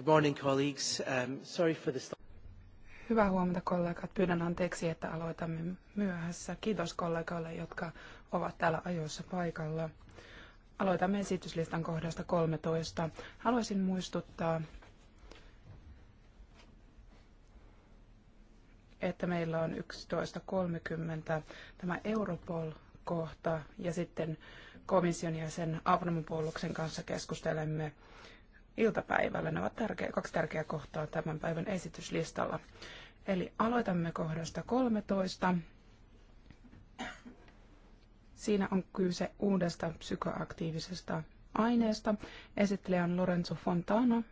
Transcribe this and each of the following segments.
Good morning, colleagues. Um, sorry for the... Hyvää huomenta kollegat. Pyydän anteeksi, että aloitamme myöhässä. Kiitos kollegoille, jotka ovat täällä ajoissa paikalla. Aloitamme esityslistan kohdasta 13. Haluaisin muistuttaa, että meillä on 11.30 tämä Europol-kohta ja sitten komission ja sen avnomupuoluksen kanssa keskustelemme iltapäivällä. Ne ovat tärkeä, kaksi tärkeää kohtaa tämän päivän esityslistalla. Eli aloitamme kohdasta 13. Siinä on kyse uudesta psykoaktiivisesta aineesta. Esittelijä on Lorenzo Fontana.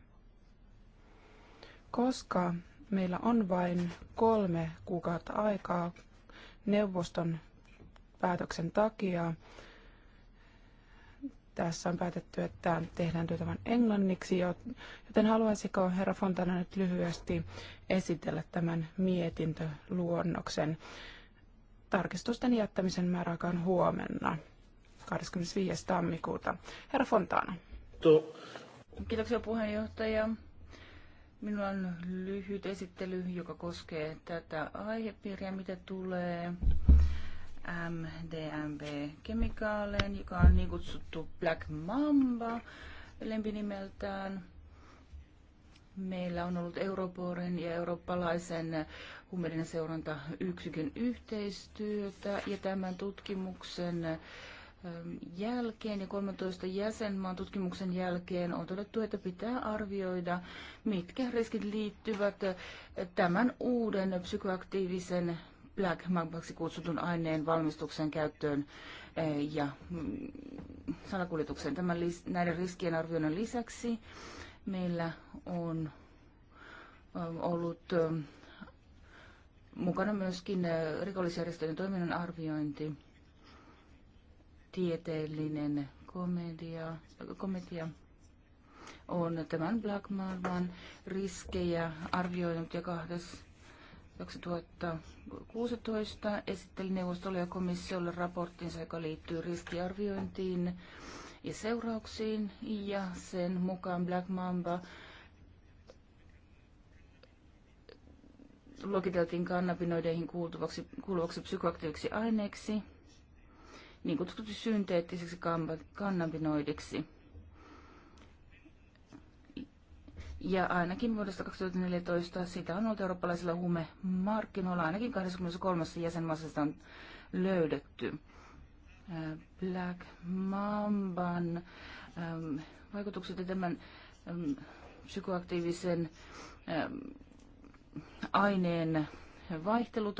Koska meillä on vain kolme kuukautta aikaa neuvoston päätöksen takia, tässä on päätetty, että tehdään työtä vain englanniksi, joten haluaisiko herra Fontana nyt lyhyesti esitellä tämän mietintöluonnoksen? Tarkistusten jättämisen määräaikaan huomenna 25. tammikuuta. Herra Fontana. Kiitoksia puheenjohtaja. Minulla on lyhyt esittely, joka koskee tätä aihepiiriä, mitä tulee MDMB Chemicaleen, joka on niin kutsuttu Black Mamba lempinimeltään. Meillä on ollut Europorin ja eurooppalaisen huumeiden yksikön yhteistyötä ja tämän tutkimuksen ähm, jälkeen ja 13 jäsenmaan tutkimuksen jälkeen on todettu, että pitää arvioida, mitkä riskit liittyvät tämän uuden psykoaktiivisen black magmaksi kutsutun aineen valmistuksen käyttöön eh, ja mm, salakuljetukseen. Tämän, näiden riskien arvioinnin lisäksi meillä on eh, ollut eh, mukana myöskin rikollisjärjestöjen toiminnan arviointi, tieteellinen komedia, komedia on tämän Black Marvan riskejä arvioinut ja kahdessa 2016 esitteli neuvostolle ja komissiolle raporttinsa, joka liittyy riskiarviointiin ja seurauksiin, ja sen mukaan Black Mamba luokiteltiin kannabinoideihin kuuluvaksi, kuuluvaksi psykoaktiiviksi aineeksi, niin kutsutusti synteettiseksi kannabinoidiksi. Ja ainakin vuodesta 2014 sitä on ollut eurooppalaisilla huumemarkkinoilla, ainakin 23 jäsenmaassa on löydetty. Äh, Black Mamban ähm, vaikutukset ja tämän ähm, psykoaktiivisen ähm, aineen vaihtelut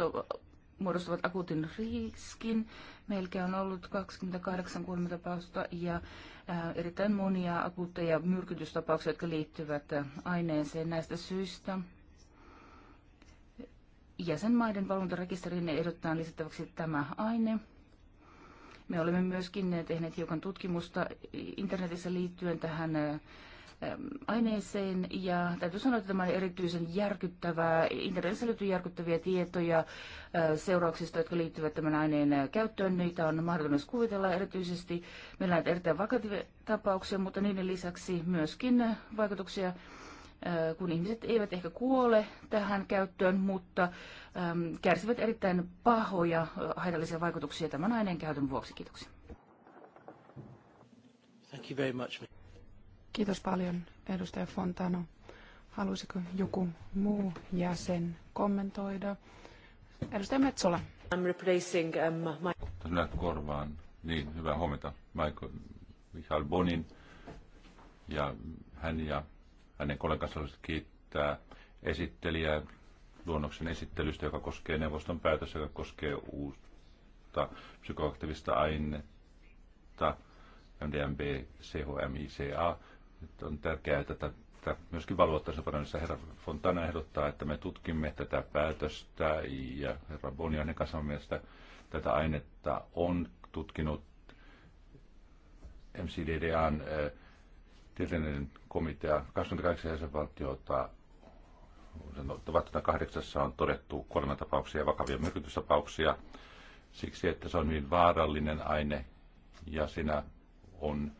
muodostavat akuutin riskin. Melkein on ollut 28 kuolematapausta ja äh, erittäin monia akuutteja myrkytystapauksia, jotka liittyvät äh, aineeseen näistä syistä. Jäsenmaiden valvontarekisteriin ehdottaa lisättäväksi tämä aine. Me olemme myöskin äh, tehneet hiukan tutkimusta internetissä liittyen tähän Ähm, aineeseen. Ja täytyy sanoa, että tämä oli erityisen järkyttävää. Internetissä löytyy järkyttäviä tietoja äh, seurauksista, jotka liittyvät tämän aineen äh, käyttöön. Niitä on mahdollista kuvitella erityisesti. Meillä on erittäin vakavia tapauksia, mutta niiden lisäksi myöskin äh, vaikutuksia kun ihmiset eivät ehkä kuole tähän käyttöön, mutta ähm, kärsivät erittäin pahoja haitallisia vaikutuksia tämän aineen käytön vuoksi. Kiitoksia. Thank you very much. Kiitos paljon, edustaja Fontano. Haluaisiko joku muu jäsen kommentoida? Edustaja Metsola. I'm replacing, um, my... Tänä korvaan. Niin, hyvää huomenta. Michael, Michael Bonin ja hän ja hänen kollegansa kiittää esittelijää luonnoksen esittelystä, joka koskee neuvoston päätös, joka koskee uutta psykoaktiivista ainetta, MDMB, CHMICA, nyt on tärkeää, että tätä myöskin valvottaisiin parannessa. Herra Fontana ehdottaa, että me tutkimme tätä päätöstä ja herra Bonianen kanssa mielestä tätä ainetta on tutkinut MCDDAn äh, eh, tieteellinen komitea 28 jäsenvaltiota kahdeksassa on todettu kolme tapauksia vakavia myrkytystapauksia siksi, että se on hyvin vaarallinen aine ja siinä on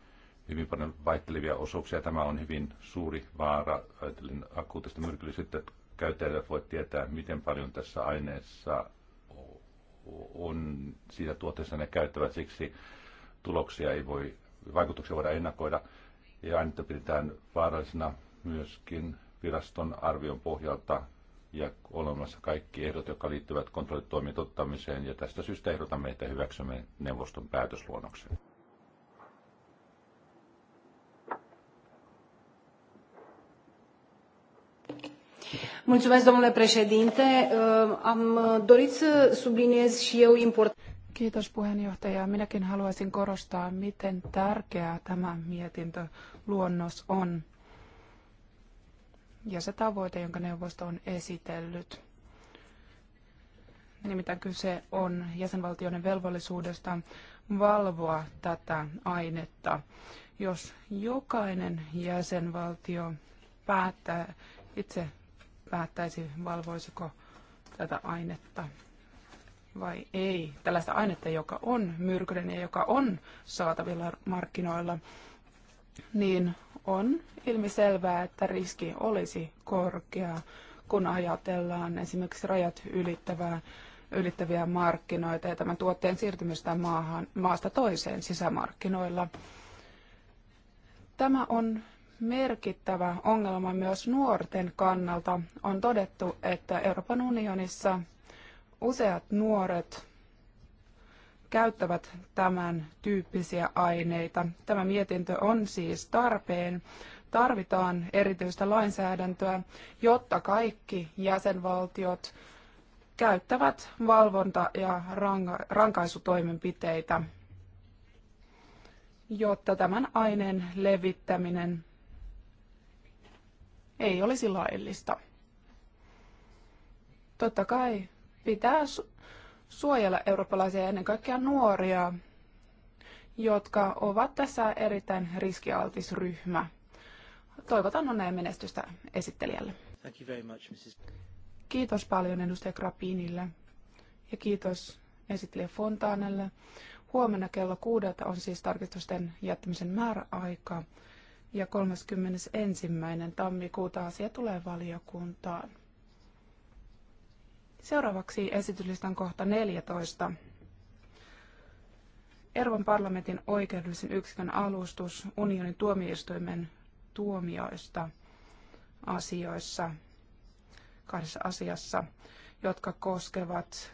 hyvin paljon vaihtelevia osuuksia. Tämä on hyvin suuri vaara. Ajattelin akuutista myrkyllisyyttä. Käyttäjät voi tietää, miten paljon tässä aineessa on siitä tuotteessa ne käyttävät. Siksi tuloksia ei voi, vaikutuksia voida ennakoida. Ja ainetta pidetään vaarallisena myöskin viraston arvion pohjalta ja olemassa kaikki ehdot, jotka liittyvät kontrollitoimien ottamiseen, ja tästä syystä ehdotamme, että hyväksymme neuvoston päätösluonnoksen. Mulțumesc, domnule președinte. Ehm, am dorit să subliniez și eu importanța. Kiitos puheenjohtaja. Minäkin haluaisin korostaa, miten tärkeä tämä mietintöluonnos on ja se tavoite, jonka neuvosto on esitellyt. Nimittäin kyse on jäsenvaltioiden velvollisuudesta valvoa tätä ainetta. Jos jokainen jäsenvaltio päättää itse päättäisi, valvoisiko tätä ainetta vai ei. Tällaista ainetta, joka on myrkyllinen ja joka on saatavilla markkinoilla, niin on ilmiselvää, että riski olisi korkea, kun ajatellaan esimerkiksi rajat ylittävää, ylittäviä markkinoita ja tämän tuotteen siirtymistä maahan, maasta toiseen sisämarkkinoilla. Tämä on merkittävä ongelma myös nuorten kannalta. On todettu, että Euroopan unionissa useat nuoret käyttävät tämän tyyppisiä aineita. Tämä mietintö on siis tarpeen. Tarvitaan erityistä lainsäädäntöä, jotta kaikki jäsenvaltiot käyttävät valvonta- ja ranka- rankaisutoimenpiteitä, jotta tämän aineen levittäminen ei olisi laillista. Totta kai pitää suojella eurooppalaisia ennen kaikkea nuoria, jotka ovat tässä erittäin riskialtis ryhmä. Toivotan onnea menestystä esittelijälle. Kiitos paljon edustaja Krapinille ja kiitos esittelijä Fontaanelle. Huomenna kello kuudelta on siis tarkistusten jättämisen määräaika ja 31. tammikuuta asia tulee valiokuntaan. Seuraavaksi esityslistan kohta 14. Euroopan parlamentin oikeudellisen yksikön alustus unionin tuomioistuimen tuomioista asioissa, kahdessa asiassa, jotka koskevat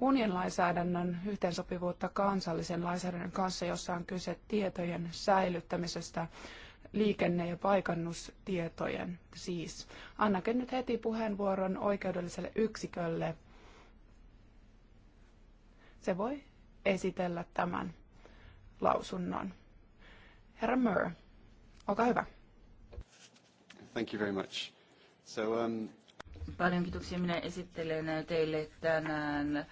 unionin lainsäädännön yhteensopivuutta kansallisen lainsäädännön kanssa, jossa on kyse tietojen säilyttämisestä, liikenne- ja paikannustietojen siis. Annakin nyt heti puheenvuoron oikeudelliselle yksikölle. Se voi esitellä tämän lausunnon. Herra Murr, olkaa hyvä. Thank you very much. So, um... Paljon kiitoksia. Minä esittelen teille tänään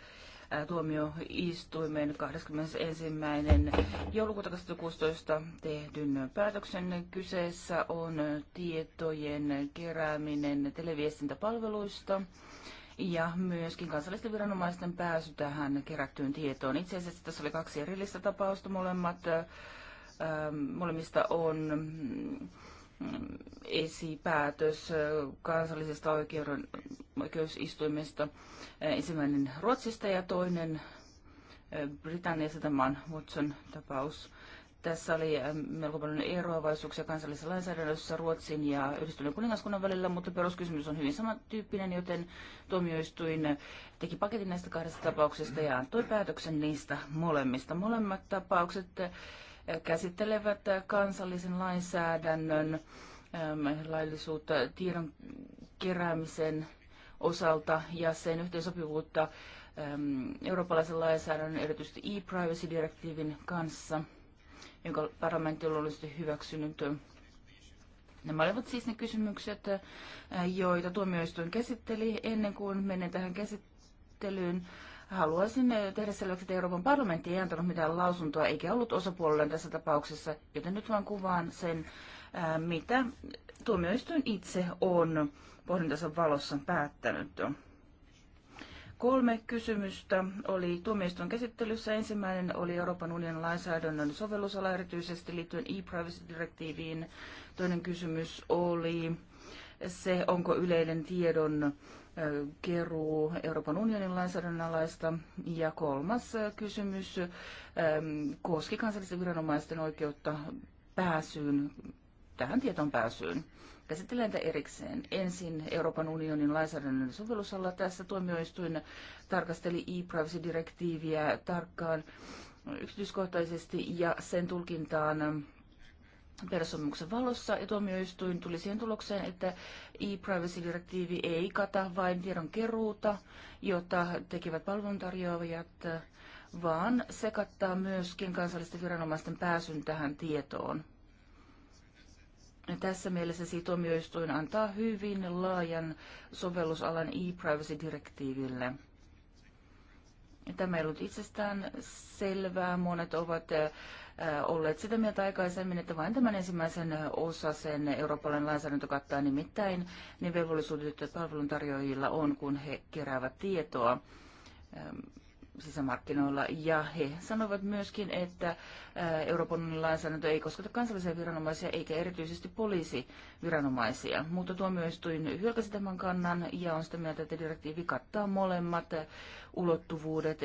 tuomioistuimen 21. joulukuuta 2016 tehdyn päätöksen. Kyseessä on tietojen kerääminen televiestintäpalveluista ja myöskin kansallisten viranomaisten pääsy tähän kerättyyn tietoon. Itse asiassa tässä oli kaksi erillistä tapausta. Molemmat, molemmista on esipäätös kansallisesta oikeuden, oikeusistuimesta, ensimmäinen Ruotsista ja toinen eh, Britanniassa tämä on Watson tapaus. Tässä oli eh, melko paljon eroavaisuuksia kansallisessa lainsäädännössä Ruotsin ja yhdistyneen kuningaskunnan välillä, mutta peruskysymys on hyvin samantyyppinen, joten tuomioistuin eh, teki paketin näistä kahdesta tapauksesta ja antoi päätöksen niistä molemmista. Molemmat tapaukset käsittelevät kansallisen lainsäädännön ähm, laillisuutta tiedon keräämisen osalta ja sen yhteensopivuutta ähm, eurooppalaisen lainsäädännön, erityisesti e-privacy-direktiivin kanssa, jonka parlamentti on luonnollisesti hyväksynyt. Nämä olivat siis ne kysymykset, äh, joita tuomioistuin käsitteli ennen kuin menen tähän käsittelyyn haluaisin eh, tehdä selväksi, että Euroopan parlamentti ei antanut mitään lausuntoa eikä ollut osapuolella tässä tapauksessa, joten nyt vaan kuvaan sen, eh, mitä tuomioistuin itse on pohdintansa valossa päättänyt. Kolme kysymystä oli tuomioistuin käsittelyssä. Ensimmäinen oli Euroopan unionin lainsäädännön sovellusala erityisesti liittyen e-privacy-direktiiviin. Toinen kysymys oli se, onko yleinen tiedon keruu Euroopan unionin lainsäädännön alaista. Ja kolmas äh, kysymys ähm, koski kansallisten viranomaisten oikeutta pääsyyn, tähän tietoon pääsyyn. Käsittelen tätä erikseen. Ensin Euroopan unionin lainsäädännön sovellusalla tässä tuomioistuin tarkasteli e-privacy-direktiiviä tarkkaan yksityiskohtaisesti ja sen tulkintaan perussopimuksen valossa ja tuomioistuin tuli siihen tulokseen, että e-privacy-direktiivi ei kata vain tiedon keruuta, jota tekevät palveluntarjoajat, vaan se kattaa myöskin kansallisten viranomaisten pääsyn tähän tietoon. Ja tässä mielessä siis tuomioistuin antaa hyvin laajan sovellusalan e-privacy-direktiiville. Tämä ei ollut itsestään selvää. Monet ovat olleet sitä mieltä aikaisemmin, että vain tämän ensimmäisen sen eurooppalainen lainsäädäntö kattaa nimittäin niin velvollisuudet, palveluntarjoajilla on, kun he keräävät tietoa sisämarkkinoilla. Ja he sanovat myöskin, että Euroopan lainsäädäntö ei kosketa kansallisia viranomaisia eikä erityisesti poliisiviranomaisia. Mutta tuomioistuin hylkäsi tämän kannan ja on sitä mieltä, että direktiivi kattaa molemmat ulottuvuudet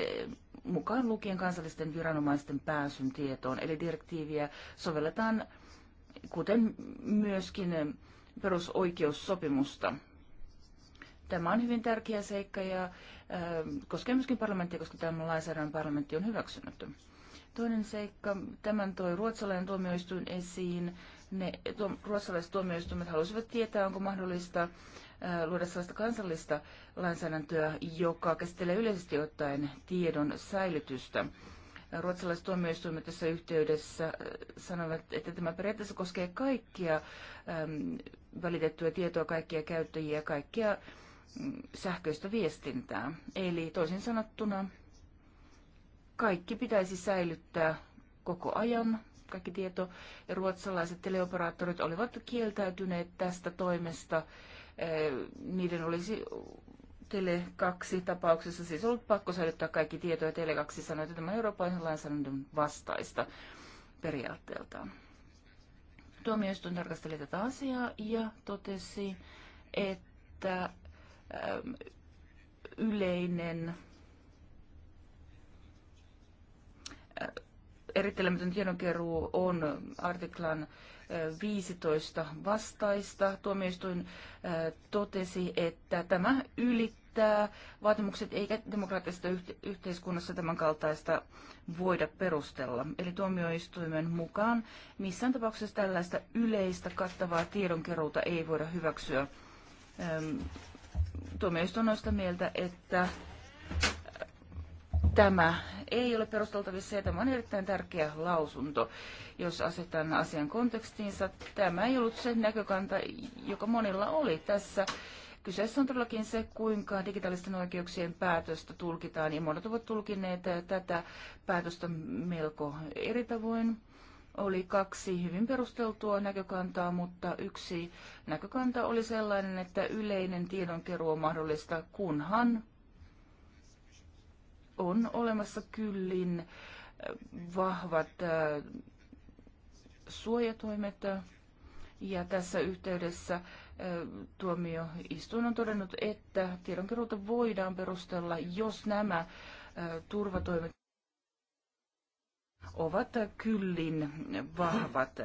mukaan lukien kansallisten viranomaisten pääsyn tietoon. Eli direktiiviä sovelletaan kuten myöskin perusoikeussopimusta. Tämä on hyvin tärkeä seikka ja koskee myöskin parlamenttia, koska tämä lainsäädännön parlamentti on hyväksynyt. Toinen seikka, tämän toi ruotsalainen tuomioistuin esiin. Ne tuo, ruotsalaiset tuomioistuimet halusivat tietää, onko mahdollista luoda sellaista kansallista lainsäädäntöä, joka käsittelee yleisesti ottaen tiedon säilytystä. Ruotsalaiset tuomioistuimet tässä yhteydessä sanovat, että tämä periaatteessa koskee kaikkia välitettyä tietoa, kaikkia käyttäjiä, kaikkia sähköistä viestintää. Eli toisin sanottuna kaikki pitäisi säilyttää koko ajan, kaikki tieto. Ja ruotsalaiset teleoperaattorit olivat kieltäytyneet tästä toimesta. Niiden olisi Tele2 tapauksessa siis ollut pakko säilyttää kaikki tieto ja Tele2 sanoi, että tämä on eurooppalaisen lainsäädännön vastaista periaatteeltaan. Tuomioistuin tarkasteli tätä asiaa ja totesi, että yleinen erittelemätön tiedonkeruu on artiklan 15 vastaista. Tuomioistuin totesi, että tämä ylittää vaatimukset eikä demokraattisessa yhteiskunnassa tämän kaltaista voida perustella. Eli tuomioistuimen mukaan missään tapauksessa tällaista yleistä kattavaa tiedonkeruuta ei voida hyväksyä tuomioistuin on sitä mieltä, että tämä ei ole perusteltavissa ja tämä on erittäin tärkeä lausunto. Jos asetan asian kontekstiinsa, tämä ei ollut se näkökanta, joka monilla oli tässä. Kyseessä on todellakin se, kuinka digitaalisten oikeuksien päätöstä tulkitaan, ja monet ovat tulkineet tätä päätöstä melko eri tavoin oli kaksi hyvin perusteltua näkökantaa, mutta yksi näkökanta oli sellainen, että yleinen tiedonkeru on mahdollista, kunhan on olemassa kyllin äh, vahvat äh, suojatoimet. Ja tässä yhteydessä äh, tuomioistuin on todennut, että tiedonkeruuta voidaan perustella, jos nämä turvatoimet ovat kyllin vahvat.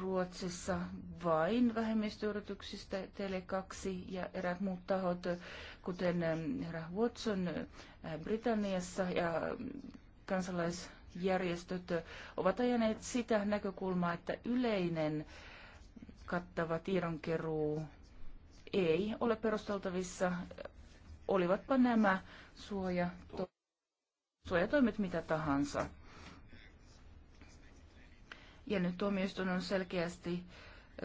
Ruotsissa vain vähemmistöyrityksistä Tele2 ja eräät muut tahot, kuten ähm, herra Watson äh, Britanniassa ja ähm, kansalaisjärjestöt ovat ajaneet sitä näkökulmaa, että yleinen kattava tiedonkeruu ei ole perusteltavissa olivatpa nämä suojato- suojatoimet mitä tahansa. Ja nyt tuomioistuin on selkeästi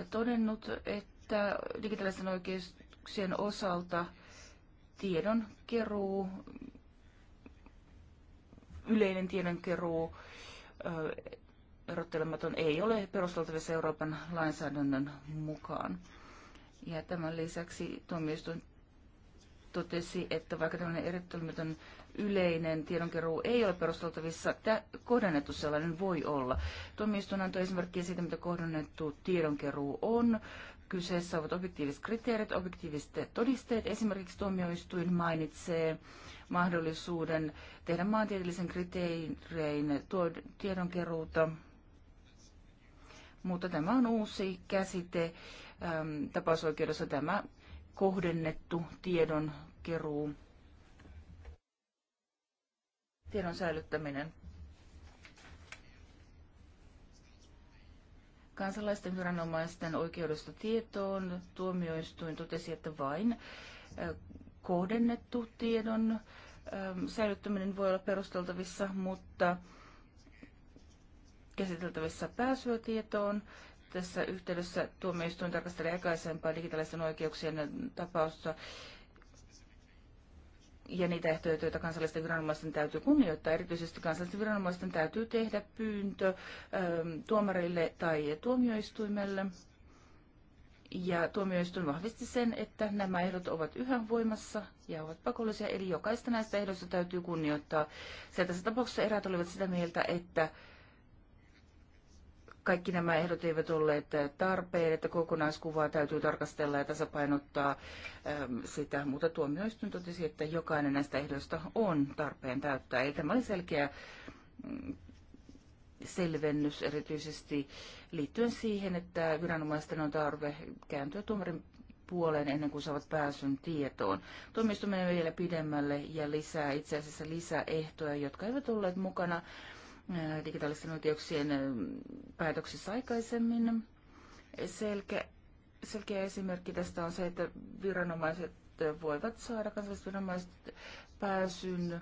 todennut, että digitaalisten oikeuksien osalta tiedon keruu, yleinen tiedon keruu, erottelematon ei ole perusteltavissa Euroopan lainsäädännön mukaan. Ja tämän lisäksi tuomioistuin totesi, että vaikka tällainen erittelymätön yleinen tiedonkeruu ei ole perusteltavissa, tämä kohdennettu sellainen voi olla. Tuomioistuin antoi esimerkkiä siitä, mitä kohdennettu tiedonkeruu on. Kyseessä ovat objektiiviset kriteerit, objektiiviset todisteet. Esimerkiksi tuomioistuin mainitsee mahdollisuuden tehdä maantieteellisen kriteerein tuo tiedonkeruuta, mutta tämä on uusi käsite. tapausoikeudessa tämä kohdennettu tiedon keruu, tiedon säilyttäminen. Kansalaisten viranomaisten oikeudesta tietoon tuomioistuin totesi, että vain kohdennettu tiedon säilyttäminen voi olla perusteltavissa, mutta käsiteltävissä pääsyötietoon tietoon tässä yhteydessä tuomioistuin tarkasteli aikaisempaa digitaalisten oikeuksien tapausta ja niitä ehtoja, joita kansallisten viranomaisten täytyy kunnioittaa. Erityisesti kansallisten viranomaisten täytyy tehdä pyyntö ähm, tuomarille tai tuomioistuimelle. Ja tuomioistuin vahvisti sen, että nämä ehdot ovat yhä voimassa ja ovat pakollisia, eli jokaista näistä ehdoista täytyy kunnioittaa. Se tässä tapauksessa erät olivat sitä mieltä, että kaikki nämä ehdot eivät olleet tarpeen, että kokonaiskuvaa täytyy tarkastella ja tasapainottaa ähm, sitä, mutta tuomioistuin totesi, että jokainen näistä ehdoista on tarpeen täyttää. Eli tämä oli selkeä mm, selvennys erityisesti liittyen siihen, että viranomaisten on tarve kääntyä tuomarin puoleen ennen kuin saavat pääsyn tietoon. Tuomioistuin menee vielä pidemmälle ja lisää itse asiassa lisäehtoja, jotka eivät olleet mukana digitaalisten oikeuksien päätöksissä aikaisemmin. Selkeä, selkeä esimerkki tästä on se, että viranomaiset voivat saada kansalliset viranomaiset pääsyn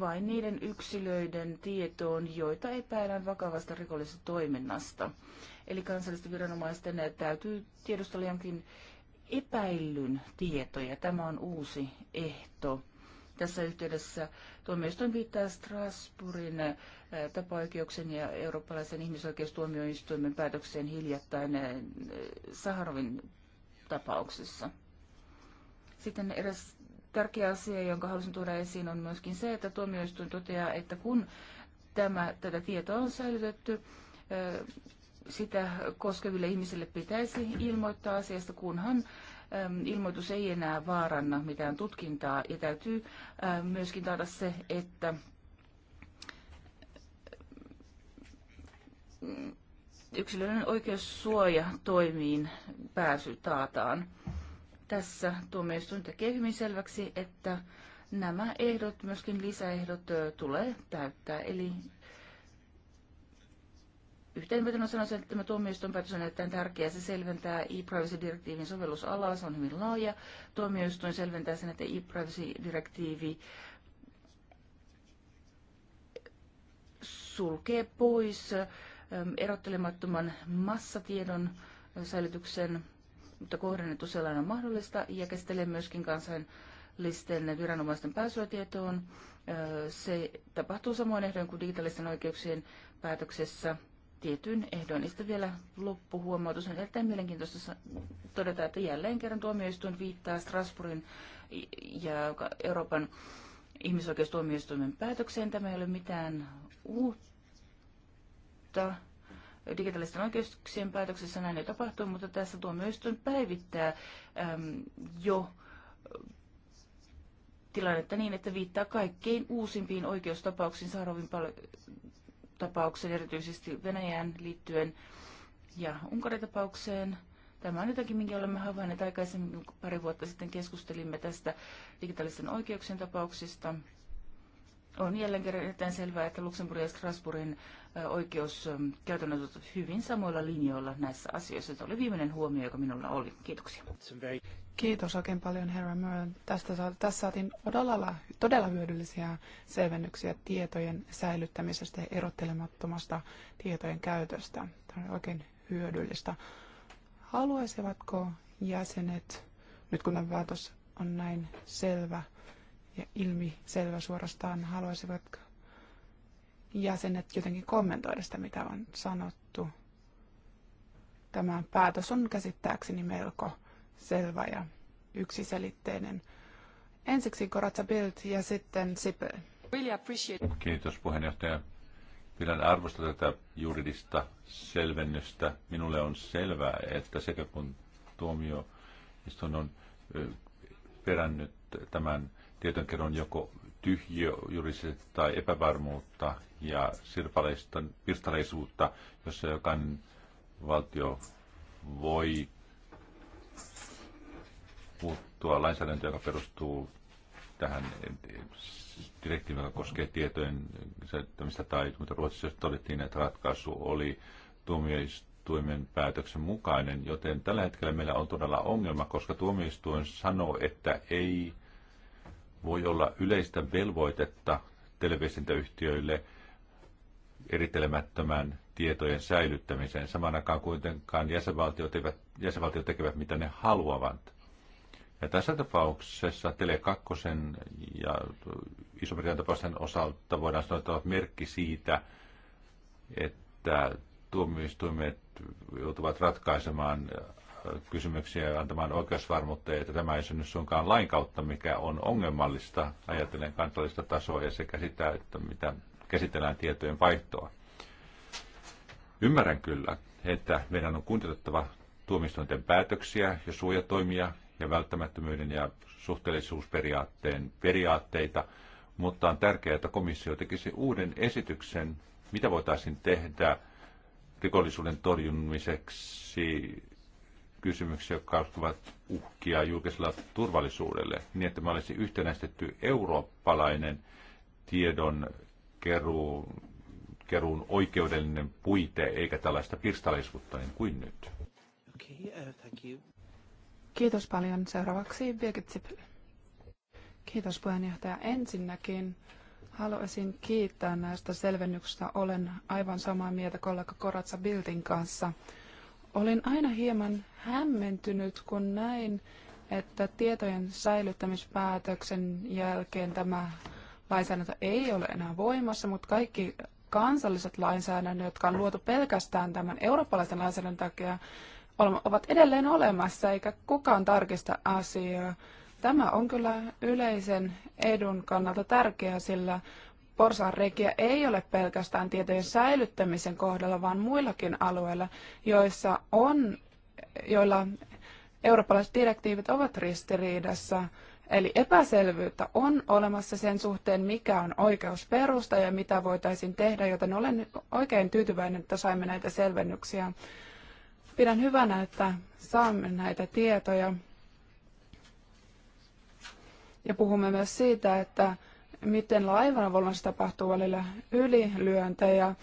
vain niiden yksilöiden tietoon, joita epäillään vakavasta rikollisesta toiminnasta. Eli kansallisten viranomaisten täytyy tiedustella jonkin epäillyn tietoja. Tämä on uusi ehto. Tässä yhteydessä tuomioistuin viittaa Strasbourgin tapaoikeuksen ja eurooppalaisen ihmisoikeustuomioistuimen päätökseen hiljattain eh, Saharovin tapauksessa. Sitten eräs tärkeä asia, jonka halusin tuoda esiin, on myöskin se, että tuomioistuin toteaa, että kun tämä, tätä tietoa on säilytetty, eh, sitä koskeville ihmisille pitäisi ilmoittaa asiasta, kunhan eh, ilmoitus ei enää vaaranna mitään tutkintaa ja täytyy myöskin taata se, että yksilöiden oikeussuoja toimiin pääsy taataan. Tässä tuomioistuin tekee hyvin selväksi, että nämä ehdot, myöskin lisäehdot, tulee täyttää. Eli yhteenvetona sanoisin, että tämä tuomioistuin päätös on erittäin tärkeä. Se selventää e-privacy-direktiivin sovellusalaa, se on hyvin laaja. Tuomioistuin selventää sen, että e-privacy-direktiivi sulkee pois erottelemattoman massatiedon säilytyksen, mutta kohdennettu sellainen on mahdollista, ja käsittelee myöskin kansainlisten viranomaisten pääsyä tietoon. Se tapahtuu samoin ehdoin kuin digitaalisten oikeuksien päätöksessä tietyn ehdoin. Niistä vielä loppuhuomautus on erittäin mielenkiintoista todeta, että jälleen kerran tuomioistuin viittaa Strasbourgin ja Euroopan ihmisoikeustuomioistuimen päätökseen. Tämä ei ole mitään uutta mutta digitaalisten oikeuksien päätöksessä näin ei tapahtu, mutta tässä tuo myös päivittää äm, jo tilannetta niin, että viittaa kaikkein uusimpiin oikeustapauksiin Saarovin tapauksen, erityisesti Venäjään liittyen ja Unkarin tapaukseen. Tämä on jotakin, minkä olemme havainneet aikaisemmin, kun pari vuotta sitten keskustelimme tästä digitaalisten oikeuksien tapauksista. On jälleen kerran erittäin selvää, että Luxemburgin ja Strasbourgin oikeuskäytännöt ovat hyvin samoilla linjoilla näissä asioissa. Se oli viimeinen huomio, joka minulla oli. Kiitoksia. Kiitos oikein paljon, herra Mörö. Tästä sa- tässä saatiin todella, todella hyödyllisiä selvennyksiä tietojen säilyttämisestä ja erottelemattomasta tietojen käytöstä. Tämä on oikein hyödyllistä. Haluaisivatko jäsenet, nyt kun tämä päätös on näin selvä ja ilmi selvä suorastaan, haluaisivatko jäsenet jotenkin kommentoida sitä, mitä on sanottu. Tämä päätös on käsittääkseni melko selvä ja yksiselitteinen. Ensiksi Koratsa Bild ja sitten Sipel. Kiitos puheenjohtaja. Pidän arvosta tätä juridista selvennystä. Minulle on selvää, että sekä kun tuomio on perännyt tämän tietokerron joko tyhjöjurisesti tai epävarmuutta ja sirpaleista, pirstaleisuutta, jossa jokainen valtio voi puuttua lainsäädäntöön, joka perustuu tähän direktiiviin, joka koskee tietojen säilyttämistä tai mutta Ruotsissa todettiin, että ratkaisu oli tuomioistuimen päätöksen mukainen, joten tällä hetkellä meillä on todella ongelma, koska tuomioistuin sanoo, että ei voi olla yleistä velvoitetta televisintäyhtiöille erittelemättömän tietojen säilyttämiseen. Samanakaan kuitenkaan jäsenvaltiot, eivät, jäsenvaltiot tekevät mitä ne haluavat. Ja tässä tapauksessa Tele2 ja Iso-Britannian tapausten osalta voidaan sanoa, että ovat merkki siitä, että tuomioistuimet joutuvat ratkaisemaan kysymyksiä ja antamaan oikeusvarmuutta, että tämä ei synny suinkaan lain kautta, mikä on ongelmallista ajatellen kansallista tasoa ja sekä sitä, että mitä käsitellään tietojen vaihtoa. Ymmärrän kyllä, että meidän on kuuntelettava tuomistointen päätöksiä ja suojatoimia ja välttämättömyyden ja suhteellisuusperiaatteen periaatteita, mutta on tärkeää, että komissio tekisi uuden esityksen, mitä voitaisiin tehdä rikollisuuden torjumiseksi kysymyksiä, jotka ovat uhkia julkisella turvallisuudelle, niin että me olisi yhtenäistetty eurooppalainen tiedon keruu, keruun oikeudellinen puite, eikä tällaista pirstalaisuutta niin kuin nyt. Okay, uh, thank you. Kiitos paljon. Seuraavaksi Birgit Zippel. Kiitos puheenjohtaja. Ensinnäkin haluaisin kiittää näistä selvennyksistä. Olen aivan samaa mieltä kollega Koratsa Bildin kanssa. Olin aina hieman hämmentynyt, kun näin, että tietojen säilyttämispäätöksen jälkeen tämä lainsäädäntö ei ole enää voimassa, mutta kaikki kansalliset lainsäädännöt, jotka on luotu pelkästään tämän eurooppalaisen lainsäädännön takia, ovat edelleen olemassa, eikä kukaan tarkista asiaa. Tämä on kyllä yleisen edun kannalta tärkeää, sillä porsaanreikiä ei ole pelkästään tietojen säilyttämisen kohdalla, vaan muillakin alueilla, joissa on, joilla eurooppalaiset direktiivit ovat ristiriidassa. Eli epäselvyyttä on olemassa sen suhteen, mikä on oikeusperusta ja mitä voitaisiin tehdä, joten olen oikein tyytyväinen, että saimme näitä selvennyksiä. Pidän hyvänä, että saamme näitä tietoja. Ja puhumme myös siitä, että miten laivanvalvonnassa tapahtuu välillä ylilyöntejä.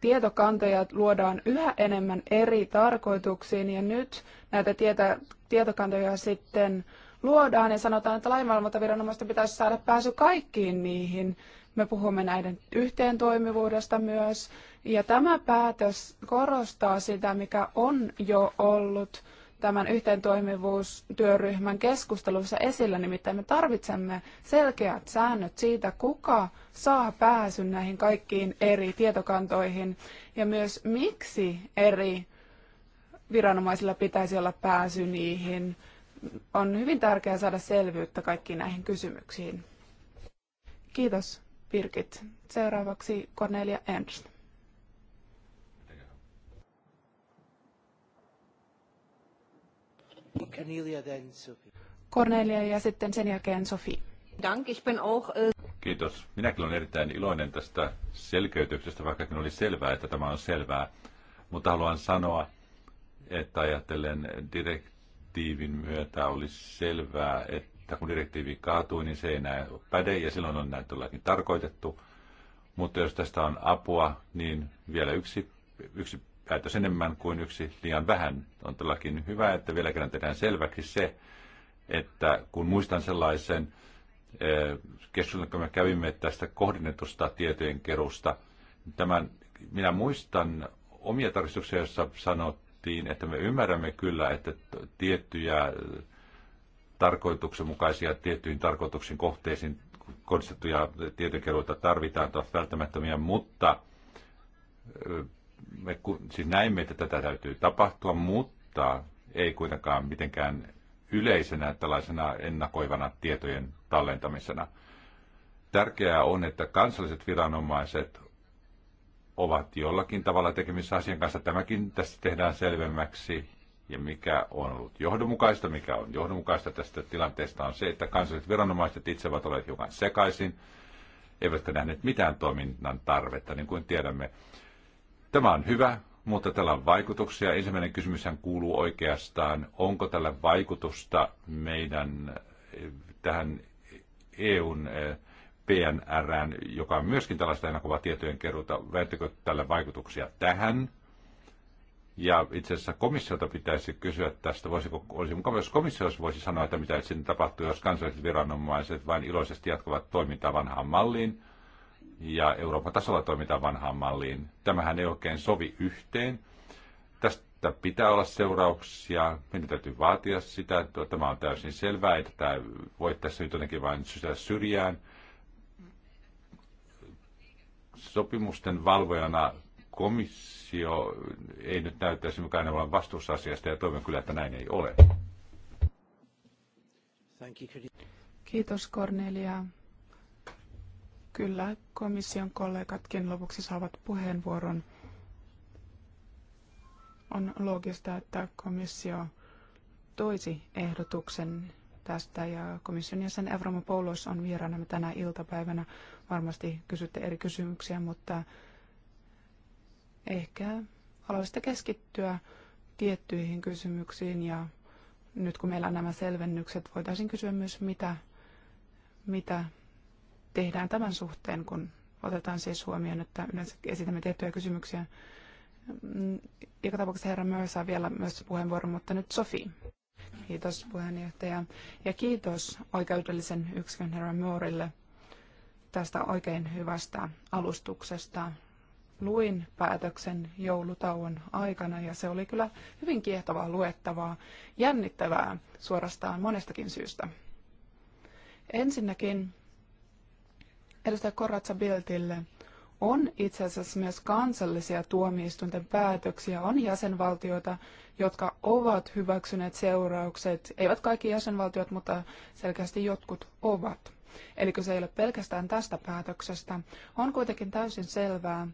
Tietokantoja luodaan yhä enemmän eri tarkoituksiin ja nyt näitä tietä, tietokantoja sitten luodaan ja sanotaan, että lainvalvontaviranomaisten pitäisi saada pääsy kaikkiin niihin. Me puhumme näiden yhteen toimivuudesta myös. Ja tämä päätös korostaa sitä, mikä on jo ollut tämän yhteentoimivuustyöryhmän keskusteluissa esillä, nimittäin me tarvitsemme selkeät säännöt siitä, kuka saa pääsyn näihin kaikkiin eri tietokantoihin ja myös miksi eri viranomaisilla pitäisi olla pääsy niihin. On hyvin tärkeää saada selvyyttä kaikkiin näihin kysymyksiin. Kiitos Birgit. Seuraavaksi Cornelia Ernst. Cornelia, then Sophie. Cornelia ja sitten sen jälkeen Sophie. Dank, ich bin auch, äh, Kiitos. Minäkin olen erittäin iloinen tästä selkeytyksestä, vaikkakin oli selvää, että tämä on selvää. Mutta haluan sanoa, että ajattelen direktiivin myötä oli selvää, että kun direktiivi kaatui, niin se ei enää päde ja silloin on näin todellakin tarkoitettu. Mutta jos tästä on apua, niin vielä yksi, yksi käytös enemmän kuin yksi liian vähän. On todellakin hyvä, että vielä kerran tehdään selväksi se, että kun muistan sellaisen eh, keskustelun, kun me kävimme tästä kohdennetusta tietojen kerusta, tämän, minä muistan omia tarkistuksia, joissa sanottiin, että me ymmärrämme kyllä, että tiettyjä eh, tarkoituksenmukaisia tiettyihin tarkoituksiin kohteisiin kohdistettuja tietokeruita tarvitaan, ovat välttämättömiä, mutta eh, me siis näimme, että tätä täytyy tapahtua, mutta ei kuitenkaan mitenkään yleisenä tällaisena ennakoivana tietojen tallentamisena. Tärkeää on, että kansalliset viranomaiset ovat jollakin tavalla tekemissä asian kanssa. Tämäkin tässä tehdään selvemmäksi. Ja mikä on ollut johdonmukaista, mikä on johdonmukaista tästä tilanteesta on se, että kansalliset viranomaiset itse ovat olleet hiukan sekaisin, eivätkä nähneet mitään toiminnan tarvetta, niin kuin tiedämme. Tämä on hyvä, mutta tällä on vaikutuksia. Ensimmäinen kysymys kuuluu oikeastaan, onko tällä vaikutusta meidän tähän EUn eh, PNRään, joka on myöskin tällaista ennakovaa tietojen keruuta. Väittekö tällä vaikutuksia tähän? Ja itse asiassa komissiolta pitäisi kysyä tästä, voisiko, olisi mukava, jos komissio voisi sanoa, että mitä sinne tapahtuu, jos kansalliset viranomaiset vain iloisesti jatkuvat toimintaa vanhaan malliin, ja Euroopan tasolla toimitaan vanhaan malliin. Tämähän ei oikein sovi yhteen. Tästä pitää olla seurauksia. Meidän täytyy vaatia sitä, tämä on täysin selvää, että tämä voi tässä nyt jotenkin vain sysää syrjään. Sopimusten valvojana komissio ei nyt näyttäisi mukaan olevan vastuussa asiasta ja toivon kyllä, että näin ei ole. Kiitos Cornelia. Kyllä, komission kollegatkin lopuksi saavat puheenvuoron. On loogista, että komissio toisi ehdotuksen tästä ja komission jäsen Poulos on vieraana tänä iltapäivänä. Varmasti kysytte eri kysymyksiä, mutta ehkä haluaisitte keskittyä tiettyihin kysymyksiin ja nyt kun meillä on nämä selvennykset, voitaisiin kysyä myös, mitä, mitä tehdään tämän suhteen, kun otetaan siis huomioon, että yleensä esitämme tiettyjä kysymyksiä. Mm, Joka tapauksessa herra myös saa vielä myös puheenvuoron, mutta nyt Sofi. Kiitos puheenjohtaja ja kiitos oikeudellisen yksikön herra Moorille tästä oikein hyvästä alustuksesta. Luin päätöksen joulutauon aikana ja se oli kyllä hyvin kiehtovaa luettavaa, jännittävää suorastaan monestakin syystä. Ensinnäkin edustaja Korratsa Biltille. On itse asiassa myös kansallisia tuomioistuinten päätöksiä, on jäsenvaltioita, jotka ovat hyväksyneet seuraukset. Eivät kaikki jäsenvaltiot, mutta selkeästi jotkut ovat. Eli kyse ei ole pelkästään tästä päätöksestä. On kuitenkin täysin selvää,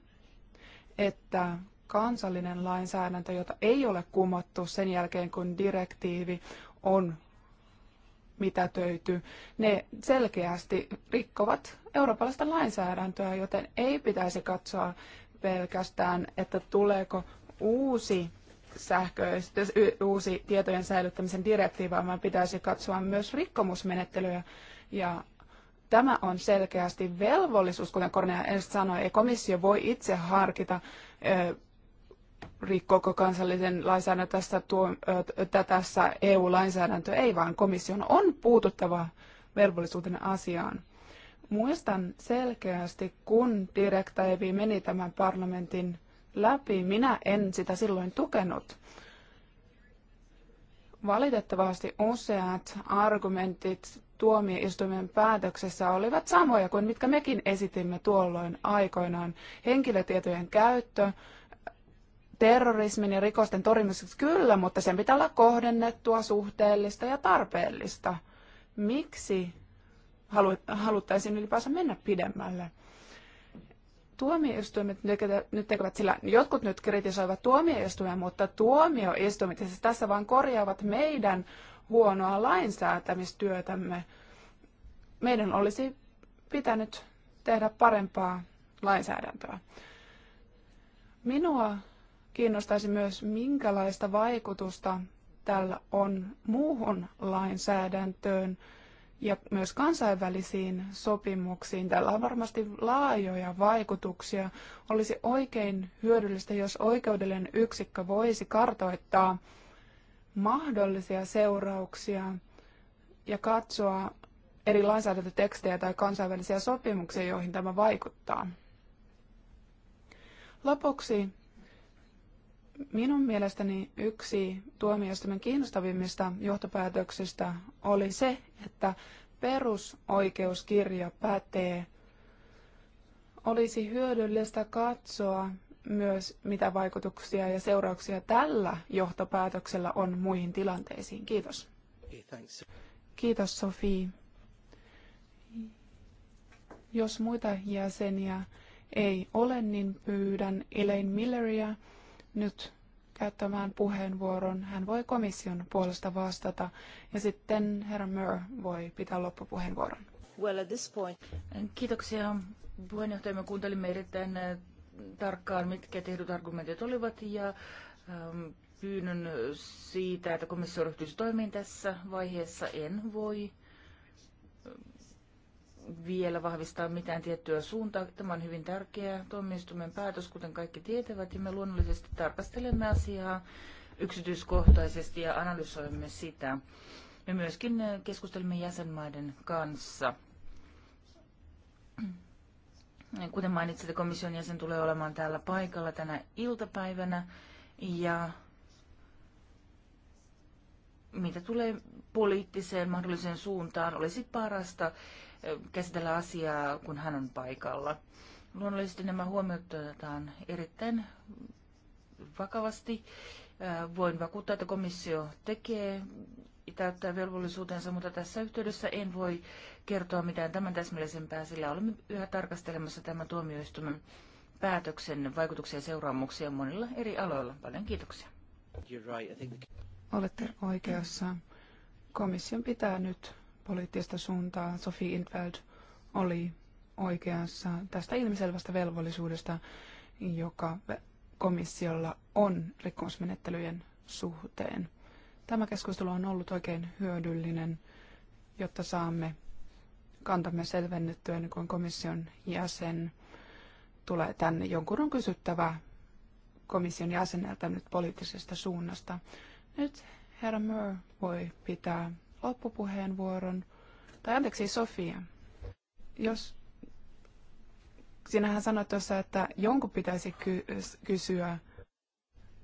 että kansallinen lainsäädäntö, jota ei ole kumottu sen jälkeen, kun direktiivi on mitätöity, ne selkeästi rikkovat eurooppalaista lainsäädäntöä, joten ei pitäisi katsoa pelkästään, että tuleeko uusi sähköistys, uusi tietojen säilyttämisen direktiivi, vaan pitäisi katsoa myös rikkomusmenettelyjä. Ja tämä on selkeästi velvollisuus, kuten Kornea ensin sanoi, ei komissio voi itse harkita rikkooko kansallisen lainsäädäntö tässä, tuo, tässä EU-lainsäädäntö, ei vaan komission on puututtava velvollisuutena asiaan. Muistan selkeästi, kun direktiivi meni tämän parlamentin läpi, minä en sitä silloin tukenut. Valitettavasti useat argumentit tuomioistuimen päätöksessä olivat samoja kuin mitkä mekin esitimme tuolloin aikoinaan. Henkilötietojen käyttö, terrorismin ja rikosten torjumiseksi kyllä, mutta sen pitää olla kohdennettua, suhteellista ja tarpeellista. Miksi haluttaisiin ylipäänsä mennä pidemmälle? Tuomioistuimet nyt tekevät sillä, jotkut nyt kritisoivat tuomioistuimia, mutta tuomioistuimet siis tässä vain korjaavat meidän huonoa lainsäätämistyötämme. Meidän olisi pitänyt tehdä parempaa lainsäädäntöä. Minua kiinnostaisi myös, minkälaista vaikutusta tällä on muuhun lainsäädäntöön ja myös kansainvälisiin sopimuksiin. Tällä on varmasti laajoja vaikutuksia. Olisi oikein hyödyllistä, jos oikeudellinen yksikkö voisi kartoittaa mahdollisia seurauksia ja katsoa eri lainsäädäntötekstejä tai kansainvälisiä sopimuksia, joihin tämä vaikuttaa. Lopuksi Minun mielestäni yksi tuomioistuimen kiinnostavimmista johtopäätöksistä oli se, että perusoikeuskirja pätee. Olisi hyödyllistä katsoa myös, mitä vaikutuksia ja seurauksia tällä johtopäätöksellä on muihin tilanteisiin. Kiitos. Kiitos, Sofi. Jos muita jäseniä ei ole, niin pyydän Elaine Milleria nyt käyttämään puheenvuoron. Hän voi komission puolesta vastata ja sitten herra Mör voi pitää loppupuheenvuoron. Well, at this point. Kiitoksia puheenjohtaja. Me kuuntelimme erittäin äh, tarkkaan, mitkä tehdyt argumentit olivat ja ähm, pyynnön siitä, että komissio ryhtyisi toimiin tässä vaiheessa en voi vielä vahvistaa mitään tiettyä suuntaa. Tämä on hyvin tärkeä tuomioistuimen päätös, kuten kaikki tietävät, ja me luonnollisesti tarkastelemme asiaa yksityiskohtaisesti ja analysoimme sitä. Me myöskin eh, keskustelemme jäsenmaiden kanssa. Kuten mainitsitte, komission jäsen tulee olemaan täällä paikalla tänä iltapäivänä. Ja mitä tulee poliittiseen mahdolliseen suuntaan, olisi parasta käsitellä asiaa, kun hän on paikalla. Luonnollisesti nämä huomiot otetaan erittäin vakavasti. Äh, voin vakuuttaa, että komissio tekee ja täyttää velvollisuutensa, mutta tässä yhteydessä en voi kertoa mitään tämän täsmällisempää, sillä olemme yhä tarkastelemassa tämän tuomioistuimen päätöksen vaikutuksia ja seuraamuksia monilla eri aloilla. Paljon kiitoksia. Olette oikeassa. Komission pitää nyt poliittista suuntaa. Sophie Intveld oli oikeassa tästä ilmiselvästä velvollisuudesta, joka komissiolla on rikkomusmenettelyjen suhteen. Tämä keskustelu on ollut oikein hyödyllinen, jotta saamme kantamme selvennettyä niin kuin komission jäsen tulee tänne. Jonkun on kysyttävä komission jäseneltä nyt poliittisesta suunnasta. Nyt herra Mör voi pitää loppupuheenvuoron. Tai anteeksi, Sofia. Jos sinähän sanoit tuossa, että jonkun pitäisi ky- kysyä.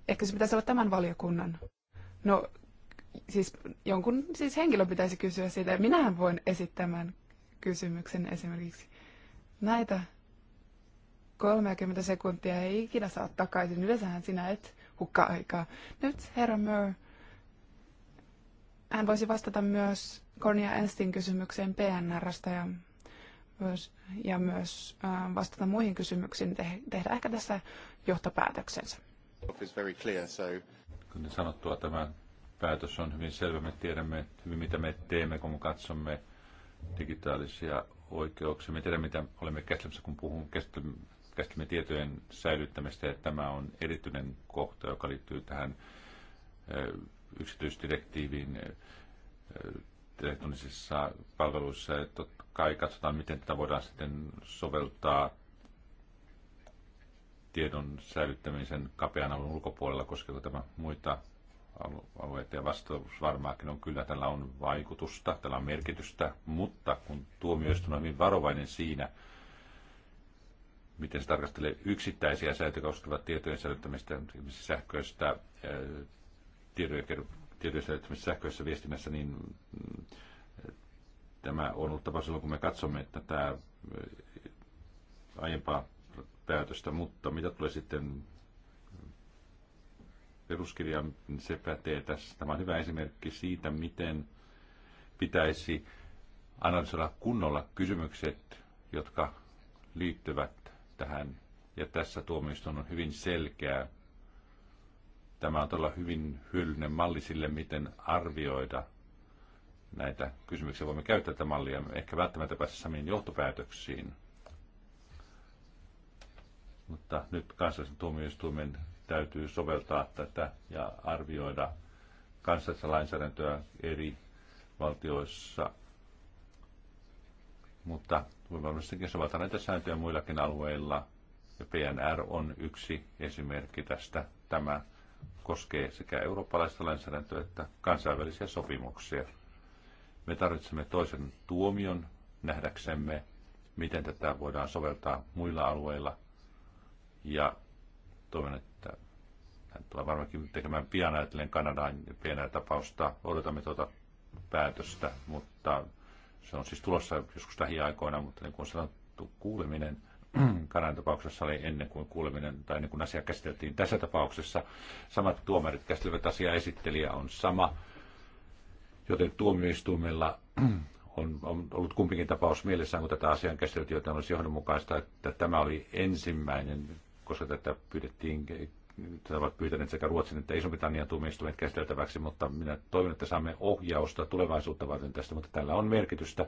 Ehkä se pitäisi olla tämän valiokunnan. No, siis jonkun siis henkilön pitäisi kysyä siitä. Minähän voin esittää tämän kysymyksen esimerkiksi. Näitä 30 sekuntia ei ikinä saa takaisin. Yleensähän sinä et hukkaa aikaa. Nyt herra Mör hän voisi vastata myös Konia Enstin kysymykseen PNRstä ja myös, ja myös vastata muihin kysymyksiin, te, tehdä ehkä tässä johtopäätöksensä. Kuten sanottua, tämä päätös on hyvin selvä. Me tiedämme hyvin, mitä me teemme, kun me katsomme digitaalisia oikeuksia. Me tiedämme, mitä olemme käsittelemässä, kun puhun käsittelemme tietojen säilyttämistä. Ja tämä on erityinen kohta, joka liittyy tähän yksityisdirektiivin eh, elektronisissa palveluissa. että totta kai katsotaan, miten tätä voidaan sitten soveltaa tiedon säilyttämisen kapean alun ulkopuolella, koskeeko tämä muita alueita. Ja vastaus varmaankin on kyllä, tällä on vaikutusta, tällä on merkitystä, mutta kun tuomioistuin on hyvin varovainen siinä, miten se tarkastelee yksittäisiä säätöjä koskevat tietojen säilyttämistä, sähköistä eh, tietojen, tietojen sähköisessä viestinnässä, niin mm, tämä on ollut tapa silloin, kun me katsomme että tämä äh, aiempaa päätöstä, mutta mitä tulee sitten peruskirjaan, niin se pätee tässä. Tämä on hyvä esimerkki siitä, miten pitäisi analysoida kunnolla kysymykset, jotka liittyvät tähän. Ja tässä tuomioistuin on hyvin selkeä Tämä on todella hyvin hyödyllinen malli sille, miten arvioida näitä kysymyksiä. Voimme käyttää tätä mallia, ehkä välttämättä päässä samiin johtopäätöksiin. Mutta nyt kansallisen tuomioistuimen täytyy soveltaa tätä ja arvioida kansallista lainsäädäntöä eri valtioissa. Mutta voimme varmastikin soveltaa näitä sääntöjä muillakin alueilla. Ja PNR on yksi esimerkki tästä. Tämä koskee sekä eurooppalaista lainsäädäntöä että kansainvälisiä sopimuksia. Me tarvitsemme toisen tuomion nähdäksemme, miten tätä voidaan soveltaa muilla alueilla. Ja toivon, että hän tulee varmaankin tekemään pian ajatellen Kanadaan pienää tapausta. Odotamme tuota päätöstä, mutta se on siis tulossa joskus lähiaikoina, mutta niin kuin sanottu, kuuleminen – Kanan tapauksessa oli ennen kuin kuuleminen tai ennen kuin asia käsiteltiin tässä tapauksessa. Samat tuomarit käsittelevät asiaa, esittelijä on sama, joten tuomioistuimella on, on ollut kumpikin tapaus mielessään, kun tätä asiaa käsiteltiin, joten olisi johdonmukaista, että tämä oli ensimmäinen, koska tätä pyydettiin tätä ovat pyytäneet sekä Ruotsin että Iso-Britannian tuomioistuimet käsiteltäväksi, mutta minä toivon, että saamme ohjausta tulevaisuutta varten tästä, mutta tällä on merkitystä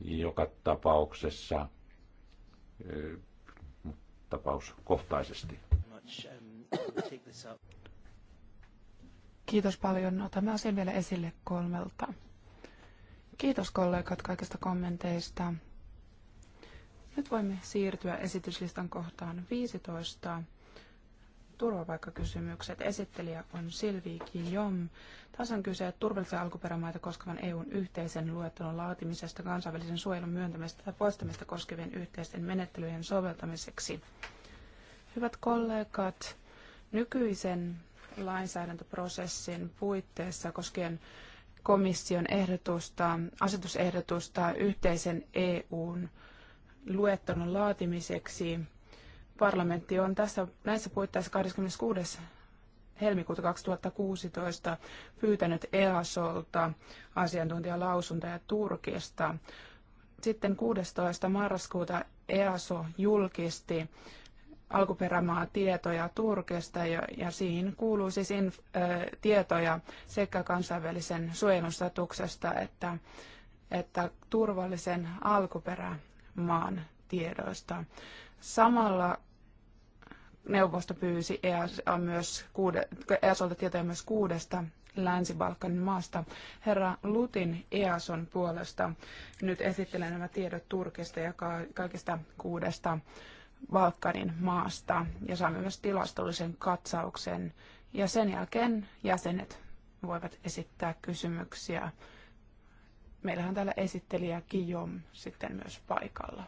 joka tapauksessa tapauskohtaisesti. Kiitos paljon. Otamme asian vielä esille kolmelta. Kiitos kollegat kaikista kommenteista. Nyt voimme siirtyä esityslistan kohtaan 15 turvapaikkakysymykset. Esittelijä on Silvi Kijom. Tässä on kyse turvallisia alkuperämaita koskevan EUn yhteisen luettelon laatimisesta kansainvälisen suojelun myöntämistä tai poistamista koskevien yhteisten menettelyjen soveltamiseksi. Hyvät kollegat, nykyisen lainsäädäntöprosessin puitteissa koskien komission ehdotusta, asetusehdotusta yhteisen EUn luettelon laatimiseksi parlamentti on tässä, näissä puitteissa 26. helmikuuta 2016 pyytänyt EASolta asiantuntijalausuntoja Turkista. Sitten 16. marraskuuta EASO julkisti alkuperämaa tietoja Turkista ja, ja siihen kuuluu siis inf, ä, tietoja sekä kansainvälisen suojelustatuksesta että, että turvallisen alkuperämaan tiedoista. Samalla neuvosto pyysi EASA myös kuude, EASolta tietoja myös kuudesta Länsi-Balkanin maasta. Herra Lutin EASON puolesta nyt esittelen nämä tiedot Turkista ja kaikista kuudesta Balkanin maasta ja saamme myös tilastollisen katsauksen. Ja sen jälkeen jäsenet voivat esittää kysymyksiä. Meillähän täällä esittelijä Kijom sitten myös paikalla.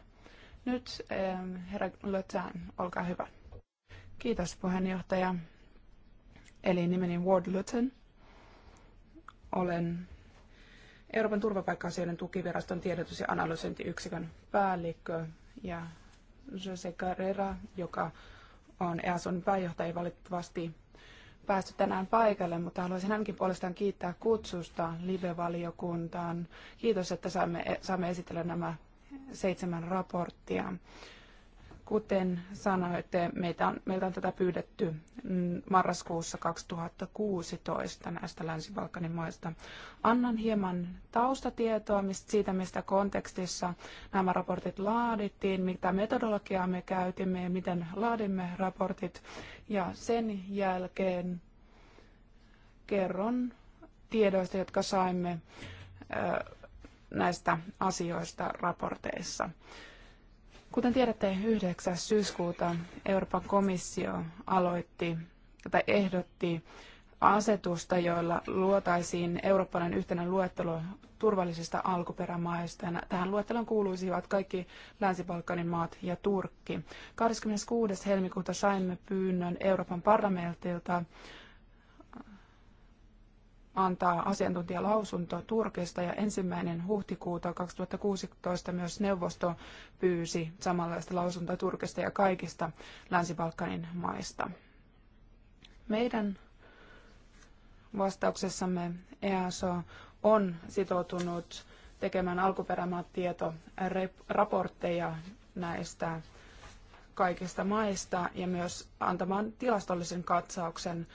Nyt ähm, herra Lötään, olkaa hyvä. Kiitos puheenjohtaja. Eli nimeni Ward Luton. Olen Euroopan turvapaikka-asioiden tukiviraston tiedotus- ja analysointiyksikön päällikkö ja Jose Carrera, joka on EASON pääjohtaja, ei valitettavasti päässyt tänään paikalle, mutta haluaisin hänkin puolestaan kiittää kutsusta live-valiokuntaan. Kiitos, että saamme, e-, saamme esitellä nämä seitsemän raporttia. Kuten sanoitte, meitä on, meiltä on tätä pyydetty mm, marraskuussa 2016 näistä Länsi-Balkanin maista. Annan hieman taustatietoa mistä, siitä, mistä kontekstissa nämä raportit laadittiin, mitä metodologiaa me käytimme ja miten laadimme raportit. Ja sen jälkeen kerron tiedoista, jotka saimme näistä asioista raporteissa. Kuten tiedätte, 9. syyskuuta Euroopan komissio aloitti tai ehdotti asetusta, joilla luotaisiin eurooppalainen yhtenä luettelo turvallisista alkuperämaista. Tähän luetteloon kuuluisivat kaikki Länsi-Balkanin maat ja Turkki. 26. helmikuuta saimme pyynnön Euroopan parlamentilta antaa asiantuntijalausunto Turkista ja ensimmäinen huhtikuuta 2016 myös neuvosto pyysi samanlaista lausuntoa Turkista ja kaikista Länsi-Balkanin maista. Meidän vastauksessamme EASO on sitoutunut tekemään alkuperämaat tietoraportteja näistä kaikista maista ja myös antamaan tilastollisen katsauksen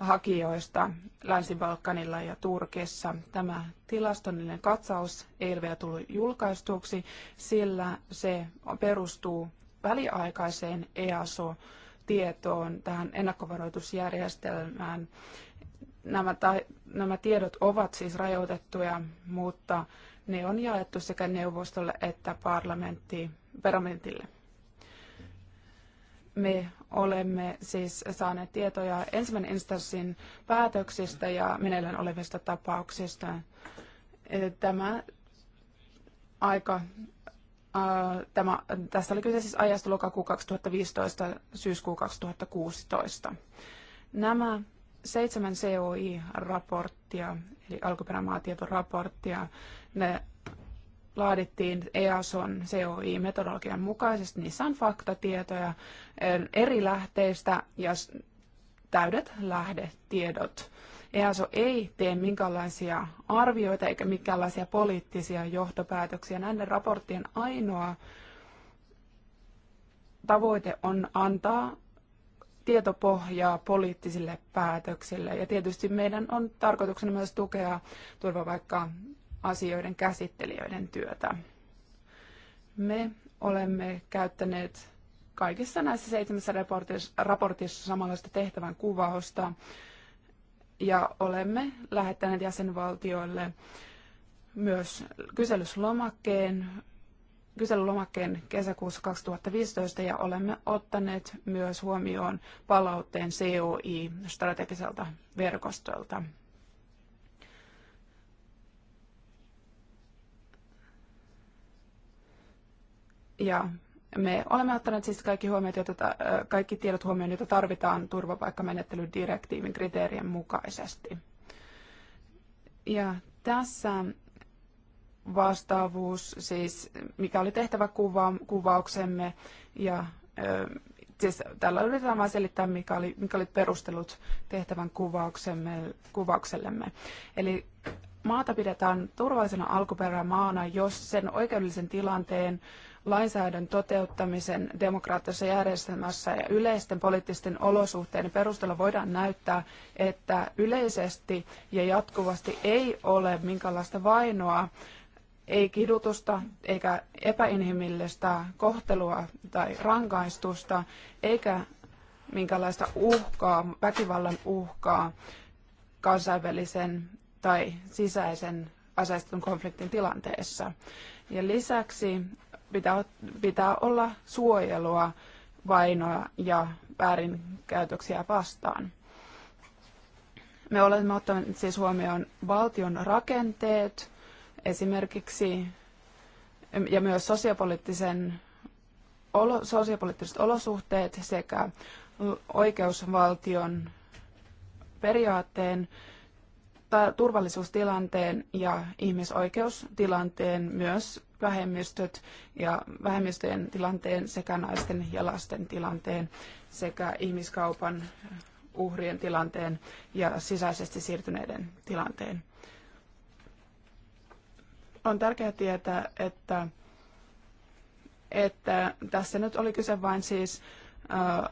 hakijoista Länsi-Balkanilla ja Turkissa. Tämä tilastollinen katsaus ei vielä tullut julkaistuksi, sillä se perustuu väliaikaiseen EASO-tietoon, tähän ennakkovaroitusjärjestelmään. Nämä, ta- nämä tiedot ovat siis rajoitettuja, mutta ne on jaettu sekä neuvostolle että parlamentille. Me olemme siis saaneet tietoja ensimmäisen instanssin päätöksistä ja meneillään olevista tapauksista. E, tämä aika, tämä, tässä oli kyse siis ajasta lokakuu 2015, syyskuu 2016. Nämä seitsemän COI-raporttia, eli alkuperämaatietoraporttia, ne laadittiin EASON COI-metodologian mukaisesti. Niissä on faktatietoja eri lähteistä ja täydet lähdetiedot. EASO ei tee minkäänlaisia arvioita eikä minkäänlaisia poliittisia johtopäätöksiä. Näiden raporttien ainoa tavoite on antaa tietopohjaa poliittisille päätöksille. Ja tietysti meidän on tarkoituksena myös tukea turvapaikkaa asioiden käsittelijöiden työtä. Me olemme käyttäneet kaikissa näissä seitsemässä raportissa, raportissa samanlaista tehtävän kuvausta ja olemme lähettäneet jäsenvaltioille myös kyselyslomakkeen, kyselylomakkeen kesäkuussa 2015 ja olemme ottaneet myös huomioon palautteen COI-strategiselta verkostolta. Ja me olemme ottaneet siis kaikki, huomiot, joita, äh, kaikki tiedot huomioon, joita tarvitaan turvapaikkamenettelydirektiivin kriteerien mukaisesti. Ja tässä vastaavuus, siis mikä oli tehtävä kuva, kuvauksemme ja ö, siis tällä yritetään vain selittää, mikä oli, mikä oli perustelut tehtävän kuvauksemme, kuvauksellemme. Eli maata pidetään turvallisena alkuperämaana, jos sen oikeudellisen tilanteen lainsäädännön toteuttamisen demokraattisessa järjestelmässä ja yleisten poliittisten olosuhteiden perusteella voidaan näyttää, että yleisesti ja jatkuvasti ei ole minkäänlaista vainoa, ei kidutusta eikä epäinhimillistä kohtelua tai rankaistusta eikä minkäänlaista uhkaa, väkivallan uhkaa kansainvälisen tai sisäisen aseistetun konfliktin tilanteessa. Ja lisäksi pitää, pitää olla suojelua vainoa ja väärinkäytöksiä vastaan. Me olemme ottaneet siis huomioon valtion rakenteet esimerkiksi ja myös sosiopoliittisen, olo, sosiopoliittiset olosuhteet sekä oikeusvaltion periaatteen, turvallisuustilanteen ja ihmisoikeustilanteen myös vähemmistöt ja vähemmistöjen tilanteen sekä naisten ja lasten tilanteen sekä ihmiskaupan uhrien tilanteen ja sisäisesti siirtyneiden tilanteen. On tärkeää tietää, että, että tässä nyt oli kyse vain siis ää, äh,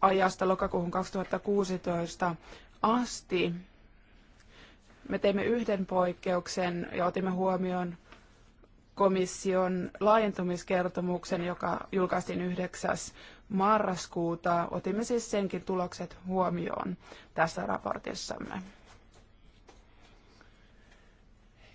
ajasta lokakuuhun 2016 asti. Me teimme yhden poikkeuksen ja otimme huomioon komission laajentumiskertomuksen, joka julkaistiin 9. marraskuuta. Otimme siis senkin tulokset huomioon tässä raportissamme.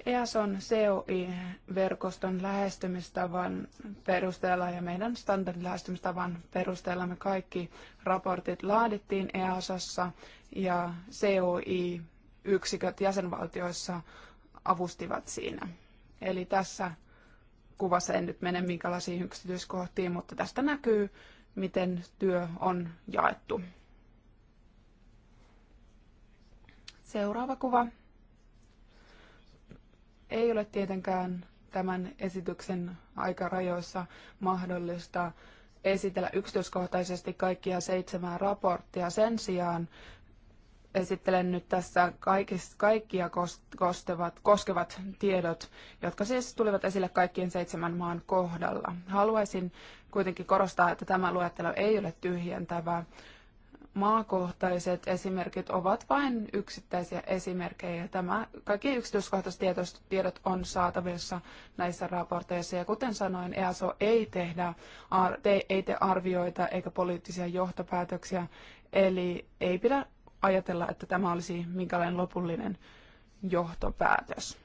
EASON COI-verkoston lähestymistavan perusteella ja meidän standardilähestymistavan perusteella me kaikki raportit laadittiin EASassa ja COI-yksiköt jäsenvaltioissa avustivat siinä. Eli tässä kuvassa en nyt mene minkälaisiin yksityiskohtiin, mutta tästä näkyy, miten työ on jaettu. Seuraava kuva ei ole tietenkään tämän esityksen aikarajoissa mahdollista esitellä yksityiskohtaisesti kaikkia seitsemää raporttia. Sen sijaan esittelen nyt tässä kaikis, kaikkia koskevat, koskevat tiedot, jotka siis tulivat esille kaikkien seitsemän maan kohdalla. Haluaisin kuitenkin korostaa, että tämä luettelo ei ole tyhjentävä. Maakohtaiset esimerkit ovat vain yksittäisiä esimerkkejä. Tämä, kaikki yksityiskohtaiset tiedot, tiedot on saatavissa näissä raporteissa. Ja kuten sanoin, EASO ei, tehdä, ei tee arvioita eikä poliittisia johtopäätöksiä, eli ei pidä ajatella, että tämä olisi minkälainen lopullinen johtopäätös.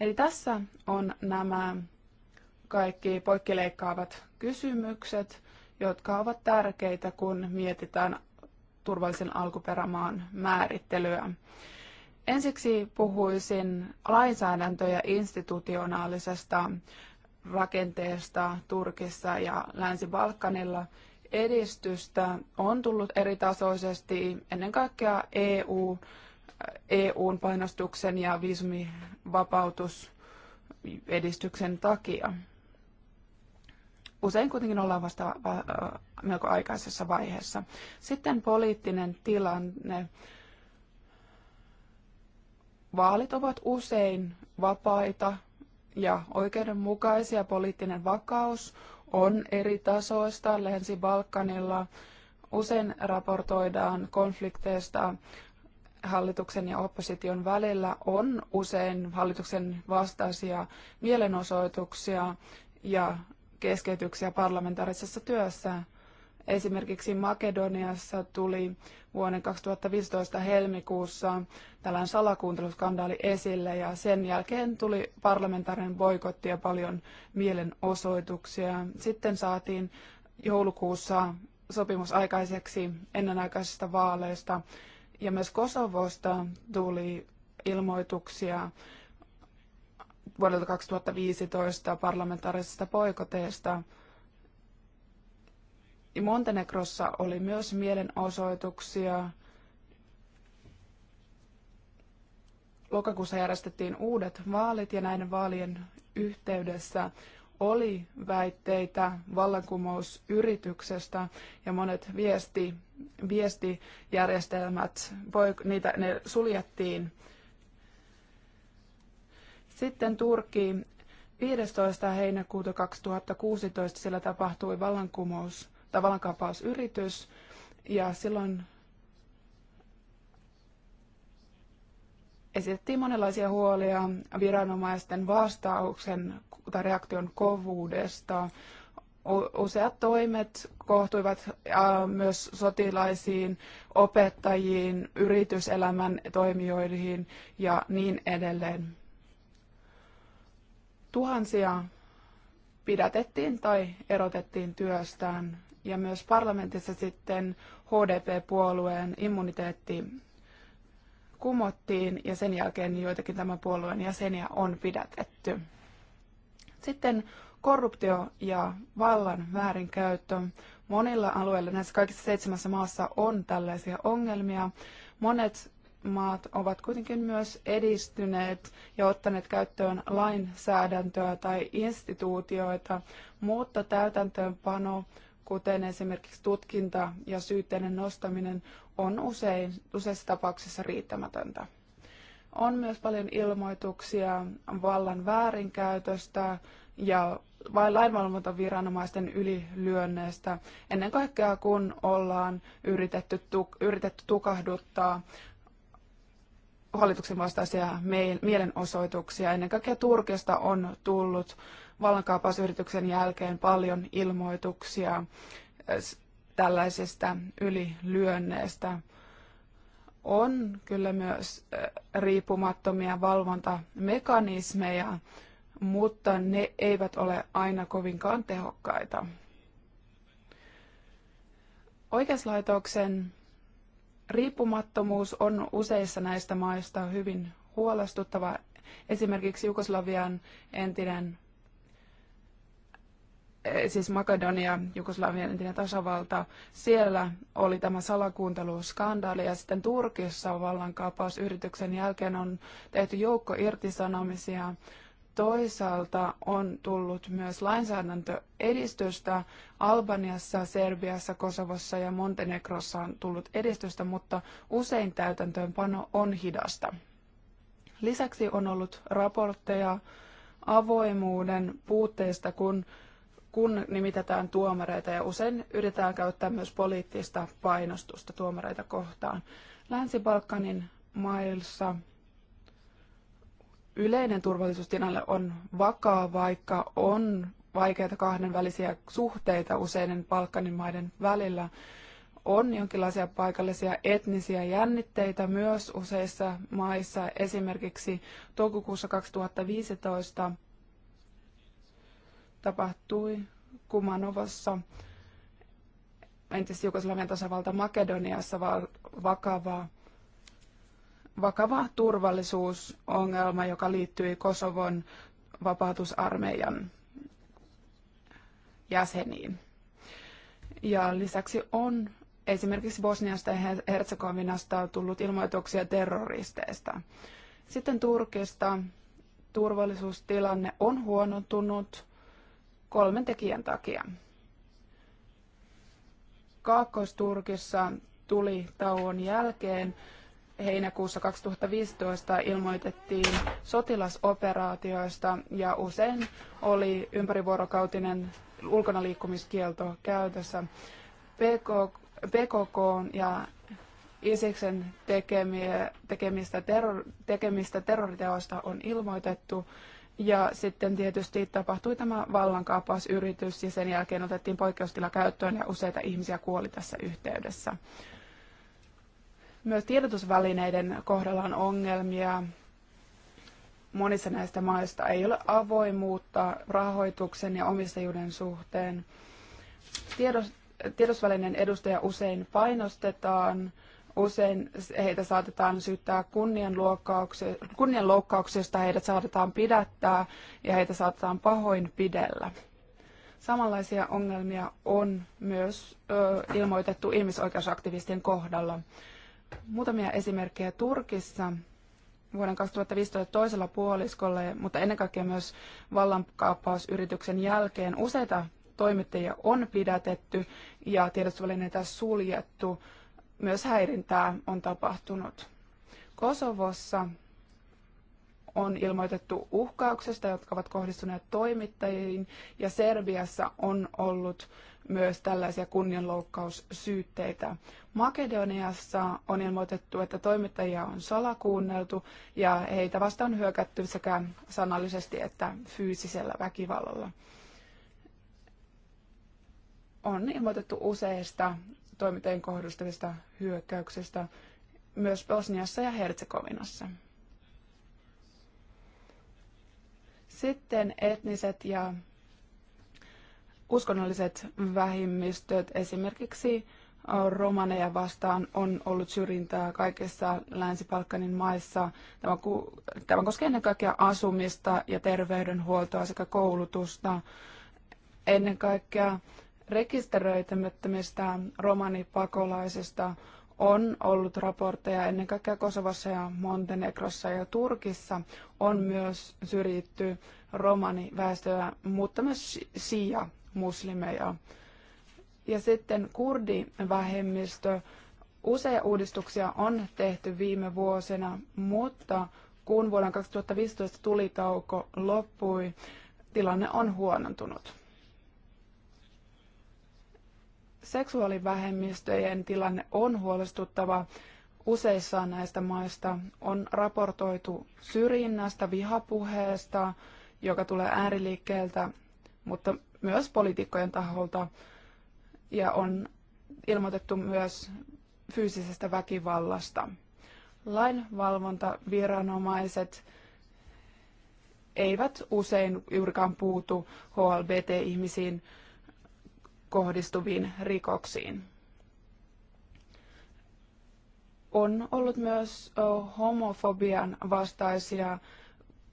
Eli tässä on nämä kaikki poikkileikkaavat kysymykset, jotka ovat tärkeitä, kun mietitään turvallisen alkuperämaan määrittelyä. Ensiksi puhuisin lainsäädäntö- ja institutionaalisesta rakenteesta Turkissa ja Länsi-Balkanilla edistystä on tullut eritasoisesti ennen kaikkea EU, EUn painostuksen ja viisumivapautusedistyksen takia. Usein kuitenkin ollaan vasta melko aikaisessa vaiheessa. Sitten poliittinen tilanne. Vaalit ovat usein vapaita ja oikeudenmukaisia. Poliittinen vakaus on eri tasoista. Länsi-Balkanilla usein raportoidaan konflikteista hallituksen ja opposition välillä on usein hallituksen vastaisia mielenosoituksia ja keskeytyksiä parlamentaarisessa työssä. Esimerkiksi Makedoniassa tuli vuoden 2015 helmikuussa tällainen salakuunteluskandaali esille ja sen jälkeen tuli parlamentaarinen boikotti ja paljon mielenosoituksia. Sitten saatiin joulukuussa sopimus aikaiseksi ennenaikaisista vaaleista ja myös Kosovosta tuli ilmoituksia vuodelta 2015 parlamentaarisesta boikoteista. Montenegrossa oli myös mielenosoituksia. Lokakuussa järjestettiin uudet vaalit ja näiden vaalien yhteydessä oli väitteitä vallankumousyrityksestä ja monet viesti, viestijärjestelmät, niitä, ne suljettiin. Sitten Turkki 15. heinäkuuta 2016 siellä tapahtui vallankumous kapausyritys. ja silloin esitettiin monenlaisia huolia viranomaisten vastauksen tai reaktion kovuudesta. Useat toimet kohtuivat myös sotilaisiin, opettajiin, yrityselämän toimijoihin ja niin edelleen. Tuhansia pidätettiin tai erotettiin työstään ja myös parlamentissa sitten HDP-puolueen immuniteetti kumottiin ja sen jälkeen joitakin tämän puolueen jäseniä on pidätetty. Sitten korruptio ja vallan väärinkäyttö. Monilla alueilla näissä kaikissa seitsemässä maassa on tällaisia ongelmia. Monet maat ovat kuitenkin myös edistyneet ja ottaneet käyttöön lainsäädäntöä tai instituutioita, mutta täytäntöönpano kuten esimerkiksi tutkinta ja syytteiden nostaminen, on usein, useissa tapauksissa riittämätöntä. On myös paljon ilmoituksia vallan väärinkäytöstä ja vain lainvalvontaviranomaisten ylilyönneestä, ennen kaikkea kun ollaan yritetty, tuk- yritetty tukahduttaa hallituksen vastaisia mielenosoituksia. Ennen kaikkea Turkista on tullut vallankaapausyrityksen jälkeen paljon ilmoituksia äh, tällaisesta ylilyönneestä. On kyllä myös äh, riippumattomia valvontamekanismeja, mutta ne eivät ole aina kovinkaan tehokkaita. Oikeuslaitoksen riippumattomuus on useissa näistä maista hyvin huolestuttava. Esimerkiksi Jugoslavian entinen Eh, siis Makedonia, Jugoslavian entinen tasavalta, siellä oli tämä salakuunteluskandaali ja sitten Turkissa vallankaapausyrityksen jälkeen on tehty joukko irtisanomisia. Toisaalta on tullut myös lainsäädäntöedistystä. Albaniassa, Serbiassa, Kosovossa ja Montenegrossa on tullut edistystä, mutta usein täytäntöönpano on hidasta. Lisäksi on ollut raportteja avoimuuden puutteesta, kun kun nimitetään tuomareita ja usein yritetään käyttää myös poliittista painostusta tuomareita kohtaan. Länsi-Balkanin maissa yleinen turvallisuustilanne on vakaa, vaikka on vaikeita kahdenvälisiä suhteita useiden Balkanin maiden välillä. On jonkinlaisia paikallisia etnisiä jännitteitä myös useissa maissa. Esimerkiksi toukokuussa 2015 tapahtui Kumanovassa entis Jugoslavian tasavalta Makedoniassa vakava, vakava turvallisuusongelma, joka liittyi Kosovon vapautusarmeijan jäseniin. Ja lisäksi on esimerkiksi Bosniasta ja Herzegovinasta tullut ilmoituksia terroristeista. Sitten Turkista turvallisuustilanne on huonontunut kolmen tekijän takia. Kaakkois-Turkissa tuli tauon jälkeen heinäkuussa 2015 ilmoitettiin sotilasoperaatioista ja usein oli ympärivuorokautinen ulkonaliikkumiskielto käytössä. PKK ja Isiksen tekemistä, terror, tekemistä terroriteoista on ilmoitettu ja sitten tietysti tapahtui tämä vallankaappausyritys ja sen jälkeen otettiin poikkeustila käyttöön ja useita ihmisiä kuoli tässä yhteydessä. Myös tiedotusvälineiden kohdalla on ongelmia. Monissa näistä maista ei ole avoimuutta rahoituksen ja omistajuuden suhteen. Tiedos, tiedotusvälineen edustaja usein painostetaan – Usein heitä saatetaan syyttää kunnianloukkauksesta, heidät saatetaan pidättää ja heitä saatetaan pahoin pidellä. Samanlaisia ongelmia on myös ö, ilmoitettu ihmisoikeusaktivistien kohdalla. Muutamia esimerkkejä Turkissa vuoden 2015 toisella puoliskolla, mutta ennen kaikkea myös vallankaappausyrityksen jälkeen useita toimittajia on pidätetty ja tiedotusvälineitä suljettu myös häirintää on tapahtunut. Kosovossa on ilmoitettu uhkauksesta, jotka ovat kohdistuneet toimittajiin, ja Serbiassa on ollut myös tällaisia kunnianloukkaussyytteitä. Makedoniassa on ilmoitettu, että toimittajia on salakuunneltu ja heitä vastaan hyökätty sekä sanallisesti että fyysisellä väkivallalla. On ilmoitettu useista toimittajien kohdistuvista hyökkäyksistä myös Bosniassa ja Herzegovinassa. Sitten etniset ja uskonnolliset vähemmistöt, esimerkiksi romaneja vastaan on ollut syrjintää kaikissa Länsi-Balkanin maissa. Tämä, ku, tämä koskee ennen kaikkea asumista ja terveydenhuoltoa sekä koulutusta. Ennen kaikkea rekisteröitymättömistä romanipakolaisista on ollut raportteja ennen kaikkea Kosovassa ja Montenegrossa ja Turkissa on myös syrjitty romaniväestöä, mutta myös shia muslimeja. Ja sitten kurdivähemmistö. Useja uudistuksia on tehty viime vuosina, mutta kun vuonna 2015 tulitauko loppui, tilanne on huonontunut. Seksuaalivähemmistöjen tilanne on huolestuttava. Useissa näistä maista on raportoitu syrjinnästä, vihapuheesta, joka tulee ääriliikkeeltä, mutta myös poliitikkojen taholta. Ja on ilmoitettu myös fyysisestä väkivallasta. Lainvalvontaviranomaiset eivät usein juurikaan puutu HLBT-ihmisiin kohdistuviin rikoksiin. On ollut myös homofobian vastaisia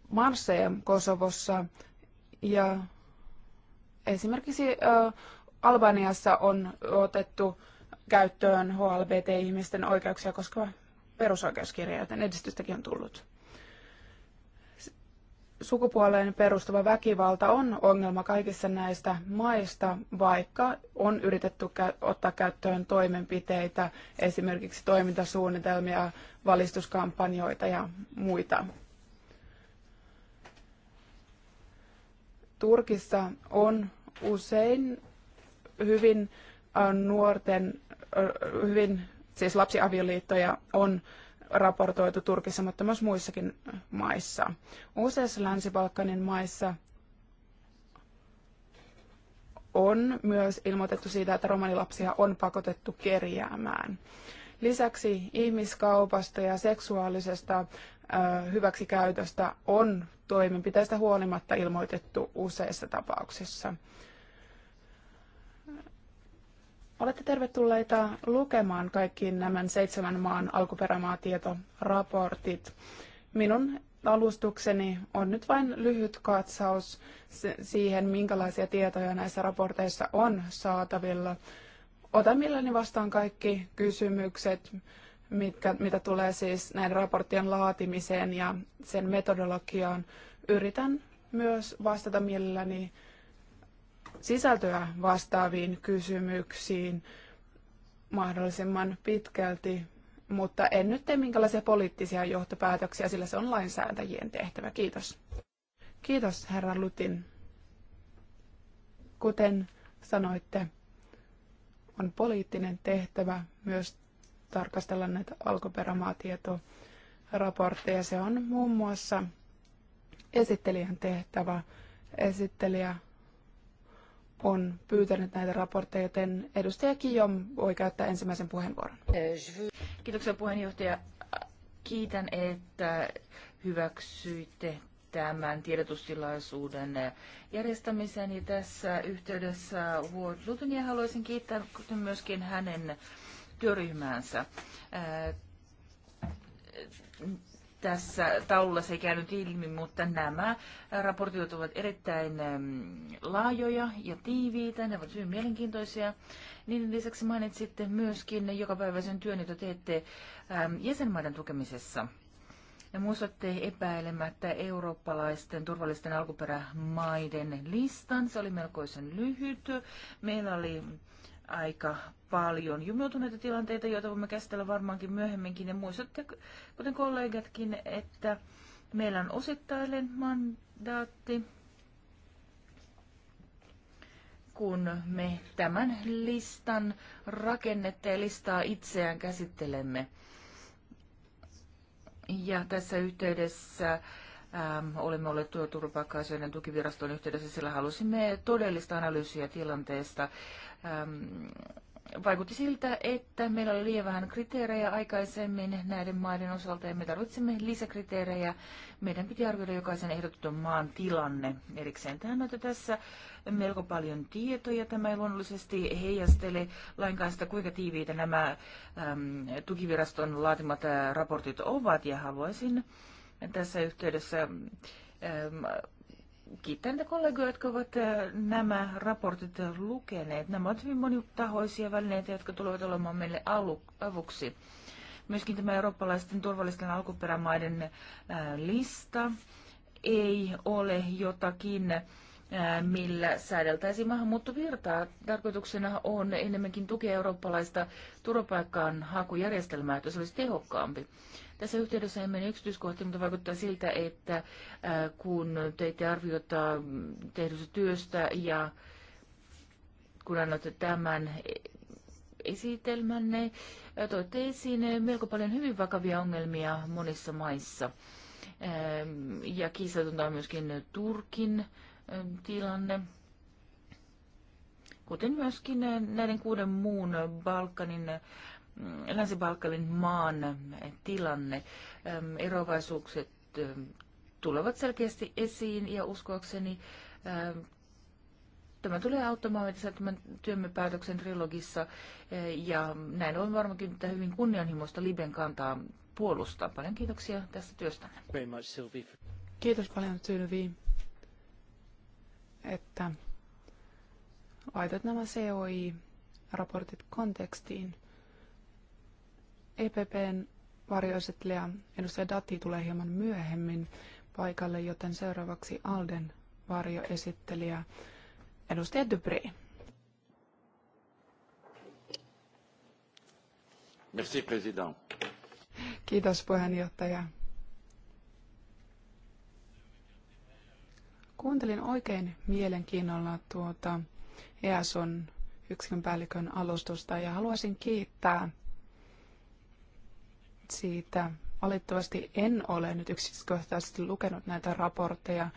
marsseja Kosovossa ja esimerkiksi Albaniassa on otettu käyttöön HLBT-ihmisten oikeuksia koskeva perusoikeuskirja, joten edistystäkin on tullut sukupuoleen perustuva väkivalta on ongelma kaikissa näistä maista, vaikka on yritetty ottaa käyttöön toimenpiteitä, esimerkiksi toimintasuunnitelmia, valistuskampanjoita ja muita. Turkissa on usein hyvin äh, nuorten, äh, hyvin, siis lapsiavioliittoja on raportoitu Turkissa, mutta myös muissakin maissa. Useissa Länsi-Balkanin maissa on myös ilmoitettu siitä, että romanilapsia on pakotettu kerjäämään. Lisäksi ihmiskaupasta ja seksuaalisesta hyväksikäytöstä on toimenpiteistä huolimatta ilmoitettu useissa tapauksissa. Olette tervetulleita lukemaan kaikki nämä seitsemän maan alkuperämaatietoraportit. Minun alustukseni on nyt vain lyhyt katsaus siihen, minkälaisia tietoja näissä raporteissa on saatavilla. Otan mielelläni vastaan kaikki kysymykset, mitkä, mitä tulee siis näiden raporttien laatimiseen ja sen metodologiaan. Yritän myös vastata mielelläni sisältöä vastaaviin kysymyksiin mahdollisimman pitkälti, mutta en nyt tee minkälaisia poliittisia johtopäätöksiä, sillä se on lainsäätäjien tehtävä. Kiitos. Kiitos, herra Lutin. Kuten sanoitte, on poliittinen tehtävä myös tarkastella näitä alkuperämaatietoraportteja. Se on muun muassa esittelijän tehtävä. Esittelijä on pyytänyt näitä raportteja, joten edustaja Kijom voi käyttää ensimmäisen puheenvuoron. Kiitoksia puheenjohtaja. Kiitän, että hyväksyitte tämän tiedotustilaisuuden järjestämisen. Ja tässä yhteydessä Ward Lutonia haluaisin kiittää myöskin hänen työryhmäänsä tässä taululla se ei käynyt ilmi, mutta nämä raportit ovat erittäin ähm, laajoja ja tiiviitä, ne ovat hyvin mielenkiintoisia. Niiden lisäksi mainitsitte myöskin jokapäiväisen työn, jota teette ähm, jäsenmaiden tukemisessa. Ja muistatte epäilemättä eurooppalaisten turvallisten alkuperämaiden listan. Se oli melkoisen lyhyt. Meillä oli aika paljon jumiutuneita tilanteita, joita voimme käsitellä varmaankin myöhemminkin. Ja muistatte, kuten kollegatkin, että meillä on osittainen mandaatti, kun me tämän listan rakennetta ja listaa itseään käsittelemme. Ja tässä yhteydessä ähm, olemme olleet turvapaikka-asioiden tukiviraston yhteydessä, sillä halusimme todellista analyysiä tilanteesta. Ähm, vaikutti siltä, että meillä oli liian vähän kriteerejä aikaisemmin näiden maiden osalta ja me tarvitsemme lisäkriteerejä. Meidän piti arvioida jokaisen ehdotetun maan tilanne erikseen. Tähän on tässä melko paljon tietoja. Tämä ei luonnollisesti heijastele lainkaan sitä, kuinka tiiviitä nämä äm, tukiviraston laatimat äh, raportit ovat ja haluaisin tässä yhteydessä ähm, kiittää niitä kollegoja, jotka ovat äh, nämä raportit lukeneet. Nämä ovat hyvin monitahoisia välineitä, jotka tulevat olemaan meille avuksi. Myöskin tämä eurooppalaisten turvallisten alkuperämaiden äh, lista ei ole jotakin, äh, millä säädeltäisiin maahanmuuttovirtaa. Tarkoituksena on enemmänkin tukea eurooppalaista turvapaikkaan hakujärjestelmää, että se olisi tehokkaampi. Tässä yhteydessä en mene yksityiskohtiin, mutta vaikuttaa siltä, että kun teitte arviota tehdystä työstä ja kun annatte tämän esitelmänne, toitte esiin melko paljon hyvin vakavia ongelmia monissa maissa. Ja kiistatonta on myöskin Turkin tilanne, kuten myöskin näiden kuuden muun Balkanin Länsi-Balkanin maan tilanne. Eroavaisuukset tulevat selkeästi esiin ja uskoakseni tämä tulee auttamaan meitä tämän työmme päätöksen trilogissa ja näin on varmaankin tätä hyvin kunnianhimoista Liben kantaa puolustaa. Paljon kiitoksia tästä työstä. Kiitos paljon Sylvi, että laitat nämä COI-raportit kontekstiin. EPPn varjoesittelijä edustaja Dati tulee hieman myöhemmin paikalle, joten seuraavaksi Alden varjoesittelijä edustaja Dupré. Merci, president. Kiitos puheenjohtaja. Kuuntelin oikein mielenkiinnolla tuota EASON yksikön päällikön alustusta ja haluaisin kiittää siitä. Valitettavasti en ole nyt yksityiskohtaisesti lukenut näitä raportteja,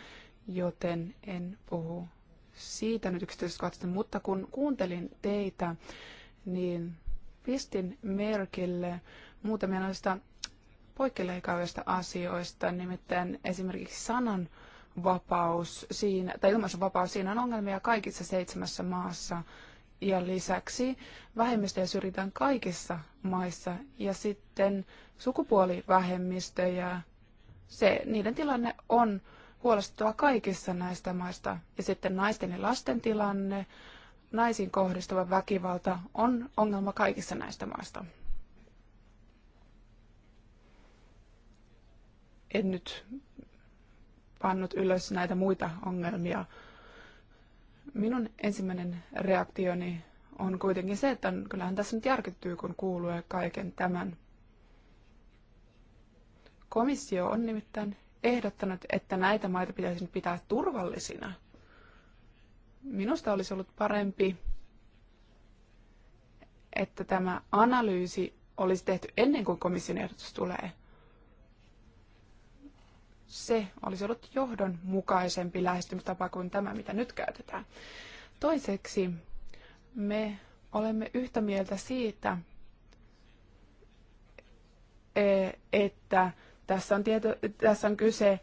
joten en puhu siitä nyt yksityiskohtaisesti, mutta kun kuuntelin teitä, niin pistin merkille muutamia noista poikkeleikaavista asioista, nimittäin esimerkiksi sanan vapaus siinä, tai ilmaisuvapaus siinä on ongelmia kaikissa seitsemässä maassa ja lisäksi vähemmistöjä syrjitään kaikissa maissa ja sitten sukupuolivähemmistöjä, se, niiden tilanne on huolestuttava kaikissa näistä maista. Ja sitten naisten ja lasten tilanne, naisiin kohdistuva väkivalta on ongelma kaikissa näistä maista. En nyt pannut ylös näitä muita ongelmia, Minun ensimmäinen reaktioni on kuitenkin se, että on, kyllähän tässä nyt järkyttyy, kun kuulee kaiken tämän. Komissio on nimittäin ehdottanut, että näitä maita pitäisi pitää turvallisina. Minusta olisi ollut parempi, että tämä analyysi olisi tehty ennen kuin komission ehdotus tulee se olisi ollut johdonmukaisempi lähestymistapa kuin tämä, mitä nyt käytetään. Toiseksi me olemme yhtä mieltä siitä, e, että tässä on, tieto, tässä on kyse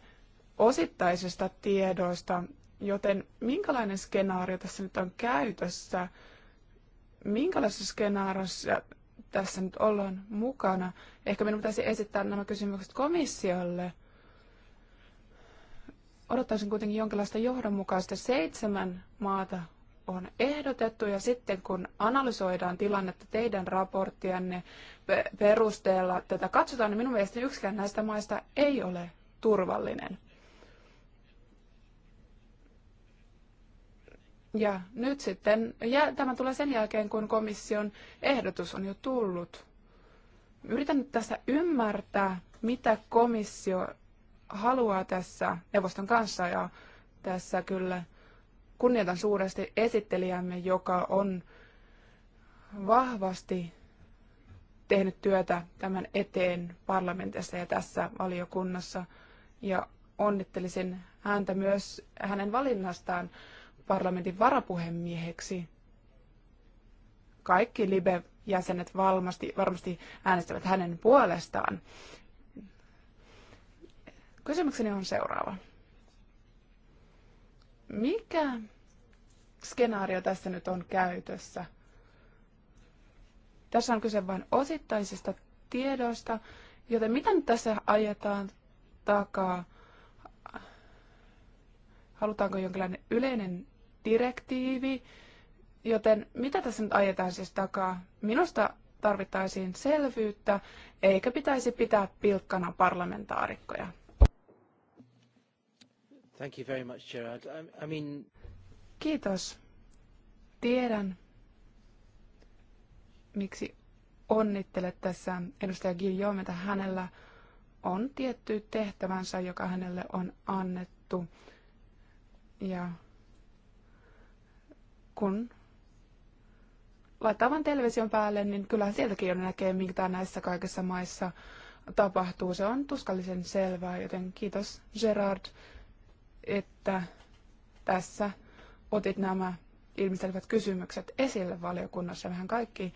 osittaisesta tiedoista, joten minkälainen skenaario tässä nyt on käytössä, minkälaisessa skenaariossa tässä nyt ollaan mukana. Ehkä minun pitäisi esittää nämä kysymykset komissiolle – odottaisin kuitenkin jonkinlaista johdonmukaista. Seitsemän maata on ehdotettu ja sitten kun analysoidaan tilannetta teidän raporttianne perusteella tätä katsotaan, niin minun mielestäni yksikään näistä maista ei ole turvallinen. Ja nyt sitten, ja tämä tulee sen jälkeen, kun komission ehdotus on jo tullut. Yritän nyt tässä ymmärtää, mitä komissio haluaa tässä neuvoston kanssa ja tässä kyllä kunnioitan suuresti esittelijämme, joka on vahvasti tehnyt työtä tämän eteen parlamentissa ja tässä valiokunnassa. Ja onnittelisin häntä myös hänen valinnastaan parlamentin varapuhemieheksi. Kaikki Libe-jäsenet varmasti, varmasti äänestävät hänen puolestaan. Kysymykseni on seuraava. Mikä skenaario tässä nyt on käytössä? Tässä on kyse vain osittaisista tiedoista, joten mitä nyt tässä ajetaan takaa? Halutaanko jonkinlainen yleinen direktiivi? Joten mitä tässä nyt ajetaan siis takaa? Minusta tarvittaisiin selvyyttä, eikä pitäisi pitää pilkkana parlamentaarikkoja. Thank you very much, Gerard. I, I mean... Kiitos. Tiedän, miksi onnittelet tässä edustaja että Hänellä on tietty tehtävänsä, joka hänelle on annettu. Ja kun laittaa vain television päälle, niin kyllähän sieltäkin jo näkee, mitä näissä kaikissa maissa tapahtuu. Se on tuskallisen selvää, joten kiitos Gerard että tässä otit nämä ilmiselvät kysymykset esille valiokunnassa. Mehän kaikki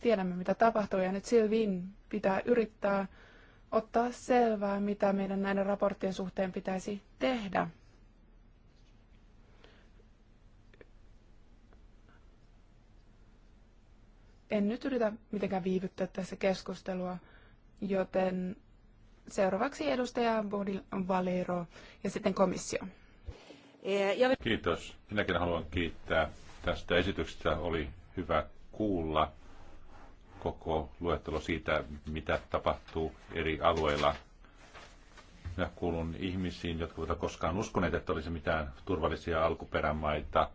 tiedämme, mitä tapahtuu, ja nyt Silviin pitää yrittää ottaa selvää, mitä meidän näiden raporttien suhteen pitäisi tehdä. En nyt yritä mitenkään viivyttää tässä keskustelua, joten Seuraavaksi edustaja Bodil Valero ja sitten komissio. Kiitos. Minäkin haluan kiittää tästä esityksestä. Oli hyvä kuulla koko luettelo siitä, mitä tapahtuu eri alueilla. Minä kuulun ihmisiin, jotka ovat koskaan uskoneet, että olisi mitään turvallisia alkuperämaita.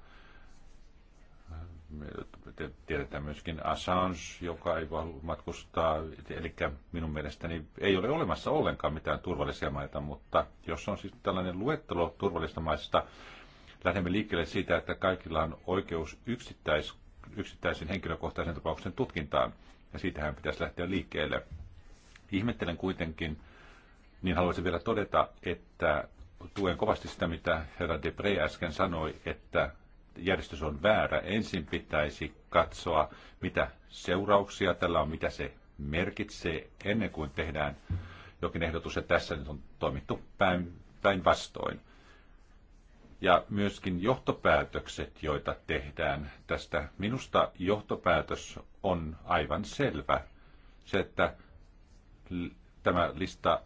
Sitten tiedetään myöskin Assange, joka ei matkustaa. Eli minun mielestäni ei ole olemassa ollenkaan mitään turvallisia maita, mutta jos on siis tällainen luettelo turvallisista maista, lähdemme liikkeelle siitä, että kaikilla on oikeus yksittäis, yksittäisen henkilökohtaisen tapauksen tutkintaan. Ja siitähän pitäisi lähteä liikkeelle. Ihmettelen kuitenkin, niin haluaisin vielä todeta, että tuen kovasti sitä, mitä herra Debre äsken sanoi, että järjestys on väärä. Ensin pitäisi katsoa, mitä seurauksia tällä on, mitä se merkitsee ennen kuin tehdään jokin ehdotus, ja tässä nyt on toimittu päinvastoin. Päin ja myöskin johtopäätökset, joita tehdään tästä. Minusta johtopäätös on aivan selvä. Se, että tämä lista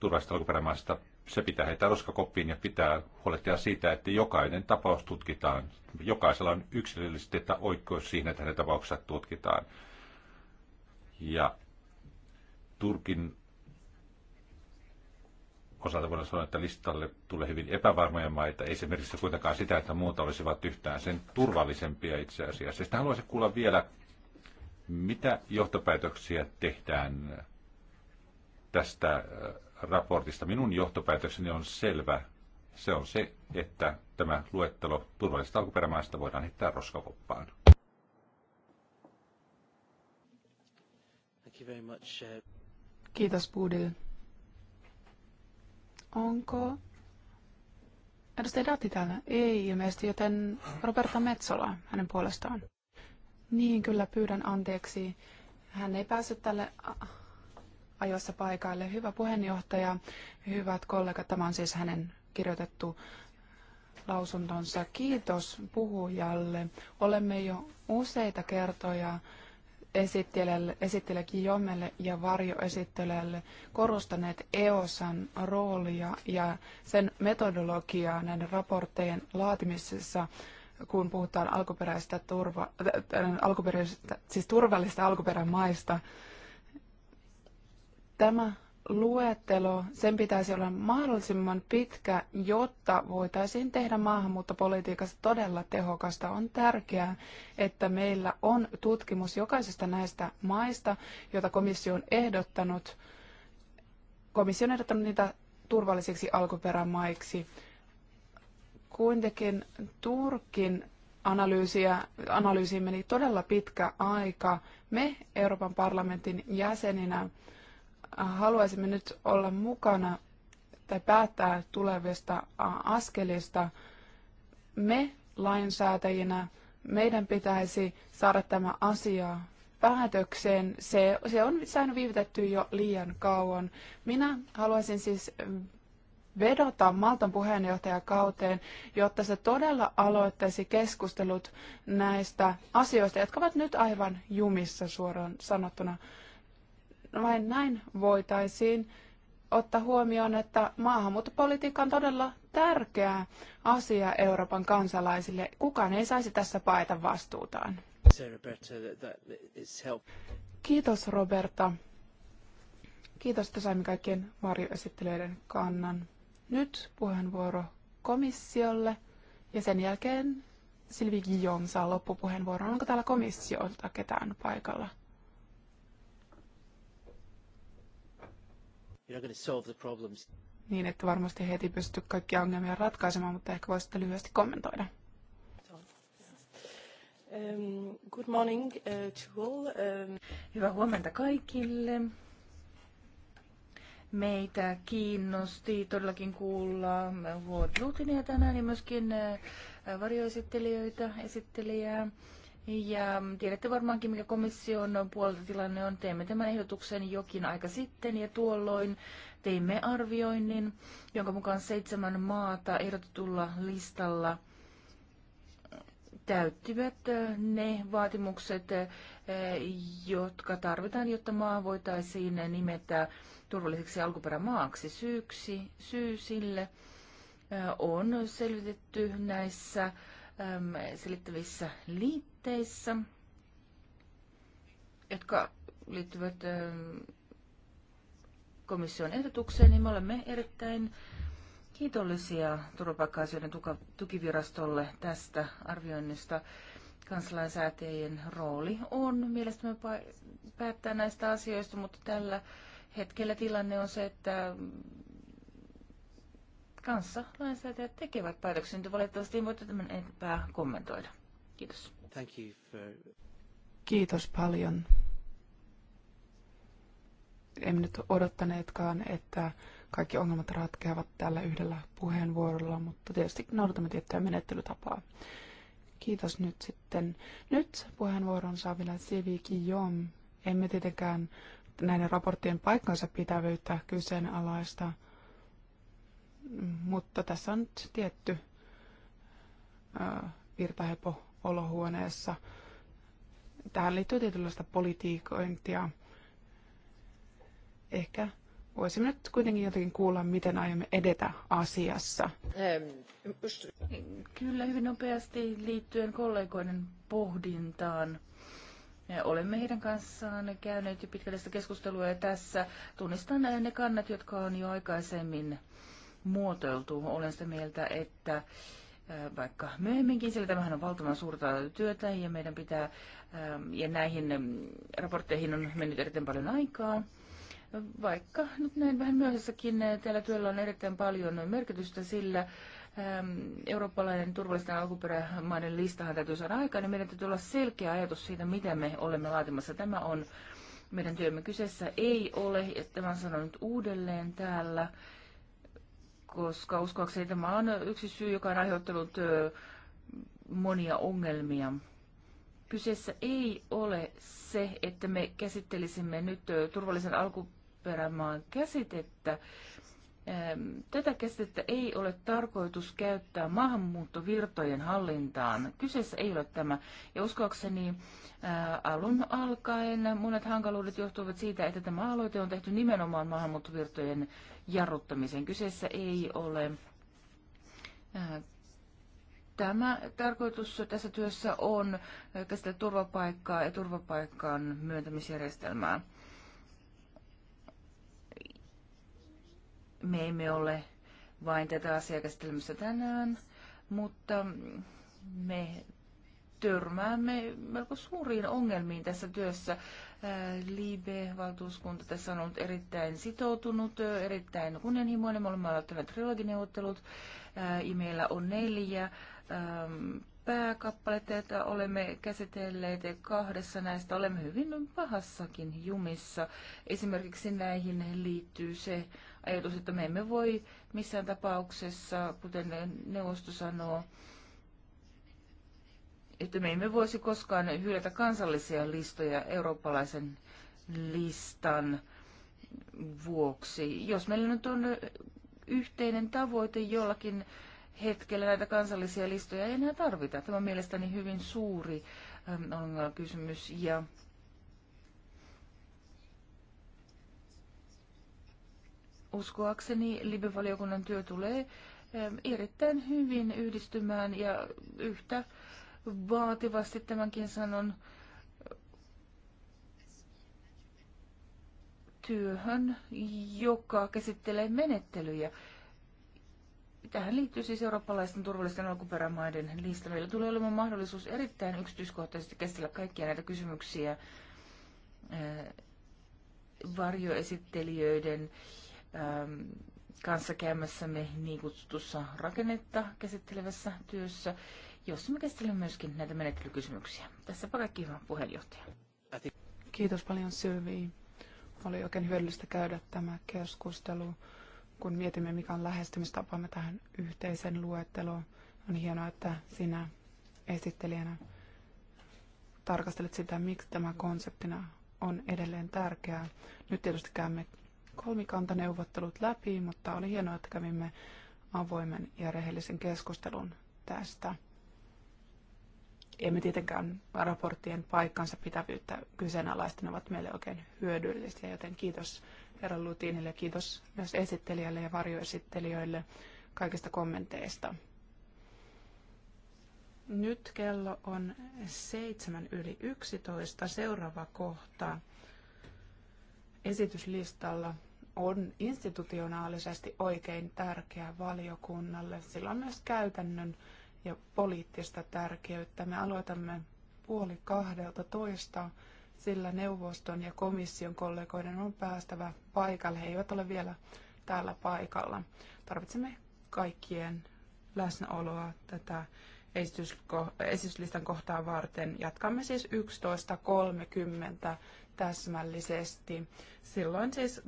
turvallisesta alkuperämaasta se pitää heitä roskakoppiin ja pitää huolehtia siitä, että jokainen tapaus tutkitaan. Jokaisella on yksilöllisesti oikeus siihen, että hänen tapauksensa tutkitaan. Ja Turkin osalta voidaan sanoa, että listalle tulee hyvin epävarmoja maita. Ei se merkitse kuitenkaan sitä, että muuta olisivat yhtään sen turvallisempia itse asiassa. Sitten haluaisin kuulla vielä, mitä johtopäätöksiä tehdään tästä raportista. Minun johtopäätökseni on selvä. Se on se, että tämä luettelo turvallisesta alkuperämaista voidaan heittää roskakoppaan. Uh, Kiitos Budil. Onko edustaja Datti täällä? Ei ilmeisesti, joten Roberta Metsola hänen puolestaan. Niin, kyllä pyydän anteeksi. Hän ei päässyt tälle ajoissa paikalle. Hyvä puheenjohtaja, hyvät kollegat, tämä on siis hänen kirjoitettu lausuntonsa. Kiitos puhujalle. Olemme jo useita kertoja esittelijä Kiomelle ja varjoesittelijälle korostaneet EOSan roolia ja sen metodologiaa näiden raporttejen laatimisessa, kun puhutaan alkuperäistä turva, äh, äh alkuperäistä, siis turvallista alkuperämaista. maista Tämä luettelo, sen pitäisi olla mahdollisimman pitkä, jotta voitaisiin tehdä maahanmuuttopolitiikasta todella tehokasta. On tärkeää, että meillä on tutkimus jokaisesta näistä maista, jota komissio on ehdottanut. Komissio on ehdottanut niitä turvallisiksi alkuperämaiksi. Kuitenkin Turkin analyysiä, analyysiin meni todella pitkä aika. Me Euroopan parlamentin jäseninä haluaisimme nyt olla mukana tai päättää tulevista askelista, me lainsäätäjinä, meidän pitäisi saada tämä asia päätökseen. Se, se on saanut viivytetty jo liian kauan. Minä haluaisin siis vedota Maltan puheenjohtajakauteen, jotta se todella aloittaisi keskustelut näistä asioista, jotka ovat nyt aivan jumissa suoraan sanottuna vain näin voitaisiin ottaa huomioon, että maahanmuuttopolitiikka on todella tärkeä asia Euroopan kansalaisille. Kukaan ei saisi tässä paeta vastuutaan. Kiitos Roberta. Kiitos, että saimme kaikkien varjoesittelijöiden kannan. Nyt puheenvuoro komissiolle ja sen jälkeen Silvi Guillaume saa loppupuheenvuoron. Onko täällä komissiolta ketään paikalla? Niin, että varmasti heti pysty kaikkia ongelmia ratkaisemaan, mutta ehkä voisitte lyhyesti kommentoida. Um, good morning uh, to all. Um, Hyvää huomenta kaikille. Meitä kiinnosti todellakin kuulla Ward Lutinia tänään ja myöskin uh, varjoesittelijöitä, esittelijää. Ja tiedätte varmaankin, mikä komission puolelta tilanne on. Teimme tämän ehdotuksen jokin aika sitten ja tuolloin teimme arvioinnin, jonka mukaan seitsemän maata ehdotetulla listalla täyttivät ne vaatimukset, jotka tarvitaan, jotta maa voitaisiin nimetä turvalliseksi alkuperämaaksi syyksi, syy sille on selvitetty näissä selittävissä liitteissä aloitteissa, jotka liittyvät komission ehdotukseen, niin me olemme erittäin kiitollisia turvapaikka-asioiden tukivirastolle tästä arvioinnista. Kansalaisäätiöjen rooli on mielestäni päättää näistä asioista, mutta tällä hetkellä tilanne on se, että kanssa lainsäätäjät tekevät päätöksen, valitettavasti ei voi tämän enempää kommentoida. Kiitos. Thank you for... Kiitos paljon. Emme nyt odottaneetkaan, että kaikki ongelmat ratkeavat tällä yhdellä puheenvuorolla, mutta tietysti noudatamme tiettyä menettelytapaa. Kiitos nyt sitten. Nyt puheenvuoron saa vielä Sivi Kijom. Emme tietenkään näiden raporttien paikkansa pitävyyttä kyseenalaista, mutta tässä on nyt tietty virtahepo olohuoneessa. Tähän liittyy tietynlaista politiikointia. Ehkä voisimme nyt kuitenkin jotenkin kuulla, miten aiomme edetä asiassa. Ähm, Kyllä hyvin nopeasti liittyen kollegoiden pohdintaan. Olemme heidän kanssaan käyneet jo pitkällistä keskustelua ja tässä tunnistan ne kannat, jotka on jo aikaisemmin muotoiltu. Olen sitä mieltä, että vaikka myöhemminkin, sillä tämähän on valtavan suurta työtä ja meidän pitää, ja näihin raportteihin on mennyt erittäin paljon aikaa. Vaikka nyt näin vähän myöhässäkin tällä työllä on erittäin paljon merkitystä, sillä eurooppalainen turvallisten alkuperämaiden listahan täytyy saada aikaan, niin meidän täytyy olla selkeä ajatus siitä, mitä me olemme laatimassa. Tämä on meidän työmme kyseessä ei ole, ja tämän sanon nyt uudelleen täällä, koska uskoakseni tämä on yksi syy, joka on aiheuttanut monia ongelmia. Kyseessä ei ole se, että me käsittelisimme nyt turvallisen alkuperämaan käsitettä, Ehm, tätä käsitettä ei ole tarkoitus käyttää maahanmuuttovirtojen hallintaan. Kyseessä ei ole tämä. Ja uskoakseni ää, alun alkaen monet hankaluudet johtuvat siitä, että tämä aloite on tehty nimenomaan maahanmuuttovirtojen jarruttamiseen. Kyseessä ei ole ää, tämä tarkoitus tässä työssä on käsitellä turvapaikkaa ja turvapaikan myöntämisjärjestelmää. me emme ole vain tätä asiaa käsittelemässä tänään, mutta me törmäämme melko suuriin ongelmiin tässä työssä. Äh, Libe-valtuuskunta tässä on ollut erittäin sitoutunut, äh, erittäin kunnianhimoinen. Me olemme aloittaneet trilogineuvottelut äh, Imeillä meillä on neljä ähm, pääkappaletta, joita olemme käsitelleet kahdessa näistä. Olemme hyvin pahassakin jumissa. Esimerkiksi näihin liittyy se, ajatus, että me emme voi missään tapauksessa, kuten neuvosto sanoo, että me emme voisi koskaan hylätä kansallisia listoja eurooppalaisen listan vuoksi. Jos meillä nyt on yhteinen tavoite jollakin hetkellä näitä kansallisia listoja ei enää tarvita. Tämä on mielestäni hyvin suuri ähm, ongelma kysymys ja uskoakseni libevaliokunnan työ tulee erittäin hyvin yhdistymään ja yhtä vaativasti tämänkin sanon työhön, joka käsittelee menettelyjä. Tähän liittyy siis eurooppalaisten turvallisten alkuperämaiden lista. Meillä tulee olemaan mahdollisuus erittäin yksityiskohtaisesti käsitellä kaikkia näitä kysymyksiä eh, varjoesittelijöiden Ähm, kanssa käymässämme niin kutsutussa rakennetta käsittelevässä työssä, jossa me käsittelemme myöskin näitä menettelykysymyksiä. Tässä kaikki hyvä puheenjohtaja. Kiitos paljon Sylvi. Oli oikein hyödyllistä käydä tämä keskustelu, kun mietimme, mikä on lähestymistapamme tähän yhteisen luetteloon. On hienoa, että sinä esittelijänä tarkastelet sitä, miksi tämä konseptina on edelleen tärkeää. Nyt tietysti käymme kolmikantaneuvottelut läpi, mutta oli hienoa, että kävimme avoimen ja rehellisen keskustelun tästä. Emme tietenkään raporttien paikkansa pitävyyttä kyseenalaisten ovat meille oikein hyödyllisiä, joten kiitos herra Lutinille kiitos myös esittelijälle ja varjoesittelijöille kaikista kommenteista. Nyt kello on seitsemän yli yksitoista Seuraava kohta esityslistalla on institutionaalisesti oikein tärkeä valiokunnalle. Sillä on myös käytännön ja poliittista tärkeyttä. Me aloitamme puoli kahdelta toista, sillä neuvoston ja komission kollegoiden on päästävä paikalle. He eivät ole vielä täällä paikalla. Tarvitsemme kaikkien läsnäoloa tätä esityslistan kohtaa varten. Jatkamme siis 11.30 täsmällisesti. Silloin siis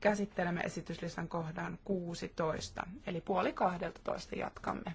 käsittelemme esityslistan kohdan 16, eli puoli 12 jatkamme.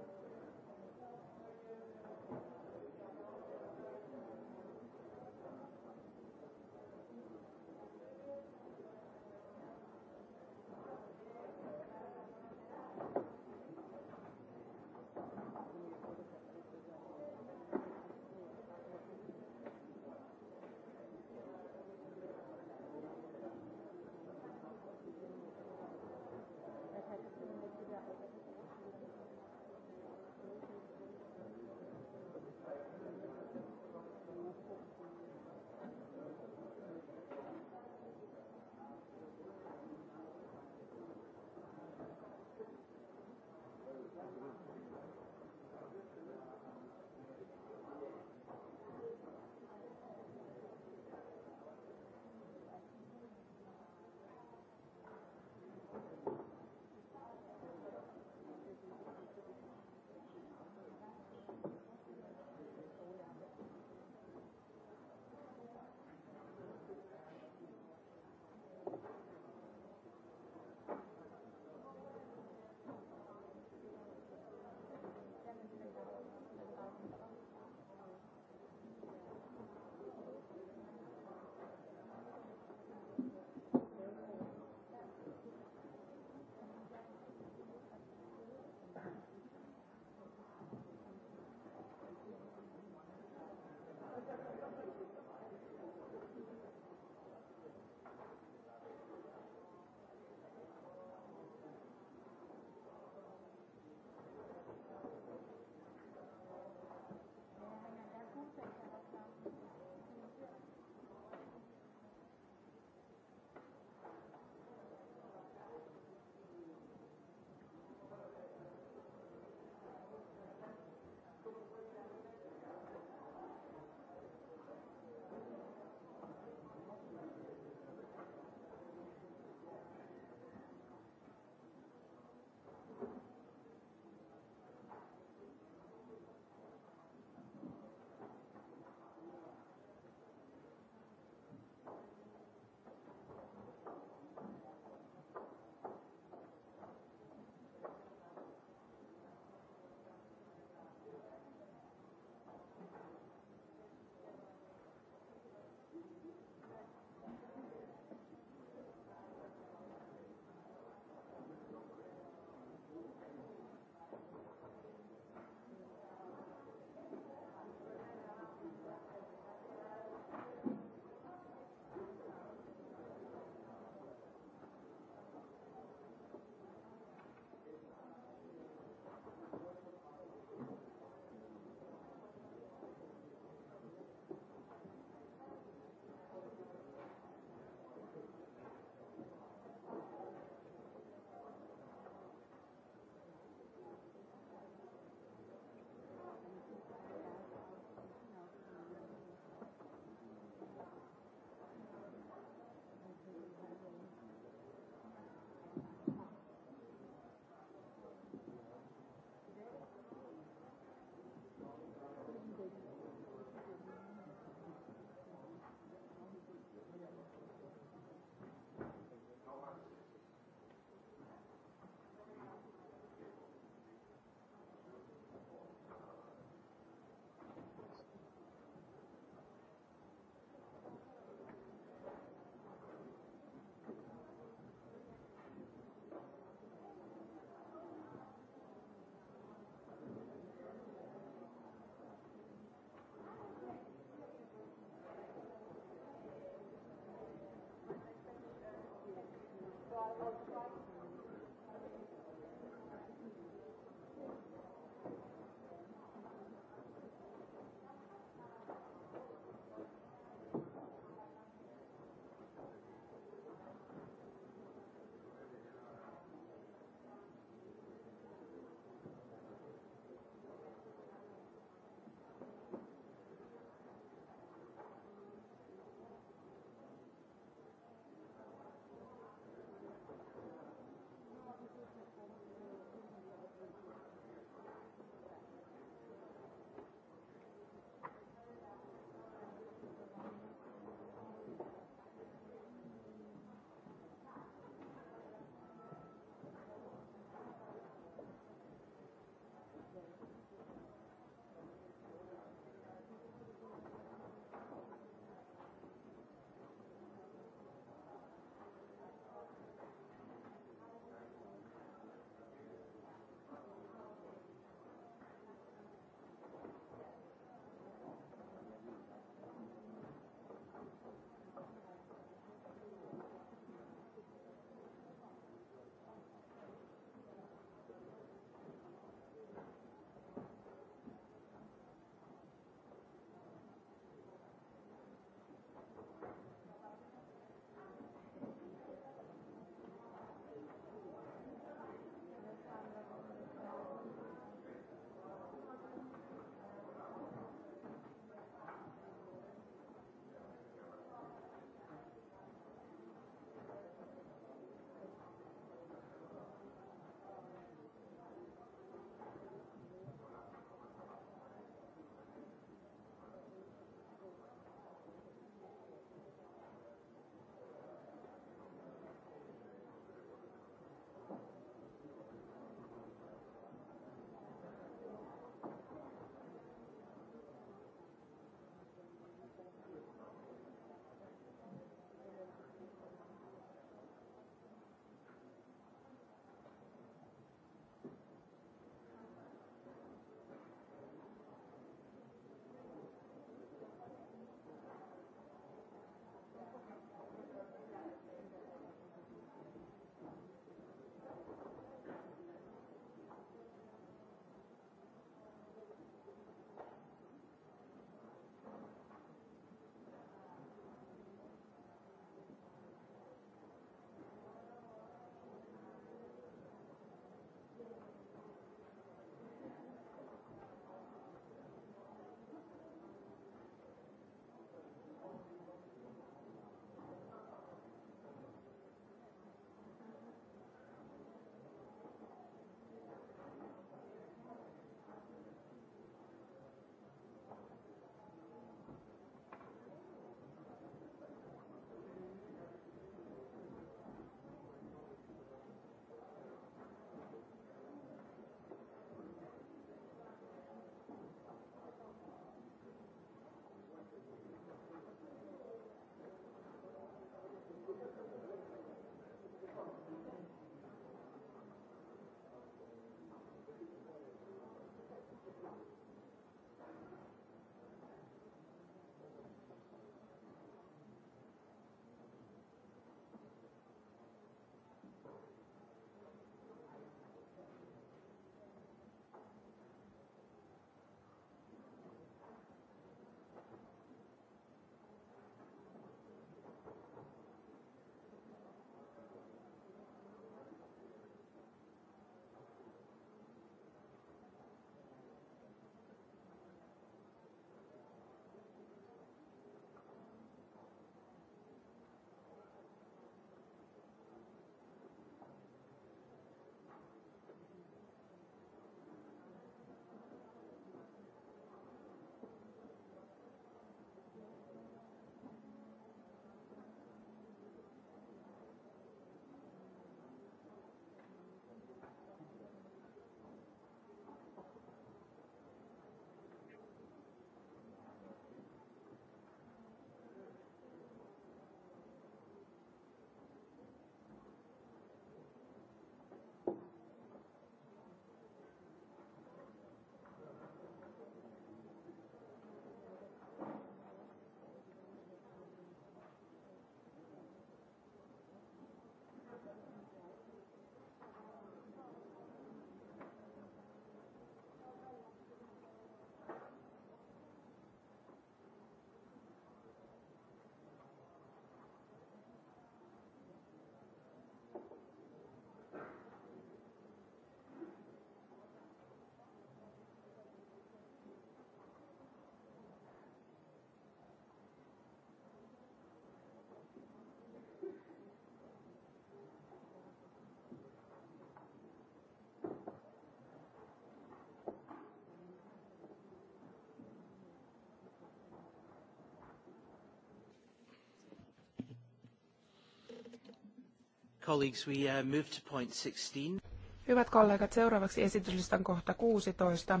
Colleagues, we uh, move to point 16. Hyvät kollegat, seuraavaksi esityslistan kohta 16.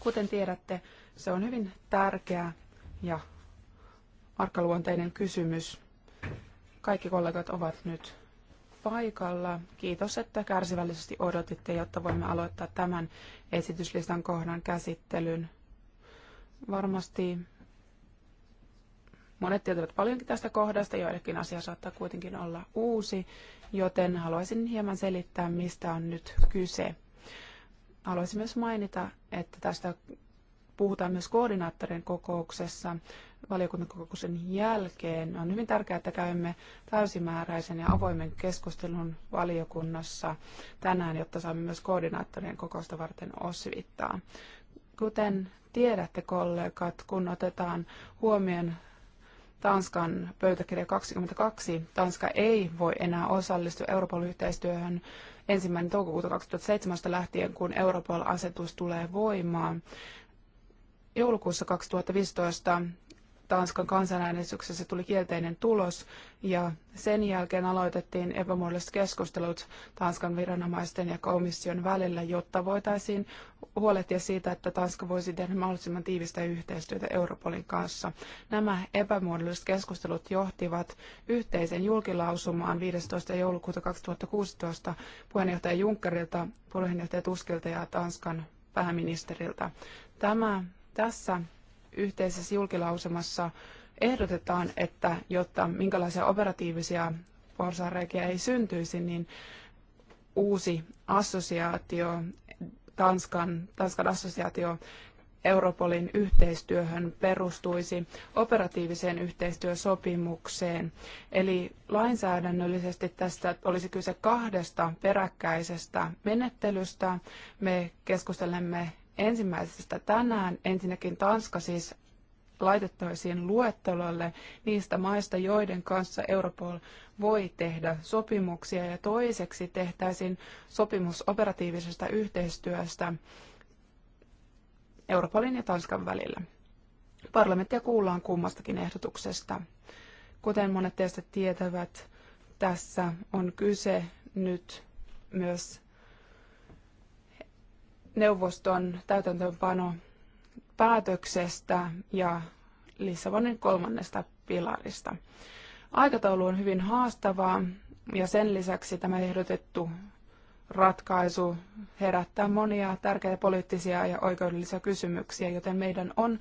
Kuten tiedätte, se on hyvin tärkeä ja arkaluonteinen kysymys. Kaikki kollegat ovat nyt paikalla. Kiitos, että kärsivällisesti odotitte, jotta voimme aloittaa tämän esityslistan kohdan käsittelyn. Varmasti Monet tietävät paljonkin tästä kohdasta, joillekin asia saattaa kuitenkin olla uusi, joten haluaisin hieman selittää, mistä on nyt kyse. Haluaisin myös mainita, että tästä puhutaan myös koordinaattorien kokouksessa valiokuntakokouksen jälkeen. On hyvin tärkeää, että käymme täysimääräisen ja avoimen keskustelun valiokunnassa tänään, jotta saamme myös koordinaattorien kokousta varten osvittaa. Kuten tiedätte kollegat, kun otetaan huomioon Tanskan pöytäkirja 22. Tanska ei voi enää osallistua Euroopan yhteistyöhön ensimmäinen toukokuuta 2007 lähtien, kun Europol-asetus tulee voimaan. Joulukuussa 2015 Tanskan kansanäänestyksessä tuli kielteinen tulos ja sen jälkeen aloitettiin epämuodolliset keskustelut Tanskan viranomaisten ja komission välillä, jotta voitaisiin huolehtia siitä, että Tanska voisi tehdä mahdollisimman tiivistä yhteistyötä Europolin kanssa. Nämä epämuodolliset keskustelut johtivat yhteisen julkilausumaan 15. joulukuuta 2016 puheenjohtaja Junckerilta, puheenjohtaja Tuskilta ja Tanskan pääministeriltä. Tämä tässä yhteisessä julkilausumassa ehdotetaan, että jotta minkälaisia operatiivisia porsareikiä ei syntyisi, niin uusi assosiaatio, Tanskan, Tanskan assosiaatio Europolin yhteistyöhön perustuisi operatiiviseen yhteistyösopimukseen. Eli lainsäädännöllisesti tästä olisi kyse kahdesta peräkkäisestä menettelystä. Me keskustelemme ensimmäisestä tänään. Ensinnäkin Tanska siis laitettaisiin luettelolle niistä maista, joiden kanssa Europol voi tehdä sopimuksia ja toiseksi tehtäisiin sopimus operatiivisesta yhteistyöstä Europolin ja Tanskan välillä. Parlamenttia kuullaan kummastakin ehdotuksesta. Kuten monet teistä tietävät, tässä on kyse nyt myös neuvoston täytäntöönpano päätöksestä ja Lissabonin kolmannesta pilarista. Aikataulu on hyvin haastavaa ja sen lisäksi tämä ehdotettu ratkaisu herättää monia tärkeitä poliittisia ja oikeudellisia kysymyksiä, joten meidän on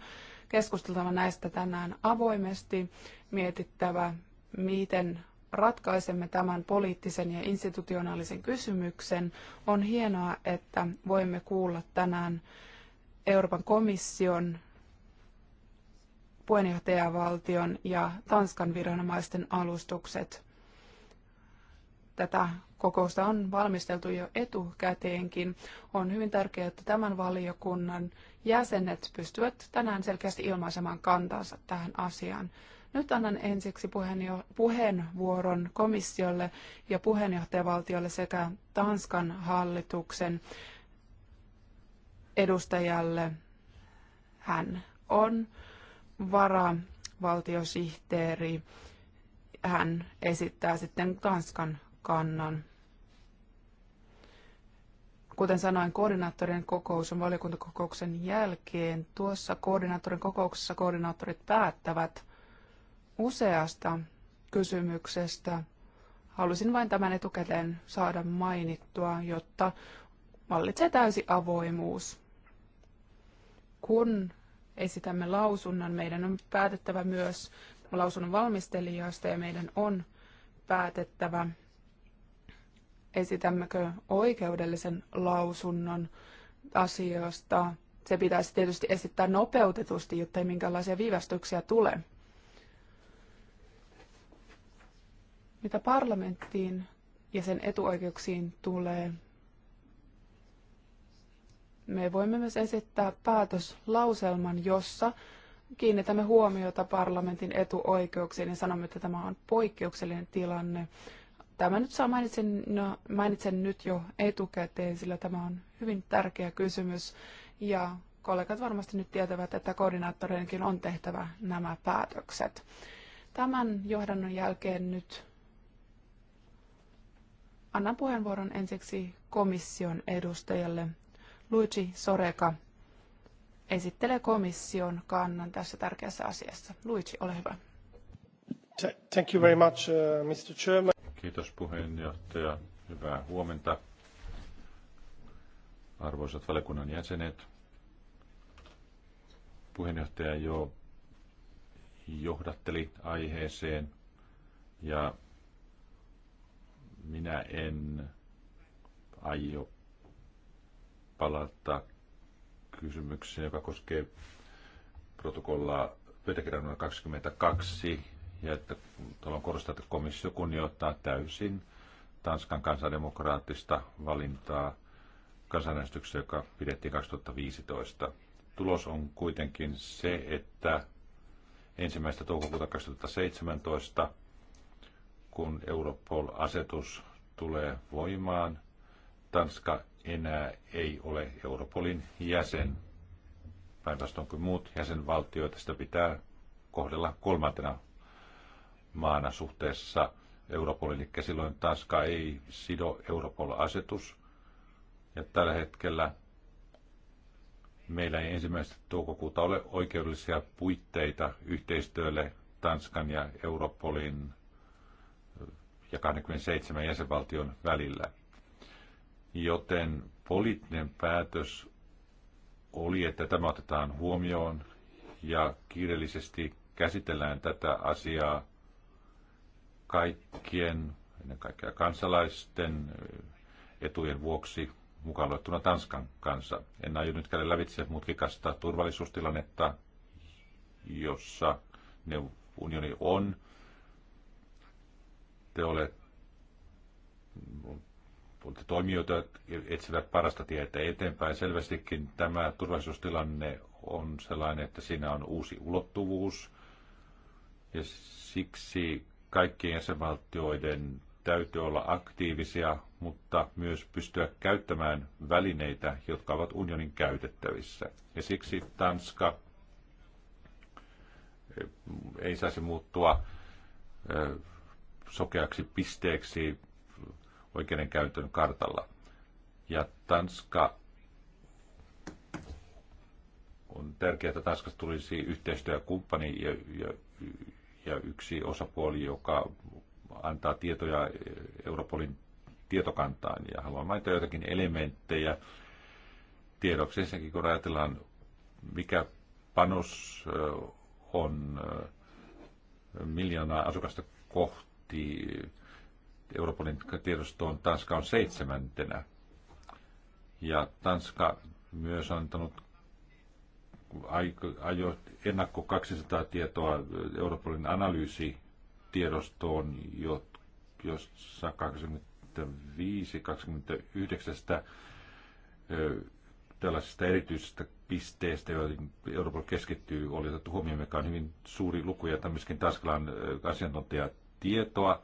keskusteltava näistä tänään avoimesti, mietittävä, miten ratkaisemme tämän poliittisen ja institutionaalisen kysymyksen. On hienoa, että voimme kuulla tänään Euroopan komission puheenjohtajavaltion ja Tanskan viranomaisten alustukset. Tätä kokousta on valmisteltu jo etukäteenkin. On hyvin tärkeää, että tämän valiokunnan jäsenet pystyvät tänään selkeästi ilmaisemaan kantansa tähän asiaan. Nyt annan ensiksi puheenjo- puheenvuoron komissiolle ja puheenjohtajavaltiolle sekä Tanskan hallituksen edustajalle. Hän on varavaltiosihteeri. Hän esittää sitten Tanskan kannan. Kuten sanoin, koordinaattorien kokous on valiokuntakokouksen jälkeen. Tuossa koordinaattorin kokouksessa koordinaattorit päättävät, useasta kysymyksestä. Halusin vain tämän etukäteen saada mainittua, jotta vallitsee täysi avoimuus. Kun esitämme lausunnon, meidän on päätettävä myös lausunnon valmistelijasta ja meidän on päätettävä, esitämmekö oikeudellisen lausunnon asioista. Se pitäisi tietysti esittää nopeutetusti, jotta ei minkäänlaisia viivästyksiä tule. Mitä parlamenttiin ja sen etuoikeuksiin tulee, me voimme myös esittää päätöslauselman, jossa kiinnitämme huomiota parlamentin etuoikeuksiin ja sanomme, että tämä on poikkeuksellinen tilanne. Tämä nyt saa mainitsen, no, mainitsen nyt jo etukäteen, sillä tämä on hyvin tärkeä kysymys ja kollegat varmasti nyt tietävät, että koordinaattoreidenkin on tehtävä nämä päätökset. Tämän johdannon jälkeen nyt Annan puheenvuoron ensiksi komission edustajalle. Luigi Soreka esittelee komission kannan tässä tärkeässä asiassa. Luigi, ole hyvä. Thank you very much, uh, Mr. Chairman. Kiitos puheenjohtaja. Hyvää huomenta. Arvoisat valiokunnan jäsenet, puheenjohtaja jo johdatteli aiheeseen ja minä en aio palata kysymykseen, joka koskee protokollaa pöytäkirjan numero 22, ja että haluan korostaa, että komissio kunnioittaa täysin Tanskan kansandemokraattista valintaa kansanäänestyksessä, joka pidettiin 2015. Tulos on kuitenkin se, että ensimmäistä toukokuuta 2017 kun Europol-asetus tulee voimaan, Tanska enää ei ole Europolin jäsen. Päinvastoin kuin muut jäsenvaltioita, sitä pitää kohdella kolmantena maana suhteessa Europolin. Eli silloin Tanska ei sido Europol-asetus. Ja tällä hetkellä meillä ei ensimmäistä toukokuuta ole oikeudellisia puitteita yhteistyölle Tanskan ja Europolin ja 27 jäsenvaltion välillä. Joten poliittinen päätös oli, että tämä otetaan huomioon ja kiireellisesti käsitellään tätä asiaa kaikkien, ennen kaikkea kansalaisten eh, etujen vuoksi, mukaan luettuna Tanskan kanssa. En aio nyt käydä lävitse mutkikasta turvallisuustilannetta, jossa ne unioni on ette ole toimijoita etsivät parasta tietä eteenpäin. Selvästikin tämä turvallisuustilanne on sellainen, että siinä on uusi ulottuvuus ja siksi kaikkien jäsenvaltioiden täytyy olla aktiivisia, mutta myös pystyä käyttämään välineitä, jotka ovat unionin käytettävissä. Ja siksi Tanska eh, ei saisi muuttua eh, sokeaksi pisteeksi oikeudenkäytön kartalla. Ja Tanska on tärkeää, että Tanskasta tulisi yhteistyökumppani ja, ja, ja yksi osapuoli, joka antaa tietoja Europolin tietokantaan. Ja haluan mainita joitakin elementtejä tiedoksi. Ensinnäkin kun ajatellaan, mikä panos on miljoonaa asukasta kohti, Euroopan tiedostoon Tanska on seitsemäntenä. Ja Tanska myös on antanut ajo, ennakko 200 tietoa Europolin analyysitiedostoon, jossa 25-29 tällaisista erityisistä pisteistä, joihin Euroopan keskittyy, oli otettu huomioon, mikä on hyvin suuri luku, ja myöskin Tanskalan asiantuntijat tietoa,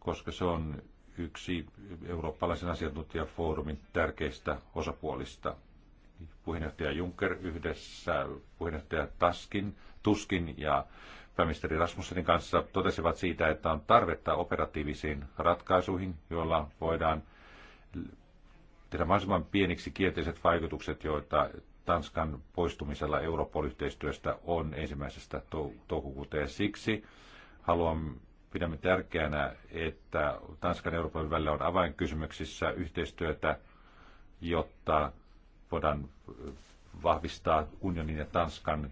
koska se on yksi eurooppalaisen asiantuntijafoorumin tärkeistä osapuolista. Puheenjohtaja Juncker yhdessä puheenjohtaja Taskin, Tuskin ja pääministeri Rasmussenin kanssa totesivat siitä, että on tarvetta operatiivisiin ratkaisuihin, joilla voidaan tehdä mahdollisimman pieniksi kielteiset vaikutukset, joita Tanskan poistumisella Europol-yhteistyöstä on ensimmäisestä toukokuuta ja siksi haluan Pidämme tärkeänä, että Tanskan ja Euroopan välillä on avainkysymyksissä yhteistyötä, jotta voidaan vahvistaa unionin ja Tanskan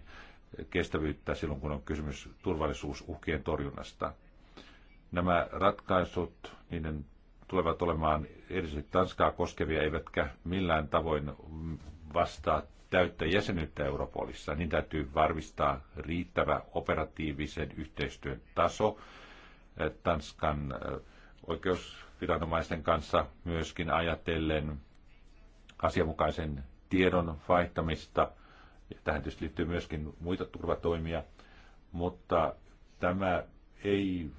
kestävyyttä silloin, kun on kysymys turvallisuusuhkien torjunnasta. Nämä ratkaisut, niiden tulevat olemaan erityisesti Tanskaa koskevia, eivätkä millään tavoin vastaa täyttä jäsenyyttä Europolissa. Niin täytyy varmistaa riittävä operatiivisen yhteistyön taso Eh, Tanskan eh, oikeusviranomaisten kanssa myöskin ajatellen asianmukaisen tiedon vaihtamista. Ja tähän tietysti liittyy myöskin muita turvatoimia, mutta tämä ei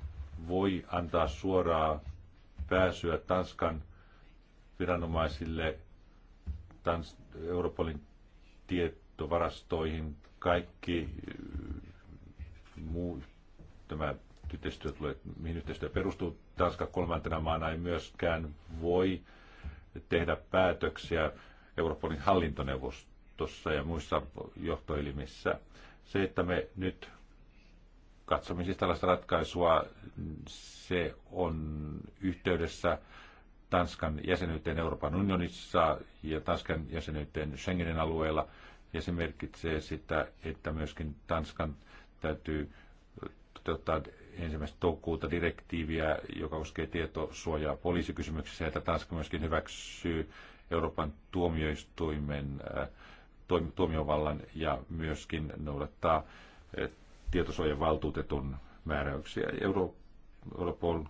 voi antaa suoraa pääsyä Tanskan viranomaisille Tans- Europolin tietovarastoihin. Kaikki eh, muu, tämä yhteistyö tulee, mihin yhteistyö perustuu. Tanska kolmantena maana ei myöskään voi tehdä päätöksiä Euroopan hallintoneuvostossa ja muissa johtoelimissä. Se, että me nyt katsomme siis tällaista ratkaisua, se on yhteydessä Tanskan jäsenyyteen Euroopan unionissa ja Tanskan jäsenyyteen Schengenin alueella. Ja se merkitsee sitä, että myöskin Tanskan täytyy toteuttaa ensimmäistä toukokuuta direktiiviä, joka koskee tietosuojaa poliisikysymyksissä, että Tanska myöskin hyväksyy Euroopan tuomioistuimen äh, tuomiovallan ja myöskin noudattaa äh, tietosuojan valtuutetun määräyksiä. Euro, Europol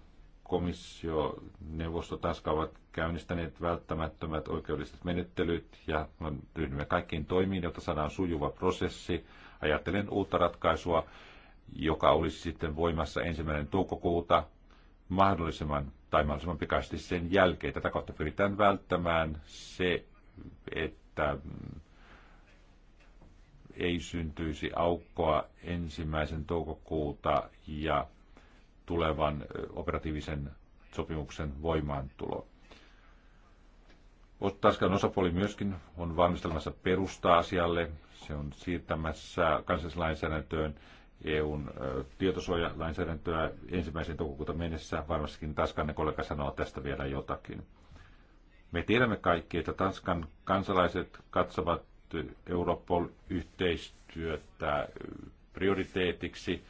komissio, neuvosto Tanska ovat käynnistäneet välttämättömät oikeudelliset menettelyt ja ryhdymme kaikkiin toimiin, jotta saadaan sujuva prosessi. Ajattelen uutta ratkaisua, joka olisi sitten voimassa ensimmäinen toukokuuta mahdollisimman tai mahdollisimman pikaisesti sen jälkeen. Tätä kautta pyritään välttämään se, että ei syntyisi aukkoa ensimmäisen toukokuuta ja tulevan operatiivisen sopimuksen voimaantulo. Tanskan osapuoli myöskin on valmistelemassa perustaa asialle. Se on siirtämässä kansallislainsäädäntöön EUn tietosuojalainsäädäntöä ensimmäisen toukokuuta mennessä. Varmastikin Tanskan kollega sanoo tästä vielä jotakin. Me tiedämme kaikki, että Tanskan kansalaiset katsovat Europol-yhteistyötä prioriteetiksi.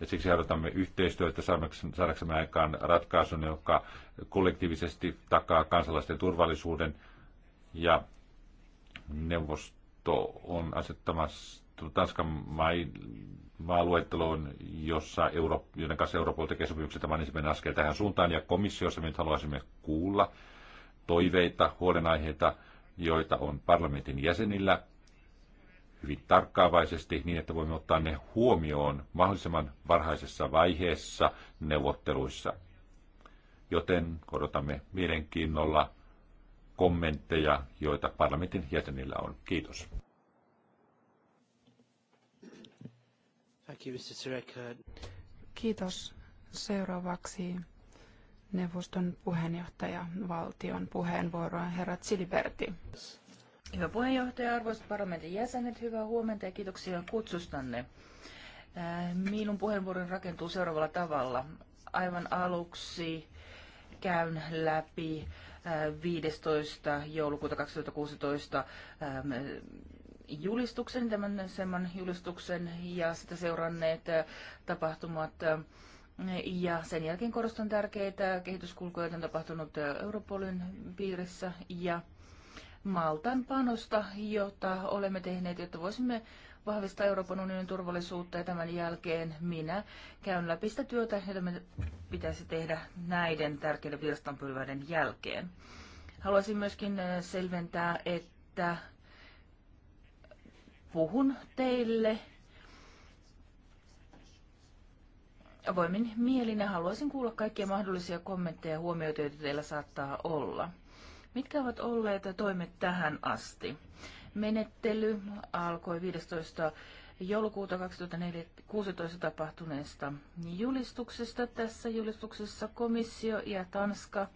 Ja siksi harjoitamme yhteistyötä saadaksemme aikaan ratkaisun, joka kollektiivisesti takaa kansalaisten turvallisuuden. Ja neuvosto on asettamassa Tanskan maille maaluetteloon, jossa Euroop, joiden kanssa Euroopan tekee sopimuksen. Tämä ensimmäinen askel tähän suuntaan. Ja komissiossa me nyt haluaisimme kuulla toiveita, huolenaiheita, joita on parlamentin jäsenillä hyvin tarkkaavaisesti niin, että voimme ottaa ne huomioon mahdollisimman varhaisessa vaiheessa neuvotteluissa. Joten odotamme mielenkiinnolla kommentteja, joita parlamentin jäsenillä on. Kiitos. Thank you, Mr. Uh, Kiitos. Seuraavaksi neuvoston puheenjohtaja valtion puheenvuoroa herra Siliberti. Hyvä puheenjohtaja, arvoisat parlamentin jäsenet, hyvää huomenta ja kiitoksia kutsustanne. Äh, minun puheenvuoroni rakentuu seuraavalla tavalla. Aivan aluksi käyn läpi 15. Äh, joulukuuta 2016 julistuksen, tämän Seman julistuksen ja sitä seuranneet äh, tapahtumat. Äh, ja sen jälkeen korostan tärkeitä kehityskulkuja, joita on tapahtunut äh, Europolin piirissä ja Maltan panosta, jota olemme tehneet, jotta voisimme vahvistaa Euroopan unionin turvallisuutta ja tämän jälkeen minä käyn läpi sitä työtä, jota me pitäisi tehdä näiden tärkeiden virstanpylväiden jälkeen. Haluaisin myöskin selventää, että puhun teille Voimin mielinä haluaisin kuulla kaikkia mahdollisia kommentteja ja huomioita, joita teillä saattaa olla. Mitkä ovat olleet toimet tähän asti? Menettely alkoi 15 joulukuuta 2016 tapahtuneesta julistuksesta. Tässä julistuksessa komissio ja Tanska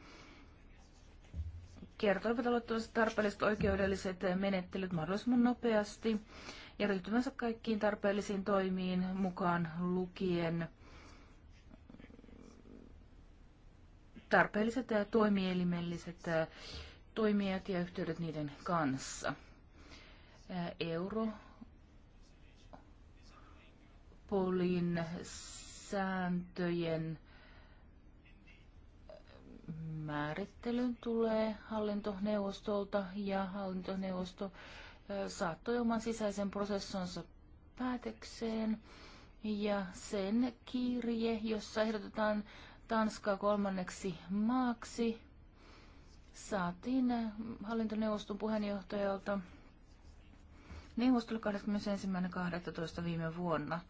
kertoivat aloittavansa tarpeelliset oikeudelliset menettelyt mahdollisimman nopeasti ja ryhtymänsä kaikkiin tarpeellisiin toimiin mukaan lukien tarpeelliset toimielimelliset toimijat ja yhteydet niiden kanssa. Euro Polin sääntöjen määrittelyn tulee hallintoneuvostolta ja hallintoneuvosto saattoi oman sisäisen prosessonsa päätökseen ja sen kirje, jossa ehdotetaan Tanskaa kolmanneksi maaksi, saatiin hallintoneuvoston puheenjohtajalta neuvostolle 21.12. viime vuonna.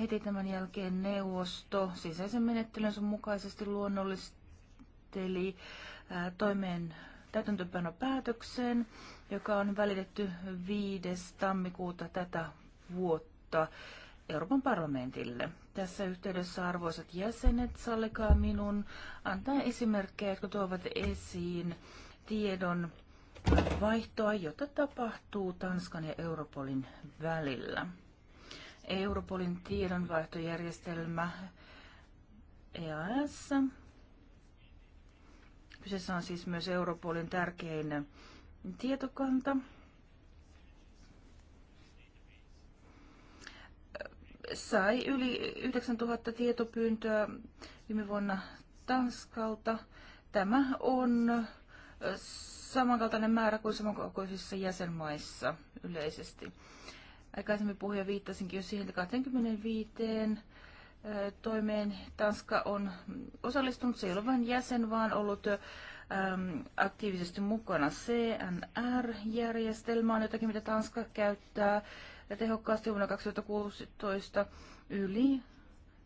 Heti tämän jälkeen neuvosto sisäisen menettelynsä mukaisesti luonnollisesti käsitteli toimeen täytäntöönpanopäätöksen, joka on välitetty 5. tammikuuta tätä vuotta Euroopan parlamentille. Tässä yhteydessä arvoisat jäsenet, sallikaa minun antaa esimerkkejä, jotka tuovat esiin tiedon vaihtoa, jota tapahtuu Tanskan ja Europolin välillä. Europolin tiedonvaihtojärjestelmä EAS Kyseessä on siis myös Europolin tärkein tietokanta. Sai yli 9000 tietopyyntöä viime vuonna Tanskalta. Tämä on samankaltainen määrä kuin samankokoisissa jäsenmaissa yleisesti. Aikaisemmin puhuja viittasinkin jo siihen, että 25 toimeen Tanska on osallistunut. Se ei ole vain jäsen, vaan ollut aktiivisesti mukana. CNR-järjestelmä on jotakin, mitä Tanska käyttää tehokkaasti vuonna 2016 yli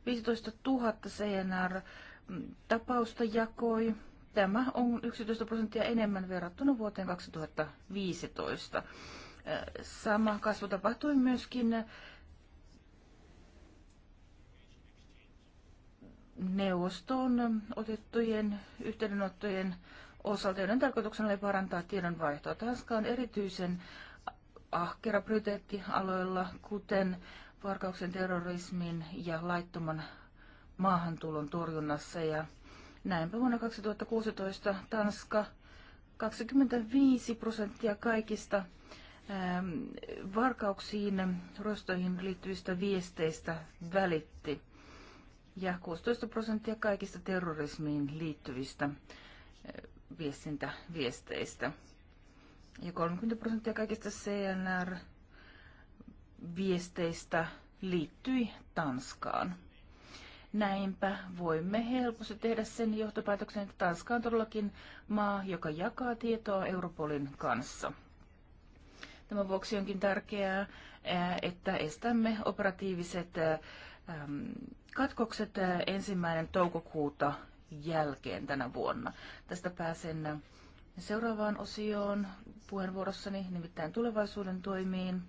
15 000 CNR-tapausta jakoi. Tämä on 11 prosenttia enemmän verrattuna vuoteen 2015. Sama kasvu tapahtui myöskin neuvostoon otettujen yhteydenottojen osalta, joiden tarkoituksena oli parantaa tiedonvaihtoa. Tanska on erityisen ahkera prioriteettialoilla, kuten varkauksen terrorismin ja laittoman maahantulon torjunnassa. Ja näinpä vuonna 2016 Tanska 25 prosenttia kaikista ähm, varkauksiin, rostoihin liittyvistä viesteistä välitti ja 16 prosenttia kaikista terrorismiin liittyvistä eh, viestintäviesteistä. Ja 30 prosenttia kaikista CNR-viesteistä liittyi Tanskaan. Näinpä voimme helposti tehdä sen johtopäätöksen, että Tanska on todellakin maa, joka jakaa tietoa Europolin kanssa. Tämän vuoksi onkin tärkeää, eh, että estämme operatiiviset eh, katkokset ensimmäinen toukokuuta jälkeen tänä vuonna. Tästä pääsen seuraavaan osioon puheenvuorossani, nimittäin tulevaisuuden toimiin.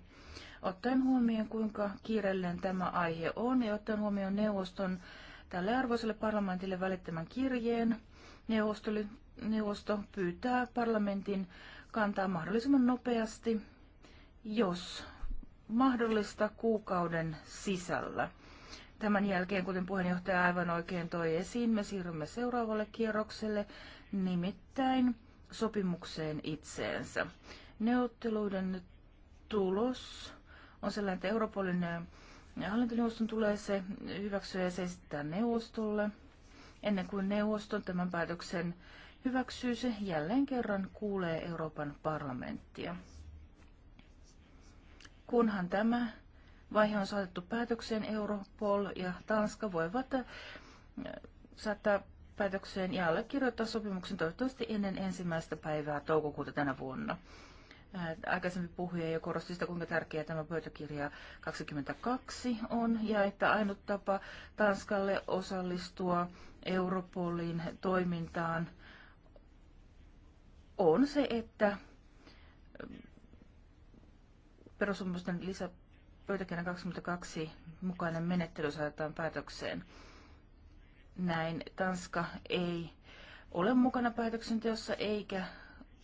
Ottaen huomioon, kuinka kiireellinen tämä aihe on ja ottaen huomioon neuvoston tälle arvoiselle parlamentille välittämän kirjeen, neuvosto, neuvosto pyytää parlamentin kantaa mahdollisimman nopeasti, jos mahdollista kuukauden sisällä. Tämän jälkeen, kuten puheenjohtaja aivan oikein toi esiin, me siirrymme seuraavalle kierrokselle, nimittäin sopimukseen itseensä. Neuvotteluiden tulos on sellainen, että Euroopan äh, hallintoneuvoston tulee se hyväksyä ja se esittää neuvostolle. Ennen kuin neuvosto tämän päätöksen hyväksyy, se jälleen kerran kuulee Euroopan parlamenttia. Kunhan tämä vaihe on saatettu päätökseen. Europol ja Tanska voivat äh, saattaa päätökseen ja allekirjoittaa sopimuksen toivottavasti ennen ensimmäistä päivää toukokuuta tänä vuonna. Äh, Aikaisemmin puhuja jo korosti sitä, kuinka tärkeä tämä pöytäkirja 22 on ja että ainut tapa Tanskalle osallistua Europolin toimintaan on se, että äh, perussuomalaisten lisä pöytäkirjan 22 mukainen menettely saatetaan päätökseen. Näin Tanska ei ole mukana päätöksenteossa eikä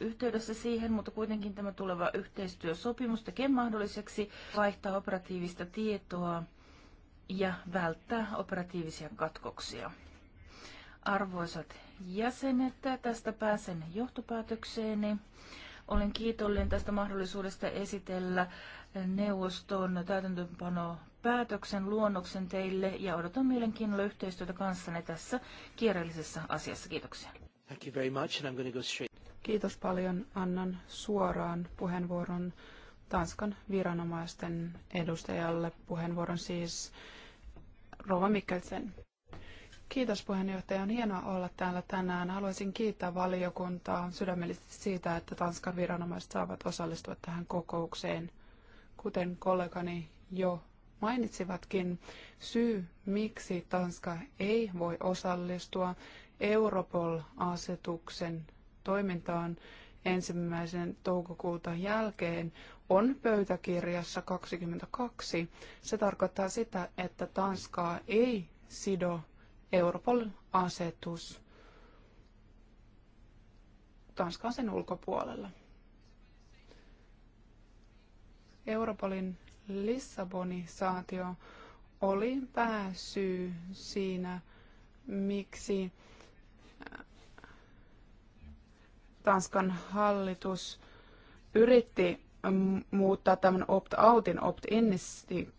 yhteydessä siihen, mutta kuitenkin tämä tuleva yhteistyösopimus tekee mahdolliseksi vaihtaa operatiivista tietoa ja välttää operatiivisia katkoksia. Arvoisat jäsenet, tästä pääsen johtopäätökseeni. Olen kiitollinen tästä mahdollisuudesta esitellä neuvoston täytäntöönpano päätöksen luonnoksen teille ja odotan mielenkiinnolla yhteistyötä kanssanne tässä kiireellisessä asiassa. Kiitoksia. Thank you very much and I'm going to go straight. Kiitos paljon. Annan suoraan puheenvuoron Tanskan viranomaisten edustajalle. Puheenvuoron siis Rova Mikkelsen. Kiitos puheenjohtaja. On hienoa olla täällä tänään. Haluaisin kiittää valiokuntaa sydämellisesti siitä, että Tanskan viranomaiset saavat osallistua tähän kokoukseen. Kuten kollegani jo mainitsivatkin, syy miksi Tanska ei voi osallistua Europol-asetuksen toimintaan ensimmäisen toukokuuta jälkeen on pöytäkirjassa 22. Se tarkoittaa sitä, että Tanskaa ei sido Europol-asetus. Tanskan sen ulkopuolella. Europolin Lissabonisaatio oli pääsyy siinä, miksi äh, Tanskan hallitus yritti muuttaa tämän opt-outin opt-iniksi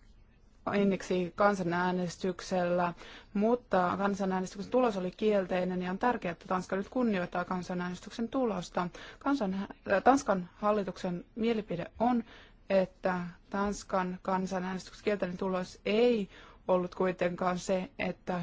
aineksi kansanäänestyksellä, mutta kansanäänestyksen tulos oli kielteinen ja on tärkeää, että Tanska nyt kunnioittaa kansanäänestyksen tulosta. Kansan, äh, Tanskan hallituksen mielipide on, että Tanskan kansanäänestyksen kielteinen tulos ei ollut kuitenkaan se, että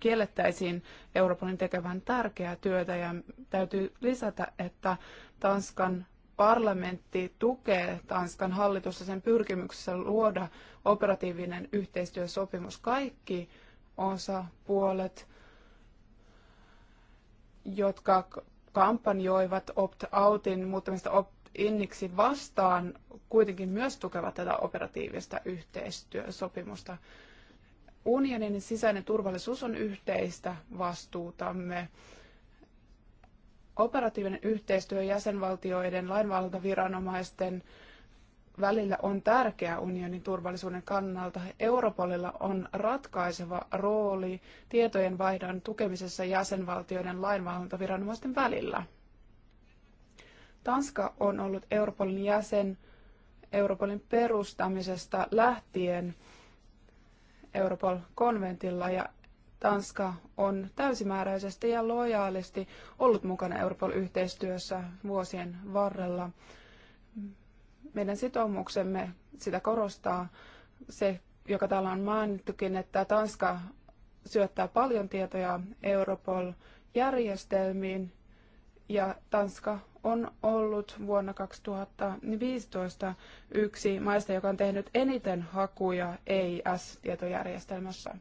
kiellettäisiin Euroopan tekevän tärkeää työtä ja täytyy lisätä, että Tanskan parlamentti tukee Tanskan hallitusta sen pyrkimyksessä luoda operatiivinen yhteistyösopimus. Kaikki osapuolet, jotka kampanjoivat opt-outin muuttamista opt-inniksi vastaan, kuitenkin myös tukevat tätä operatiivista yhteistyösopimusta. Unionin sisäinen turvallisuus on yhteistä vastuutamme. Operatiivinen yhteistyö jäsenvaltioiden, lainvalvontaviranomaisten välillä on tärkeää unionin turvallisuuden kannalta. Europolilla on ratkaiseva rooli tietojen vaihdon tukemisessa jäsenvaltioiden lainvalvontaviranomaisten välillä. Tanska on ollut Europolin jäsen Europolin perustamisesta lähtien Europol-konventilla ja Tanska on täysimääräisesti ja lojaalisti ollut mukana Europol-yhteistyössä vuosien varrella. Meidän sitoumuksemme sitä korostaa se, joka täällä on mainittukin, että Tanska syöttää paljon tietoja Europol-järjestelmiin ja Tanska on ollut vuonna 2015 yksi maista, joka on tehnyt eniten hakuja EIS-tietojärjestelmässä.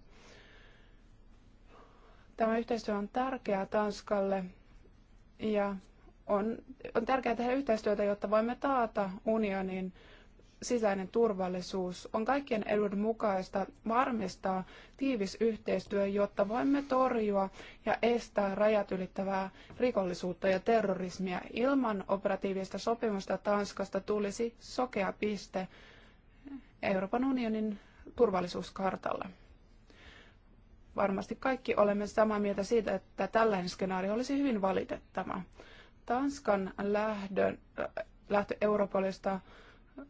Tämä yhteistyö on tärkeää Tanskalle ja on, on tärkeää tehdä yhteistyötä, jotta voimme taata unionin sisäinen turvallisuus. On kaikkien edun mukaista varmistaa tiivis yhteistyö, jotta voimme torjua ja estää rajat ylittävää rikollisuutta ja terrorismia. Ilman operatiivista sopimusta Tanskasta tulisi sokea piste Euroopan unionin turvallisuuskartalla varmasti kaikki olemme samaa mieltä siitä, että tällainen skenaario olisi hyvin valitettava. Tanskan lähdön, äh, lähtö Europolista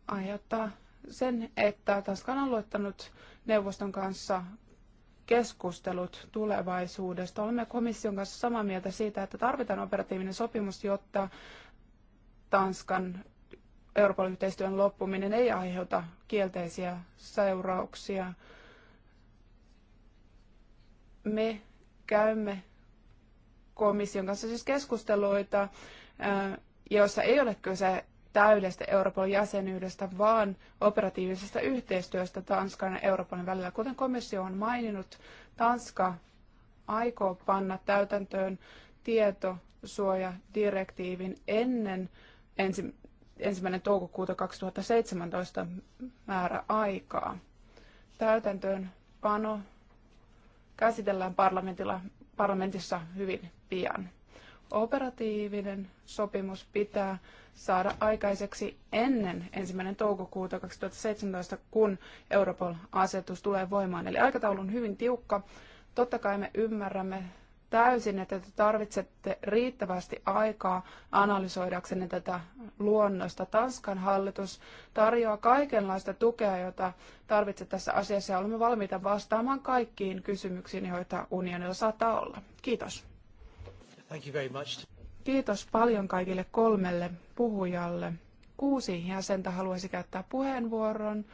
aiheuttaa sen, että Tanska on aloittanut neuvoston kanssa keskustelut tulevaisuudesta. Olemme komission kanssa samaa mieltä siitä, että tarvitaan operatiivinen sopimus, jotta Tanskan Euroopan yhteistyön loppuminen ei aiheuta kielteisiä seurauksia me käymme komission kanssa siis keskusteluita, äh, joissa ei ole kyse täydestä Euroopan jäsenyydestä, vaan operatiivisesta yhteistyöstä Tanskan ja Euroopan välillä. Kuten komissio on maininnut, Tanska aikoo panna täytäntöön tietosuojadirektiivin ennen ensi, ensimmäinen toukokuuta 2017 määräaikaa. Täytäntöön pano käsitellään parlamentissa hyvin pian. Operatiivinen sopimus pitää saada aikaiseksi ennen 1. toukokuuta 2017, kun Europol-asetus tulee voimaan. Eli aikataulu on hyvin tiukka. Totta kai me ymmärrämme täysin, että te tarvitsette riittävästi aikaa analysoidaksenne tätä luonnosta. Tanskan hallitus tarjoaa kaikenlaista tukea, jota tarvitset tässä asiassa ja olemme valmiita vastaamaan kaikkiin kysymyksiin, joita unionilla saattaa olla. Kiitos. Thank you very much. Kiitos paljon kaikille kolmelle puhujalle. Kuusi jäsentä haluaisi käyttää puheenvuoron.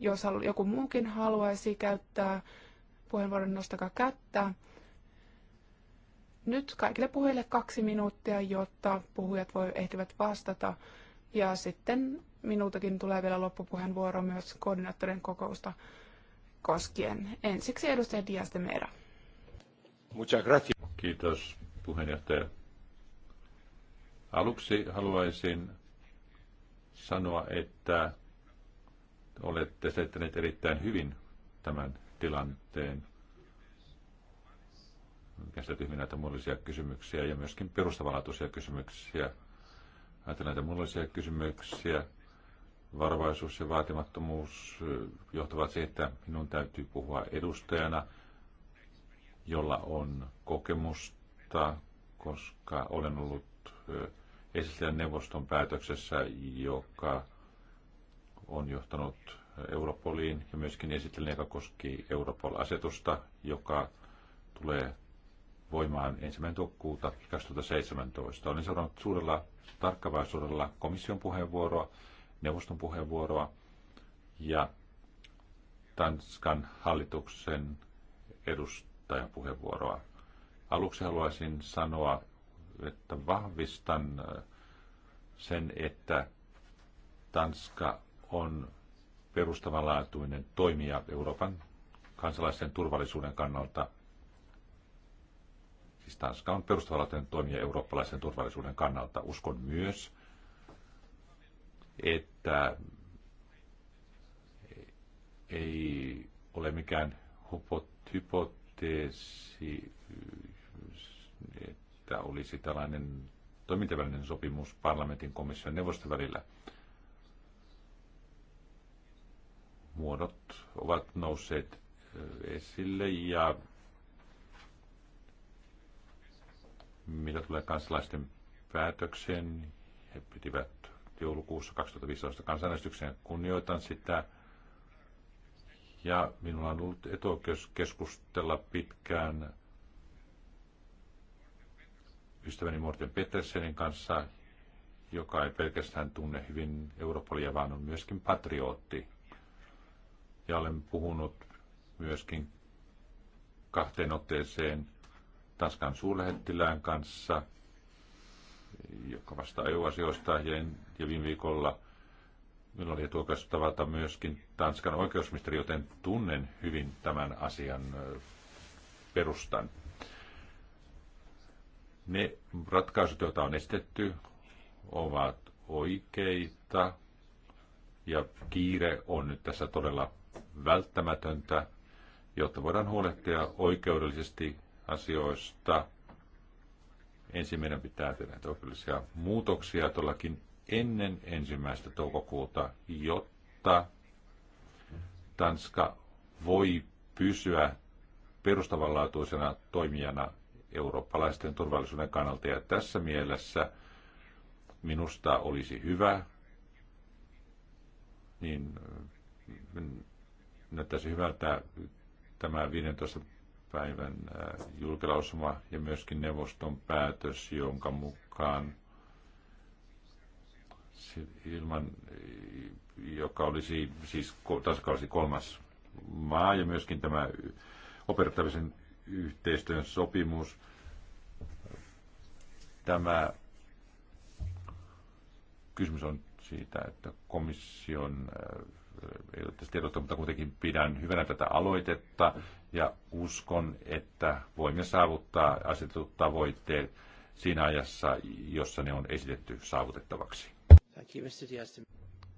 Jos joku muukin haluaisi käyttää puheenvuoron, nostakaa kättä. Nyt kaikille puhujille kaksi minuuttia, jotta puhujat voi, ehtivät vastata. Ja sitten minultakin tulee vielä loppupuheenvuoro myös koordinaattorin kokousta koskien. Ensiksi edustaja Diaz de Mera. Kiitos puheenjohtaja. Aluksi haluaisin sanoa, että olette selittäneet erittäin hyvin tämän tilanteen käsitelty näitä muodollisia kysymyksiä ja myöskin perustavanlaatuisia kysymyksiä. Ajatellaan näitä muodollisia kysymyksiä. Varovaisuus ja vaatimattomuus johtavat siihen, että minun täytyy puhua edustajana, jolla on kokemusta, koska olen ollut esitellä neuvoston päätöksessä, joka on johtanut Europoliin ja myöskin esittelen, joka koski Europol-asetusta, joka tulee voimaan ensimmäinen toukokuuta 2017. Olen seurannut suurella tarkkavaisuudella komission puheenvuoroa, neuvoston puheenvuoroa ja Tanskan hallituksen edustajan puheenvuoroa. Aluksi haluaisin sanoa, että vahvistan äh, sen, että Tanska on perustavanlaatuinen toimija Euroopan kansalaisten turvallisuuden kannalta Siis Tanska on perustavanlaatuinen toimija eurooppalaisen turvallisuuden kannalta. Uskon myös, että ei ole mikään hypoteesi, että olisi tällainen toimintavälinen sopimus parlamentin, komission ja neuvoston välillä. Muodot ovat nousseet esille ja mitä tulee kansalaisten päätökseen. He pitivät joulukuussa 2015 kansanäänestyksen kunnioitan sitä. Ja minulla on ollut etuoikeus keskustella pitkään ystäväni Morten Petersenin kanssa, joka ei pelkästään tunne hyvin Europolia, vaan on myöskin patriootti. Ja olen puhunut myöskin kahteen otteeseen – Tanskan suurlähettilään kanssa, joka vastaa EU-asioista, ja, ja viime viikolla minulla oli etuokas tavata myöskin Tanskan oikeusministeri, joten tunnen hyvin tämän asian perustan. Ne ratkaisut, joita on estetty, ovat oikeita, ja kiire on nyt tässä todella välttämätöntä, jotta voidaan huolehtia oikeudellisesti asioista. Ensin meidän pitää tehdä oikeudellisia muutoksia tuollakin ennen ensimmäistä toukokuuta, jotta Tanska voi pysyä perustavanlaatuisena toimijana eurooppalaisten turvallisuuden kannalta. Ja tässä mielessä minusta olisi hyvä, niin mm, näyttäisi hyvältä tämä 15 päivän äh, julkilausuma ja myöskin neuvoston päätös, jonka mukaan ilman, äh, joka olisi siis Tanska olisi kolmas maa ja myöskin tämä operatiivisen yhteistyön sopimus. Tämä kysymys on siitä, että komission äh, ei ole tästä tiedottu, mutta kuitenkin pidän hyvänä tätä aloitetta ja uskon, että voimme saavuttaa asetetut tavoitteet siinä ajassa, jossa ne on esitetty saavutettavaksi.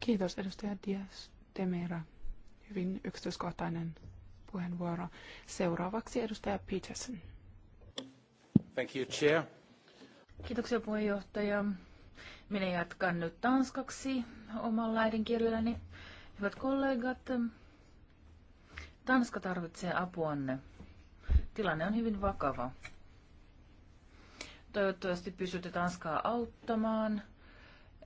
Kiitos edustaja Dias Temera. Hyvin yksityiskohtainen puheenvuoro. Seuraavaksi edustaja Peterson. Thank you, Chair. Kiitoksia puheenjohtaja. Minä jatkan nyt tanskaksi omalla äidinkielelläni. Hyvät kollegat, Tanska tarvitsee apuanne. Tilanne on hyvin vakava. Toivottavasti pysytte Tanskaa auttamaan,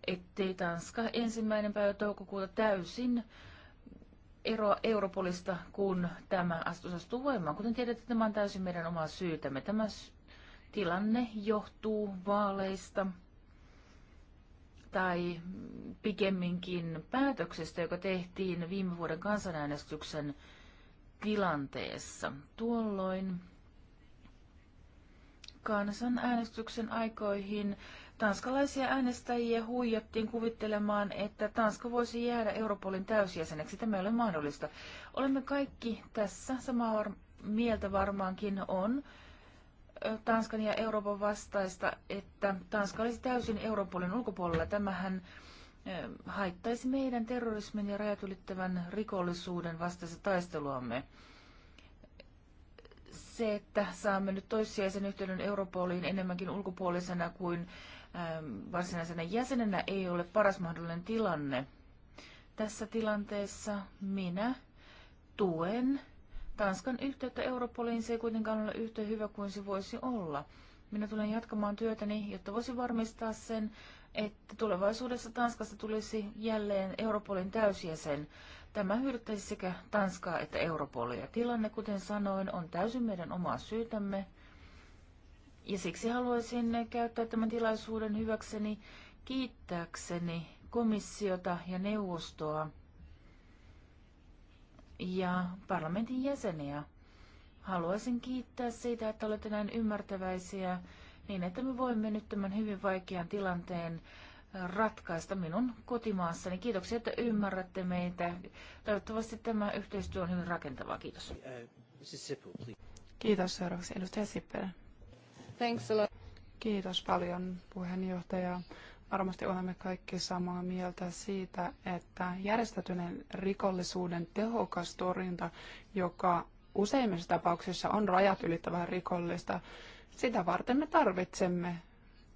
ettei Tanska ensimmäinen päivä toukokuuta täysin eroa Europolista, kun tämä astus astuu voimaan. Kuten tiedätte, tämä on täysin meidän omaa syytämme. Tämä tilanne johtuu vaaleista tai pikemminkin päätöksestä, joka tehtiin viime vuoden kansanäänestyksen tilanteessa. Tuolloin kansanäänestyksen aikoihin tanskalaisia äänestäjiä huijattiin kuvittelemaan, että Tanska voisi jäädä Europolin täysjäseneksi. Tämä ei ole mahdollista. Olemme kaikki tässä samaa var- mieltä varmaankin on Tanskan ja Euroopan vastaista, että Tanska olisi täysin Europolin ulkopuolella. Tämähän haittaisi meidän terrorismin ja rajat ylittävän rikollisuuden vastaista taisteluamme. Se, että saamme nyt toissijaisen yhteyden Europoliin enemmänkin ulkopuolisena kuin ähm, varsinaisena jäsenenä, ei ole paras mahdollinen tilanne. Tässä tilanteessa minä tuen Tanskan yhteyttä Europoliin. Se ei kuitenkaan ole yhtä hyvä kuin se voisi olla. Minä tulen jatkamaan työtäni, jotta voisin varmistaa sen, että tulevaisuudessa Tanskasta tulisi jälleen Europolin täysjäsen. Tämä hyödyttäisi sekä Tanskaa että Europolia. Tilanne, kuten sanoin, on täysin meidän omaa syytämme. Ja siksi haluaisin käyttää tämän tilaisuuden hyväkseni kiittääkseni komissiota ja neuvostoa ja parlamentin jäseniä. Haluaisin kiittää siitä, että olette näin ymmärtäväisiä niin että me voimme nyt tämän hyvin vaikean tilanteen ratkaista minun kotimaassani. Kiitoksia, että ymmärrätte meitä. Toivottavasti tämä yhteistyö on hyvin rakentavaa. Kiitos. Kiitos seuraavaksi edustaja Sippelä. Kiitos paljon puheenjohtaja. Varmasti olemme kaikki samaa mieltä siitä, että järjestäytyneen rikollisuuden tehokas torjunta, joka useimmissa tapauksissa on rajat ylittävää rikollista, sitä varten me tarvitsemme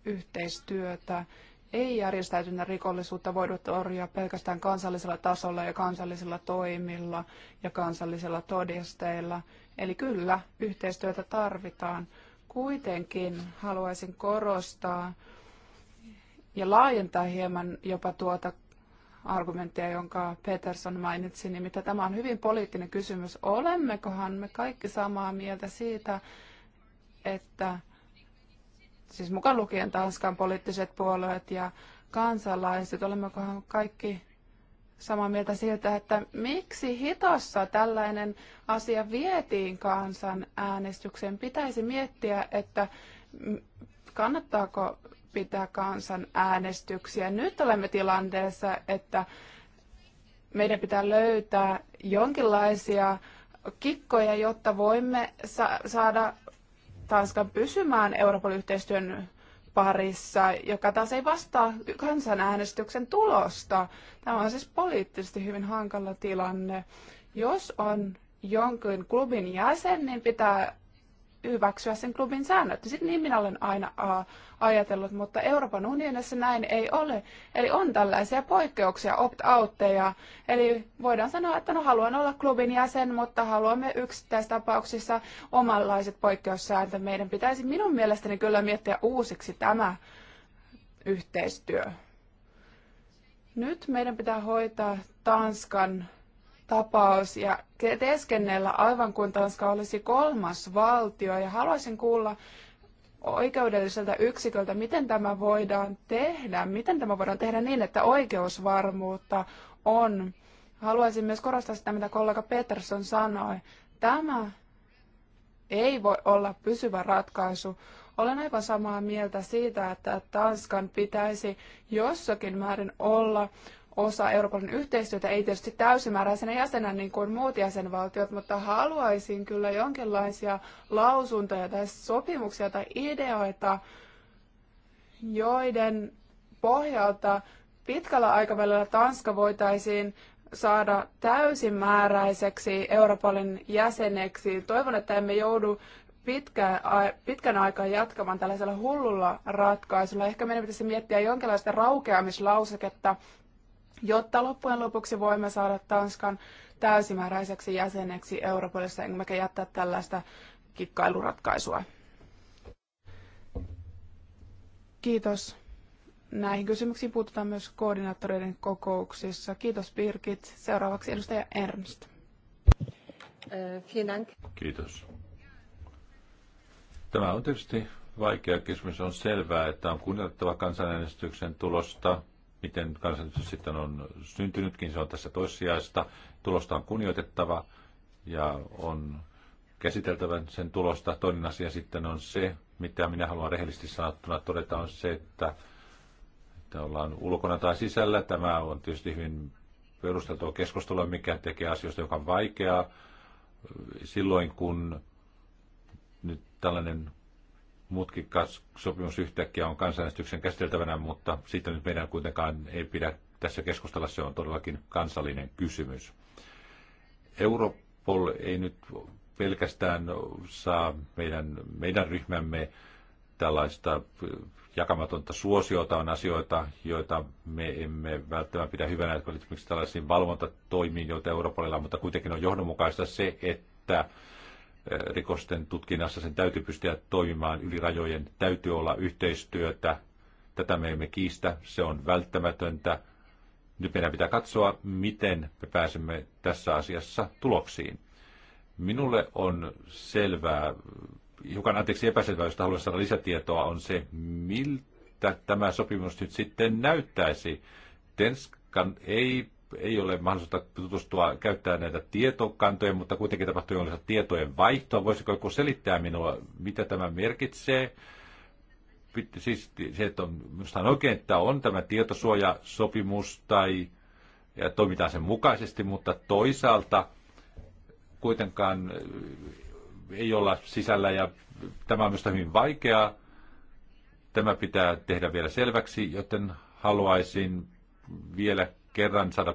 yhteistyötä. Ei järjestäytynä rikollisuutta voida torjua pelkästään kansallisella tasolla ja kansallisilla toimilla ja kansallisilla todisteilla. Eli kyllä, yhteistyötä tarvitaan. Kuitenkin haluaisin korostaa ja laajentaa hieman jopa tuota argumenttia, jonka Peterson mainitsi, niin mitä tämä on hyvin poliittinen kysymys. Olemmekohan me kaikki samaa mieltä siitä, että siis mukaan lukien Tanskan poliittiset puolueet ja kansalaiset, olemmekohan kaikki samaa mieltä siitä, että miksi hitossa tällainen asia vietiin kansan äänestykseen. Pitäisi miettiä, että kannattaako pitää kansan äänestyksiä. Nyt olemme tilanteessa, että meidän pitää löytää jonkinlaisia kikkoja, jotta voimme sa- saada Tanskan pysymään Euroopan yhteistyön parissa, joka taas ei vastaa kansanäänestyksen tulosta. Tämä on siis poliittisesti hyvin hankala tilanne. Jos on jonkin klubin jäsen, niin pitää hyväksyä sen klubin säännöt. Sitten niin minä olen aina ajatellut, mutta Euroopan unionissa näin ei ole. Eli on tällaisia poikkeuksia, opt-outteja. Eli voidaan sanoa, että no haluan olla klubin jäsen, mutta haluamme yksittäistapauksissa omanlaiset poikkeussääntö. Meidän pitäisi minun mielestäni kyllä miettiä uusiksi tämä yhteistyö. Nyt meidän pitää hoitaa Tanskan tapaus ja teeskennellä aivan kuin Tanska olisi kolmas valtio. Ja haluaisin kuulla oikeudelliselta yksiköltä, miten tämä voidaan tehdä, miten tämä voidaan tehdä niin, että oikeusvarmuutta on. Haluaisin myös korostaa sitä, mitä kollega Peterson sanoi. Tämä ei voi olla pysyvä ratkaisu. Olen aivan samaa mieltä siitä, että Tanskan pitäisi jossakin määrin olla osa Euroopan yhteistyötä, ei tietysti täysimääräisenä jäsenä niin kuin muut jäsenvaltiot, mutta haluaisin kyllä jonkinlaisia lausuntoja tai sopimuksia tai ideoita, joiden pohjalta pitkällä aikavälillä Tanska voitaisiin saada täysimääräiseksi Euroopan jäseneksi. Toivon, että emme joudu pitkän aikaa jatkamaan tällaisella hullulla ratkaisulla. Ehkä meidän pitäisi miettiä jonkinlaista raukeamislauseketta jotta loppujen lopuksi voimme saada Tanskan täysimääräiseksi jäseneksi Europolissa, emmekä jättää tällaista kikkailuratkaisua. Kiitos. Näihin kysymyksiin puututaan myös koordinaattoreiden kokouksissa. Kiitos Birgit. Seuraavaksi edustaja Ernst. Kiitos. Tämä on tietysti vaikea kysymys. On selvää, että on kunnioitettava kansanäänestyksen tulosta miten kansanäänestys sitten on syntynytkin, se on tässä toissijaista. Tulosta on kunnioitettava ja on käsiteltävä sen tulosta. Toinen asia sitten on se, mitä minä haluan rehellisesti sanottuna todeta, on se, että, että ollaan ulkona tai sisällä. Tämä on tietysti hyvin perusteltua keskustelua, mikä tekee asioista, joka on vaikeaa silloin, kun nyt tällainen mutkikas sopimus yhtäkkiä on kansanäänestyksen käsiteltävänä, mutta siitä nyt meidän kuitenkaan ei pidä tässä keskustella, se on todellakin kansallinen kysymys. Europol ei nyt pelkästään saa meidän, meidän ryhmämme tällaista jakamatonta suosiota on asioita, joita me emme välttämättä pidä hyvänä, jotka esimerkiksi tällaisiin valvontatoimiin, joita Euroopalla mutta kuitenkin on johdonmukaista se, että rikosten tutkinnassa sen täytyy pystyä toimimaan yli rajojen, täytyy olla yhteistyötä. Tätä me emme kiistä, se on välttämätöntä. Nyt meidän pitää katsoa, miten me pääsemme tässä asiassa tuloksiin. Minulle on selvää, hiukan anteeksi epäselvää, jos haluaisin saada lisätietoa, on se, miltä tämä sopimus nyt sitten näyttäisi. Tenskan ei ei ole mahdollista tutustua, käyttää näitä tietokantoja, mutta kuitenkin tapahtuu jonkinlaista tietojen vaihtoa. Voisiko joku selittää minua, mitä tämä merkitsee? Siis se, että on, minusta on oikein, että on tämä tietosuojasopimus tai ja toimitaan sen mukaisesti, mutta toisaalta kuitenkaan äh, ei olla sisällä ja tämä on minusta hyvin vaikeaa. Tämä pitää tehdä vielä selväksi, joten haluaisin vielä kerran saada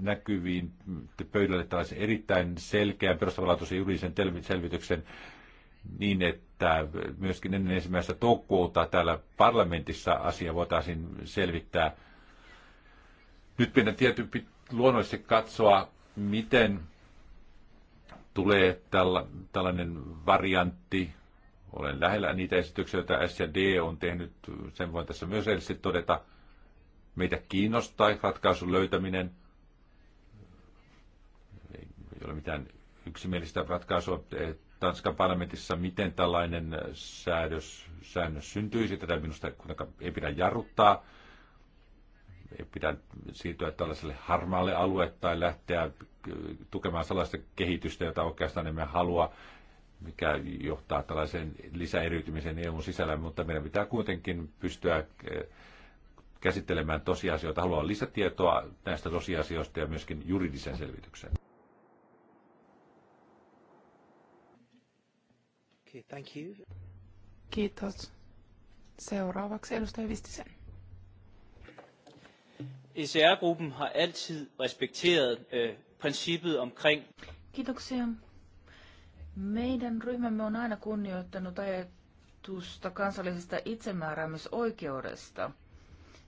näkyviin pöydälle tällaisen erittäin selkeän perustavanlaatuisen juridisen selvityksen niin, että myöskin ennen ensimmäistä toukokuuta täällä parlamentissa asia voitaisiin selvittää. Nyt pitää tietysti luonnollisesti katsoa, miten tulee tälla, tällainen variantti. Olen lähellä niitä esityksiä, joita SD on tehnyt, sen voin tässä myös edes todeta. Meitä kiinnostaa ratkaisun löytäminen. Ei, ei ole mitään yksimielistä ratkaisua Tanskan parlamentissa, miten tällainen säädös, säännös syntyisi. Tätä minusta ei pidä jarruttaa. Ei pidä siirtyä tällaiselle harmaalle alueelle tai lähteä tukemaan sellaista kehitystä, jota oikeastaan emme halua, mikä johtaa tällaiseen lisäeriytymiseen EUn sisällä, mutta meidän pitää kuitenkin pystyä eh, käsittelemään tosiasioita. Haluan lisätietoa näistä tosiasioista ja myöskin juridisen selvityksen. Okay, thank you. Kiitos. Seuraavaksi edustaja Vistisen. ECR-gruppen har altid respekteret øh, princippet omkring... Kiitoksia. Meidän ryhmämme on aina kunnioittanut ajatusta kansallisesta itsemääräämisoikeudesta –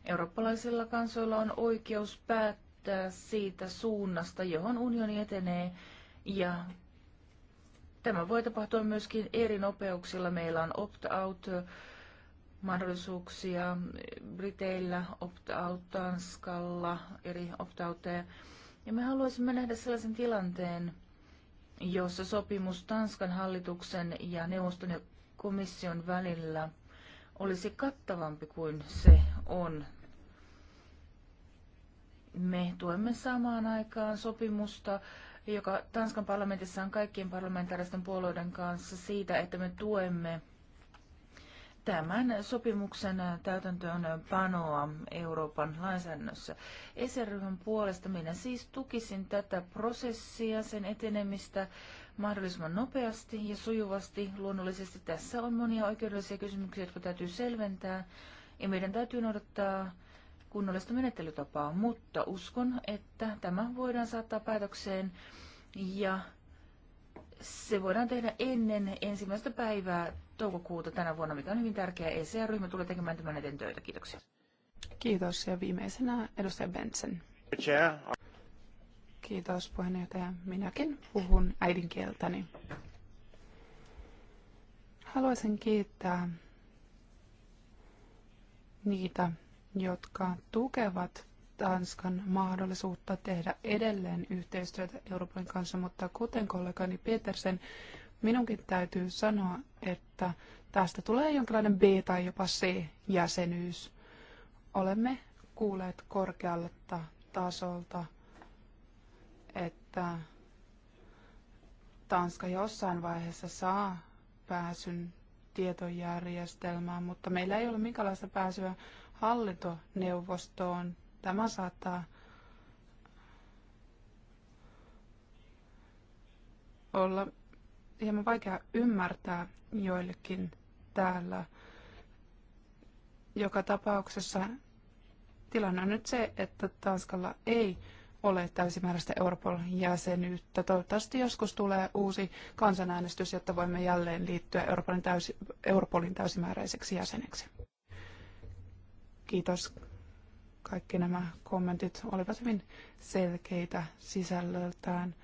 Eurooppalaisilla kansoilla on oikeus päättää siitä suunnasta, johon unioni etenee, ja tämä voi tapahtua myöskin eri nopeuksilla. Meillä on opt-out mahdollisuuksia Briteillä, opt-out Tanskalla, eri opt-outeja. Ja me haluaisimme nähdä sellaisen tilanteen, jossa sopimus Tanskan hallituksen ja neuvoston ja komission välillä olisi kattavampi kuin se on. Me tuemme samaan aikaan sopimusta, joka Tanskan parlamentissa on kaikkien parlamentaaristen puolueiden kanssa siitä, että me tuemme tämän sopimuksen täytäntöönpanoa Euroopan lainsäädännössä. ESR-ryhmän puolesta minä siis tukisin tätä prosessia, sen etenemistä mahdollisimman nopeasti ja sujuvasti. Luonnollisesti tässä on monia oikeudellisia kysymyksiä, jotka täytyy selventää, ja meidän täytyy noudattaa kunnollista menettelytapaa, mutta uskon, että tämä voidaan saattaa päätökseen ja se voidaan tehdä ennen ensimmäistä päivää toukokuuta tänä vuonna, mikä on hyvin tärkeää. ECR-ryhmä tulee tekemään tämän eteen töitä. Kiitoksia. Kiitos ja viimeisenä edustaja Benson. Kiitos puheenjohtaja. Minäkin puhun äidinkieltäni. Haluaisin kiittää niitä, jotka tukevat Tanskan mahdollisuutta tehdä edelleen yhteistyötä Euroopan kanssa, mutta kuten kollegani Petersen, minunkin täytyy sanoa, että tästä tulee jonkinlainen B- tai jopa C-jäsenyys. Olemme kuulleet korkealta tasolta, että Tanska jossain vaiheessa saa pääsyn tietojärjestelmään, mutta meillä ei ole minkälaista pääsyä hallintoneuvostoon. Tämä saattaa olla hieman vaikea ymmärtää joillekin täällä. Joka tapauksessa tilanne on nyt se, että Tanskalla ei ole täysimääräistä Euroopan jäsenyyttä Toivottavasti joskus tulee uusi kansanäänestys, jotta voimme jälleen liittyä Euroopan täysi, Europolin täysimääräiseksi jäseneksi. Kiitos. Kaikki nämä kommentit olivat hyvin selkeitä sisällöltään.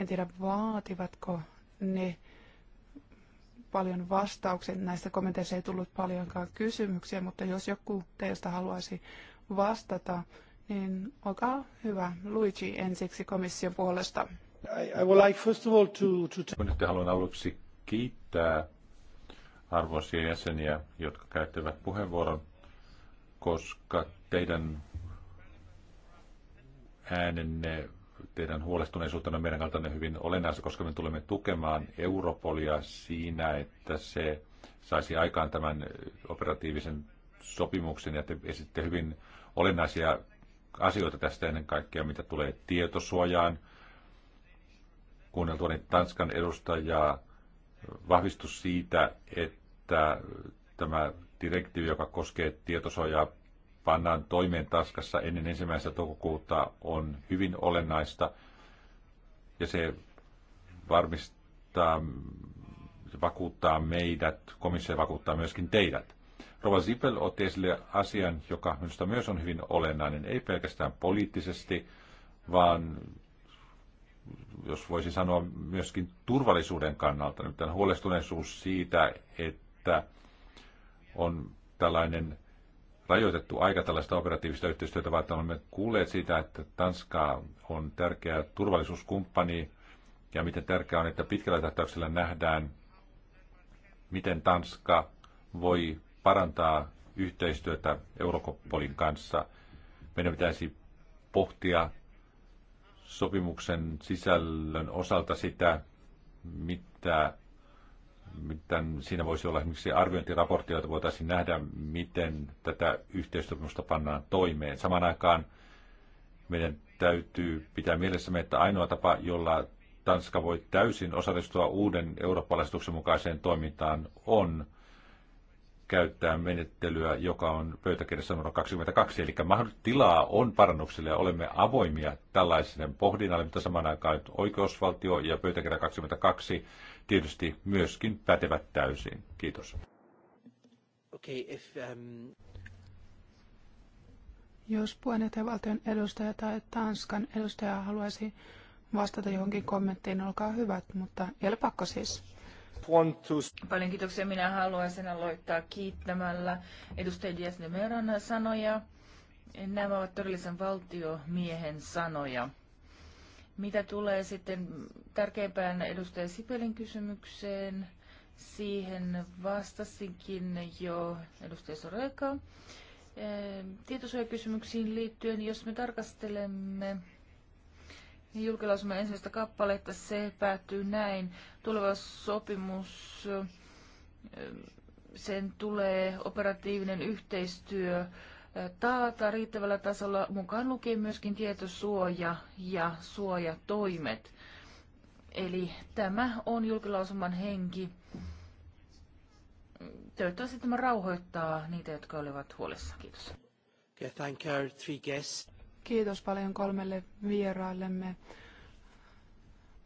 En tiedä, vaativatko ne paljon vastauksia. Näistä kommenteista ei tullut paljonkaan kysymyksiä, mutta jos joku teistä haluaisi vastata, niin olkaa hyvä. Luigi ensiksi komission puolesta. I, I would like first of all to, to... Nyt haluan aluksi kiittää arvoisia jäseniä, jotka käyttävät puheenvuoron, koska teidän äänenne, teidän on meidän kaltainen hyvin olennaista, koska me tulemme tukemaan Europolia siinä, että se saisi aikaan tämän operatiivisen sopimuksen ja te esitte hyvin olennaisia asioita tästä ennen kaikkea, mitä tulee tietosuojaan. Kuunneltuani Tanskan edustajaa vahvistus siitä, että tämä direktiivi, joka koskee tietosuojaa, pannaan toimeen Tanskassa ennen ensimmäistä toukokuuta, on hyvin olennaista. Ja se varmistaa, se vakuuttaa meidät, komissio vakuuttaa myöskin teidät. Rova Zippel otti esille asian, joka minusta myös on hyvin olennainen, ei pelkästään poliittisesti, vaan jos voisi sanoa myöskin turvallisuuden kannalta. Nyt tämän huolestuneisuus siitä, että on tällainen rajoitettu aika tällaista operatiivista yhteistyötä, vaan olemme kuulleet siitä, että Tanska on tärkeä turvallisuuskumppani ja miten tärkeää on, että pitkällä tähtäyksellä nähdään, miten Tanska voi parantaa yhteistyötä Eurokopolin kanssa. Meidän pitäisi pohtia sopimuksen sisällön osalta sitä, mitä, mitä siinä voisi olla esimerkiksi arviointiraportti, jota voitaisiin nähdä, miten tätä yhteistyötä pannaan toimeen. Samaan aikaan meidän täytyy pitää mielessämme, että ainoa tapa, jolla Tanska voi täysin osallistua uuden eurooppalaistuksen mukaiseen toimintaan, on – käyttää menettelyä, joka on pöytäkirjassa numero 22. Eli tilaa on parannuksille ja olemme avoimia tällaisen pohdinnalle, mutta samaan aikaan oikeusvaltio ja pöytäkirja 22 tietysti myöskin pätevät täysin. Kiitos. Okay, if, um... Jos puheenjohtajavaltion edustaja tai Tanskan edustaja haluaisi vastata johonkin kommenttiin, olkaa hyvät, mutta ei ole pakko siis. Paljon kiitoksia. Minä haluaisin aloittaa kiittämällä edustaja Dias de Meran sanoja. Nämä ovat todellisen valtiomiehen sanoja. Mitä tulee sitten tärkeimpään edustaja Sipelin kysymykseen, siihen vastasinkin jo edustaja Soreka. Tietosuojakysymyksiin liittyen, jos me tarkastelemme niin julkilausuma ensimmäistä kappaletta. Se päättyy näin. Tuleva sopimus, sen tulee operatiivinen yhteistyö taata riittävällä tasolla, mukaan lukien myöskin tietosuoja ja suojatoimet. Eli tämä on julkilausuman henki. Toivottavasti tämä rauhoittaa niitä, jotka olivat huolissa. Kiitos. Yeah, thank three guests. Kiitos paljon kolmelle vieraillemme.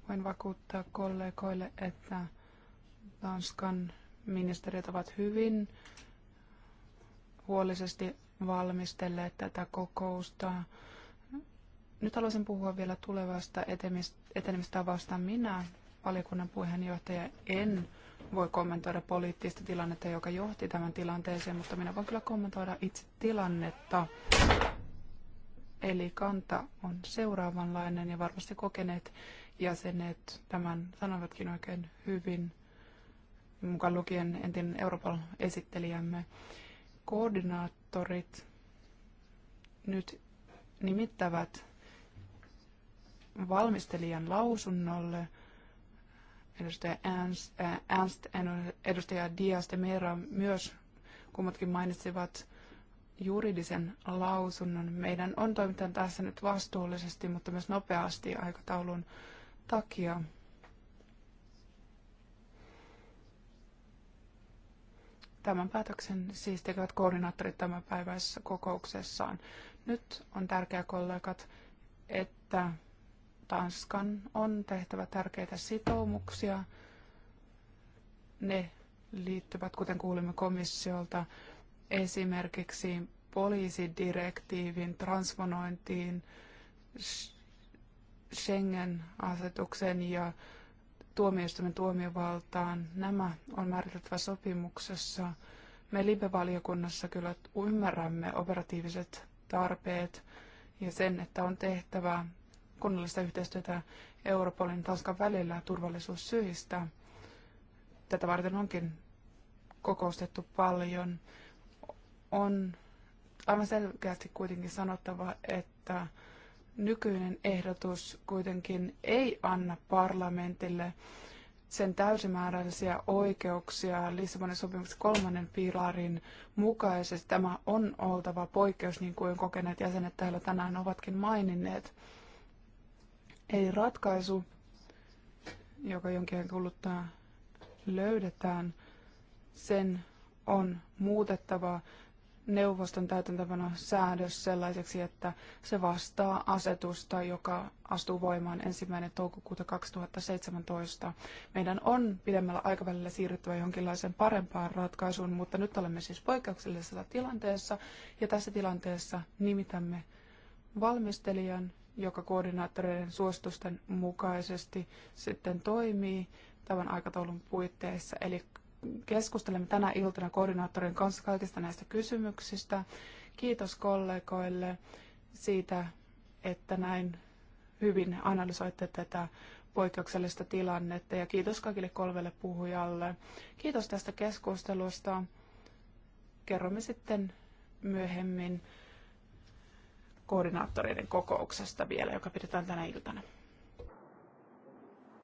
Voin vakuuttaa kollegoille, että Tanskan ministerit ovat hyvin huolisesti valmistelleet tätä kokousta. Nyt haluaisin puhua vielä tulevasta etenemistavasta. Minä, valiokunnan puheenjohtaja, en voi kommentoida poliittista tilannetta, joka johti tämän tilanteeseen, mutta minä voin kyllä kommentoida itse tilannetta. Eli kanta on seuraavanlainen ja varmasti kokeneet jäsenet tämän sanovatkin oikein hyvin, mukaan lukien entinen Euroopan esittelijämme. Koordinaattorit nyt nimittävät valmistelijan lausunnolle edustaja Ernst, Ernst edustaja Diaz de Mera myös kummatkin mainitsivat juridisen lausunnon. Meidän on toimittanut tässä nyt vastuullisesti, mutta myös nopeasti aikataulun takia. Tämän päätöksen siis tekevät koordinaattorit tämän kokouksessaan. Nyt on tärkeää, kollegat, että Tanskan on tehtävä tärkeitä sitoumuksia. Ne liittyvät, kuten kuulimme komissiolta, esimerkiksi poliisidirektiivin transponointiin, Schengen-asetuksen ja tuomioistuimen tuomiovaltaan. Nämä on määriteltävä sopimuksessa. Me Libe-valiokunnassa kyllä ymmärrämme operatiiviset tarpeet ja sen, että on tehtävä kunnollista yhteistyötä Europolin ja Tanskan välillä turvallisuussyistä. Tätä varten onkin kokoustettu paljon on aivan selkeästi kuitenkin sanottava, että nykyinen ehdotus kuitenkin ei anna parlamentille sen täysimääräisiä oikeuksia Lissabonin sopimuksen kolmannen pilarin mukaisesti. Tämä on oltava poikkeus, niin kuin kokeneet jäsenet täällä tänään ovatkin maininneet. Eli ratkaisu, joka jonkin kuluttaa löydetään, sen on muutettava neuvoston täytäntöpano säädös sellaiseksi, että se vastaa asetusta, joka astuu voimaan ensimmäinen toukokuuta 2017. Meidän on pidemmällä aikavälillä siirryttävä jonkinlaiseen parempaan ratkaisuun, mutta nyt olemme siis poikkeuksellisessa tilanteessa ja tässä tilanteessa nimitämme valmistelijan, joka koordinaattoreiden suositusten mukaisesti sitten toimii tämän aikataulun puitteissa, eli keskustelemme tänä iltana koordinaattorin kanssa kaikista näistä kysymyksistä. Kiitos kollegoille siitä, että näin hyvin analysoitte tätä poikkeuksellista tilannetta ja kiitos kaikille kolmelle puhujalle. Kiitos tästä keskustelusta. Kerromme sitten myöhemmin koordinaattoreiden kokouksesta vielä, joka pidetään tänä iltana.